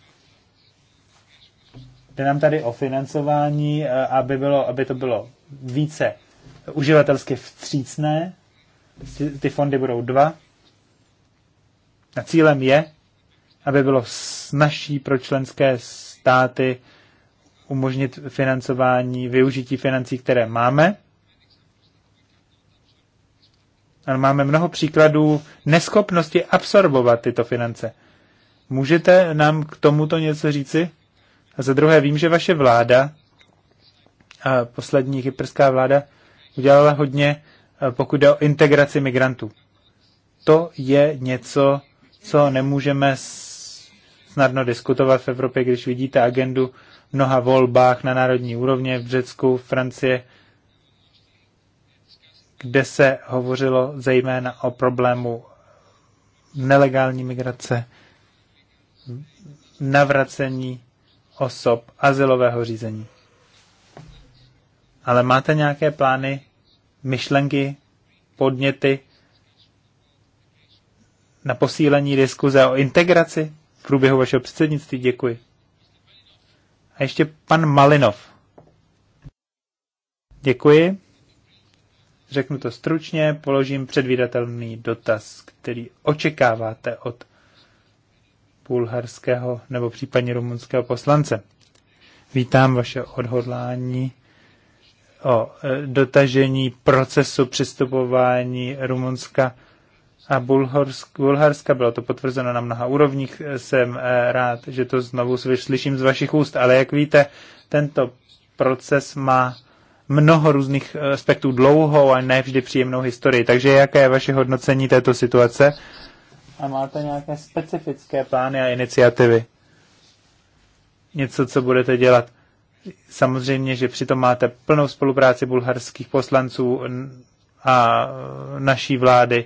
Jde nám tady o financování, eh, aby, bylo, aby to bylo více uživatelsky vstřícné. Ty fondy budou dva. A cílem je, aby bylo snažší pro členské státy umožnit financování, využití financí, které máme ale máme mnoho příkladů neschopnosti absorbovat tyto finance. Můžete nám k tomuto něco říci? A za druhé, vím, že vaše vláda, a poslední kyperská vláda, udělala hodně, pokud jde o integraci migrantů. To je něco, co nemůžeme snadno diskutovat v Evropě, když vidíte agendu mnoha volbách na národní úrovně v Řecku, v Francie, kde se hovořilo zejména o problému nelegální migrace, navracení osob, azylového řízení. Ale máte nějaké plány, myšlenky, podněty na posílení diskuze o integraci v průběhu vašeho předsednictví? Děkuji. A ještě pan Malinov. Děkuji. Řeknu to stručně, položím předvídatelný dotaz, který očekáváte od bulharského nebo případně rumunského poslance. Vítám vaše odhodlání o e, dotažení procesu přistupování Rumunska a Bulharska. Bylo to potvrzeno na mnoha úrovních. Jsem e, rád, že to znovu slyším z vašich úst, ale jak víte, tento proces má mnoho různých eh, aspektů dlouhou a ne vždy příjemnou historii. Takže jaké je vaše hodnocení této situace? A máte nějaké specifické plány a iniciativy? Něco, co budete dělat? Samozřejmě, že přitom máte plnou spolupráci bulharských poslanců a eh, naší vlády,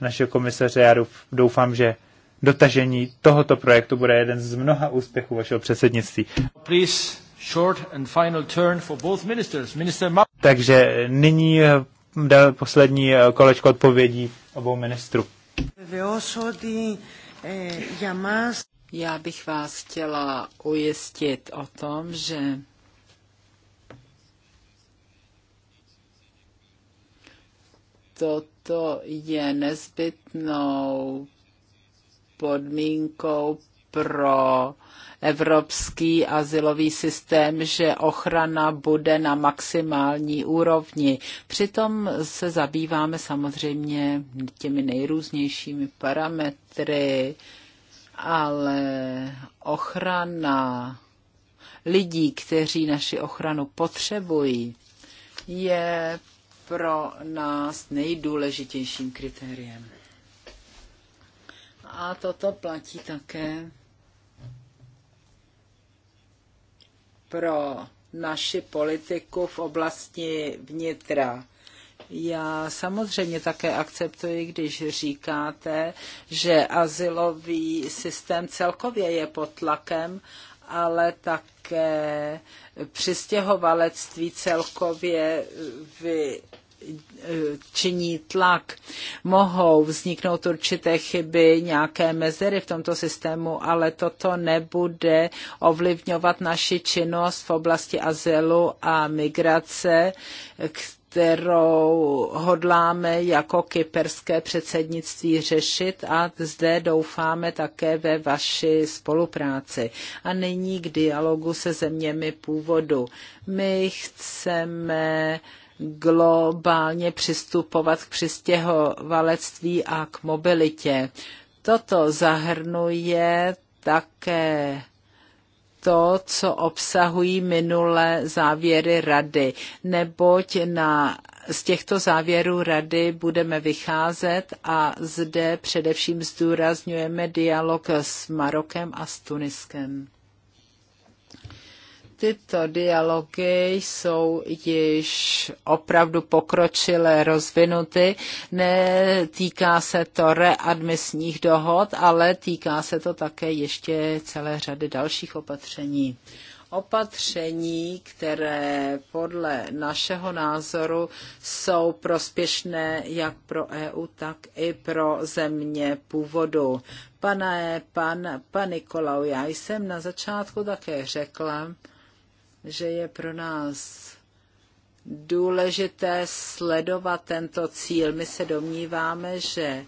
našeho komisaře. Já doufám, že dotažení tohoto projektu bude jeden z mnoha úspěchů vašeho předsednictví. Please short and final turn for both ministers. Minister Ma- Takže nyní eh, dal poslední eh, kolečko odpovědí obou ministrů. Já bych vás chtěla ujistit o tom, že toto je nezbytnou podmínkou pro evropský asilový systém, že ochrana bude na maximální úrovni. Přitom se zabýváme samozřejmě těmi nejrůznějšími parametry, ale ochrana lidí, kteří naši ochranu potřebují, je pro nás nejdůležitějším kritériem a toto platí také pro naši politiku v oblasti vnitra. Já samozřejmě také akceptuji, když říkáte, že asilový systém celkově je pod tlakem, ale také přistěhovalectví celkově vy činí tlak, mohou vzniknout určité chyby, nějaké mezery v tomto systému, ale toto nebude ovlivňovat naši činnost v oblasti azylu a migrace, kterou hodláme jako kyperské předsednictví řešit a zde doufáme také ve vaši spolupráci. A nyní k dialogu se zeměmi původu. My chceme globálně přistupovat k přistěhovalectví a k mobilitě. Toto zahrnuje také to, co obsahují minulé závěry rady, neboť na z těchto závěrů rady budeme vycházet a zde především zdůrazňujeme dialog s Marokem a s Tuniskem. Tyto dialogy jsou již opravdu pokročile rozvinuty. Netýká se to readmisních dohod, ale týká se to také ještě celé řady dalších opatření opatření, které podle našeho názoru jsou prospěšné jak pro EU, tak i pro země původu. Pane, pan, pan Nikolau, já jsem na začátku také řekla, že je pro nás důležité sledovat tento cíl. My se domníváme, že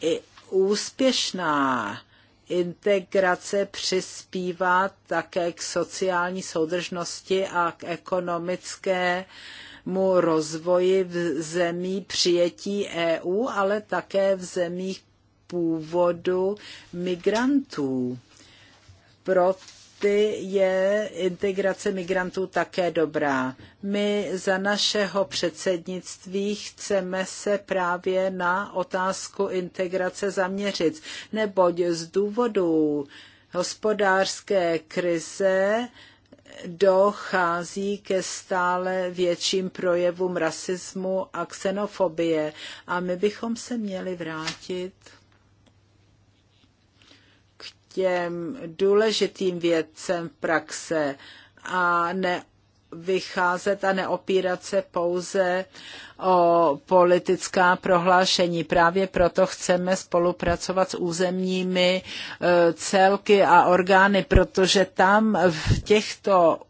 i úspěšná integrace přispívá také k sociální soudržnosti a k ekonomickému rozvoji v zemí přijetí EU, ale také v zemích původu migrantů. Proto ty je integrace migrantů také dobrá. My za našeho předsednictví chceme se právě na otázku integrace zaměřit, neboť z důvodu hospodářské krize dochází ke stále větším projevům rasismu a xenofobie. A my bychom se měli vrátit těm důležitým věcem v praxe a ne vycházet a neopírat se pouze o politická prohlášení. Právě proto chceme spolupracovat s územními e, celky a orgány, protože tam v těchto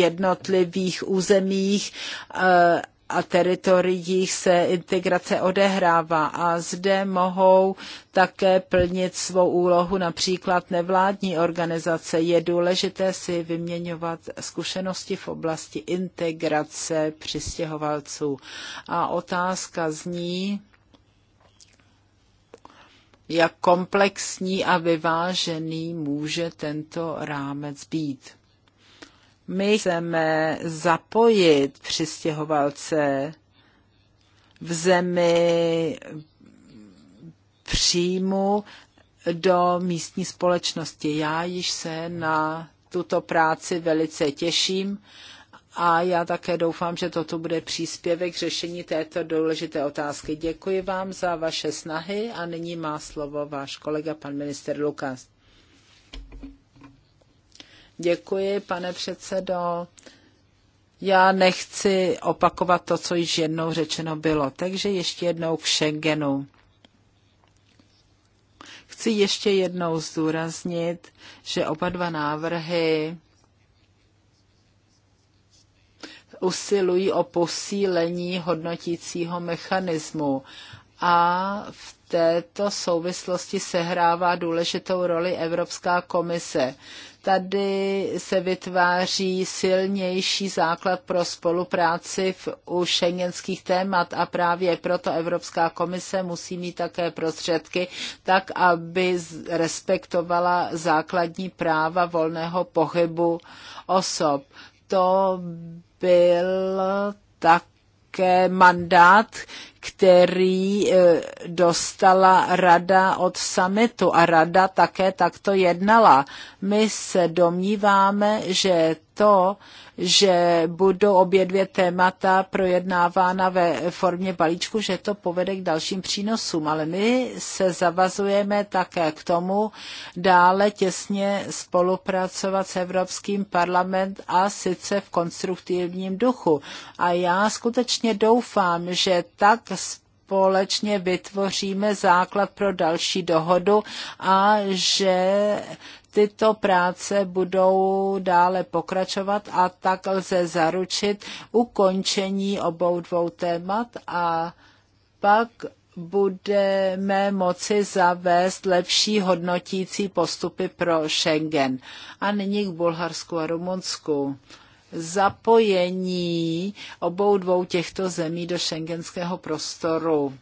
jednotlivých územích e, a teritoriích se integrace odehrává a zde mohou také plnit svou úlohu například nevládní organizace. Je důležité si vyměňovat zkušenosti v oblasti integrace přistěhovalců. A otázka zní, jak komplexní a vyvážený může tento rámec být. My chceme zapojit přistěhovalce v zemi příjmu do místní společnosti. Já již se na tuto práci velice těším a já také doufám, že toto bude příspěvek k řešení této důležité otázky. Děkuji vám za vaše snahy a nyní má slovo váš kolega, pan minister Lukas. Děkuji, pane předsedo. Já nechci opakovat to, co již jednou řečeno bylo, takže ještě jednou k Schengenu. Chci ještě jednou zdůraznit, že oba dva návrhy usilují o posílení hodnotícího mechanismu a v této souvislosti sehrává důležitou roli Evropská komise. Tady se vytváří silnější základ pro spolupráci v, u šengenských témat a právě proto Evropská komise musí mít také prostředky, tak aby respektovala základní práva volného pohybu osob. To byl také mandát, který eh, dostala rada od sametu a rada také takto jednala. My se domníváme, že to, že budou obě dvě témata projednávána ve formě balíčku, že to povede k dalším přínosům, ale my se zavazujeme také k tomu dále těsně spolupracovat s Evropským parlament a sice v konstruktivním duchu. A já skutečně doufám, že tak společně vytvoříme základ pro další dohodu a že tyto práce budou dále pokračovat a tak lze zaručit ukončení obou dvou témat a pak budeme moci zavést lepší hodnotící postupy pro Schengen. A nyní k Bulharsku a Rumunsku zapojení obou dvou těchto zemí do šengenského prostoru.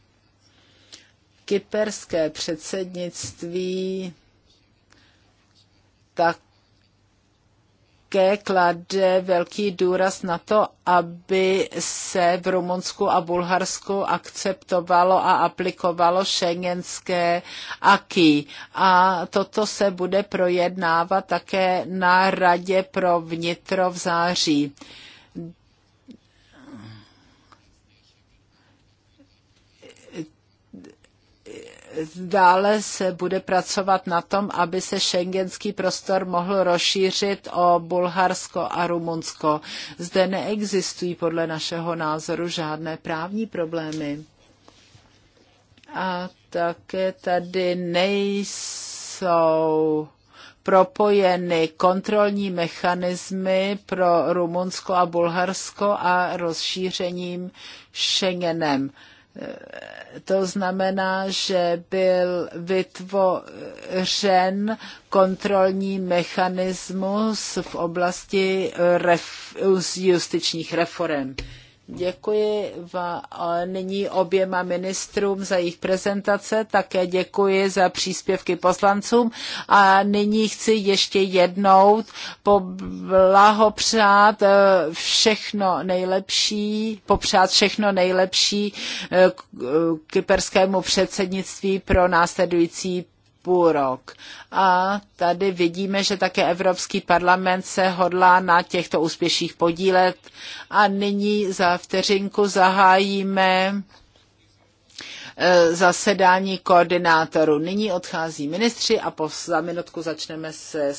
Kyperské předsednictví tak také klade velký důraz na to, aby se v Rumunsku a Bulharsku akceptovalo a aplikovalo šengenské aky. A toto se bude projednávat také na Radě pro vnitro v září. dále se bude pracovat na tom, aby se šengenský prostor mohl rozšířit o Bulharsko a Rumunsko. Zde neexistují podle našeho názoru žádné právní problémy. A také tady nejsou propojeny kontrolní mechanismy pro Rumunsko a Bulharsko a rozšířením Schengenem to znamená, že byl vytvořen kontrolní mechanismus v oblasti ref, justičních reform. Děkuji nyní oběma ministrům za jejich prezentace, také děkuji za příspěvky poslancům a nyní chci ještě jednou poblahopřát všechno nejlepší, popřát všechno nejlepší kyperskému předsednictví pro následující půl rok. A tady vidíme, že také Evropský parlament se hodlá na těchto úspěších podílet. A nyní za vteřinku zahájíme eh, zasedání koordinátorů. Nyní odchází ministři a po, za minutku začneme se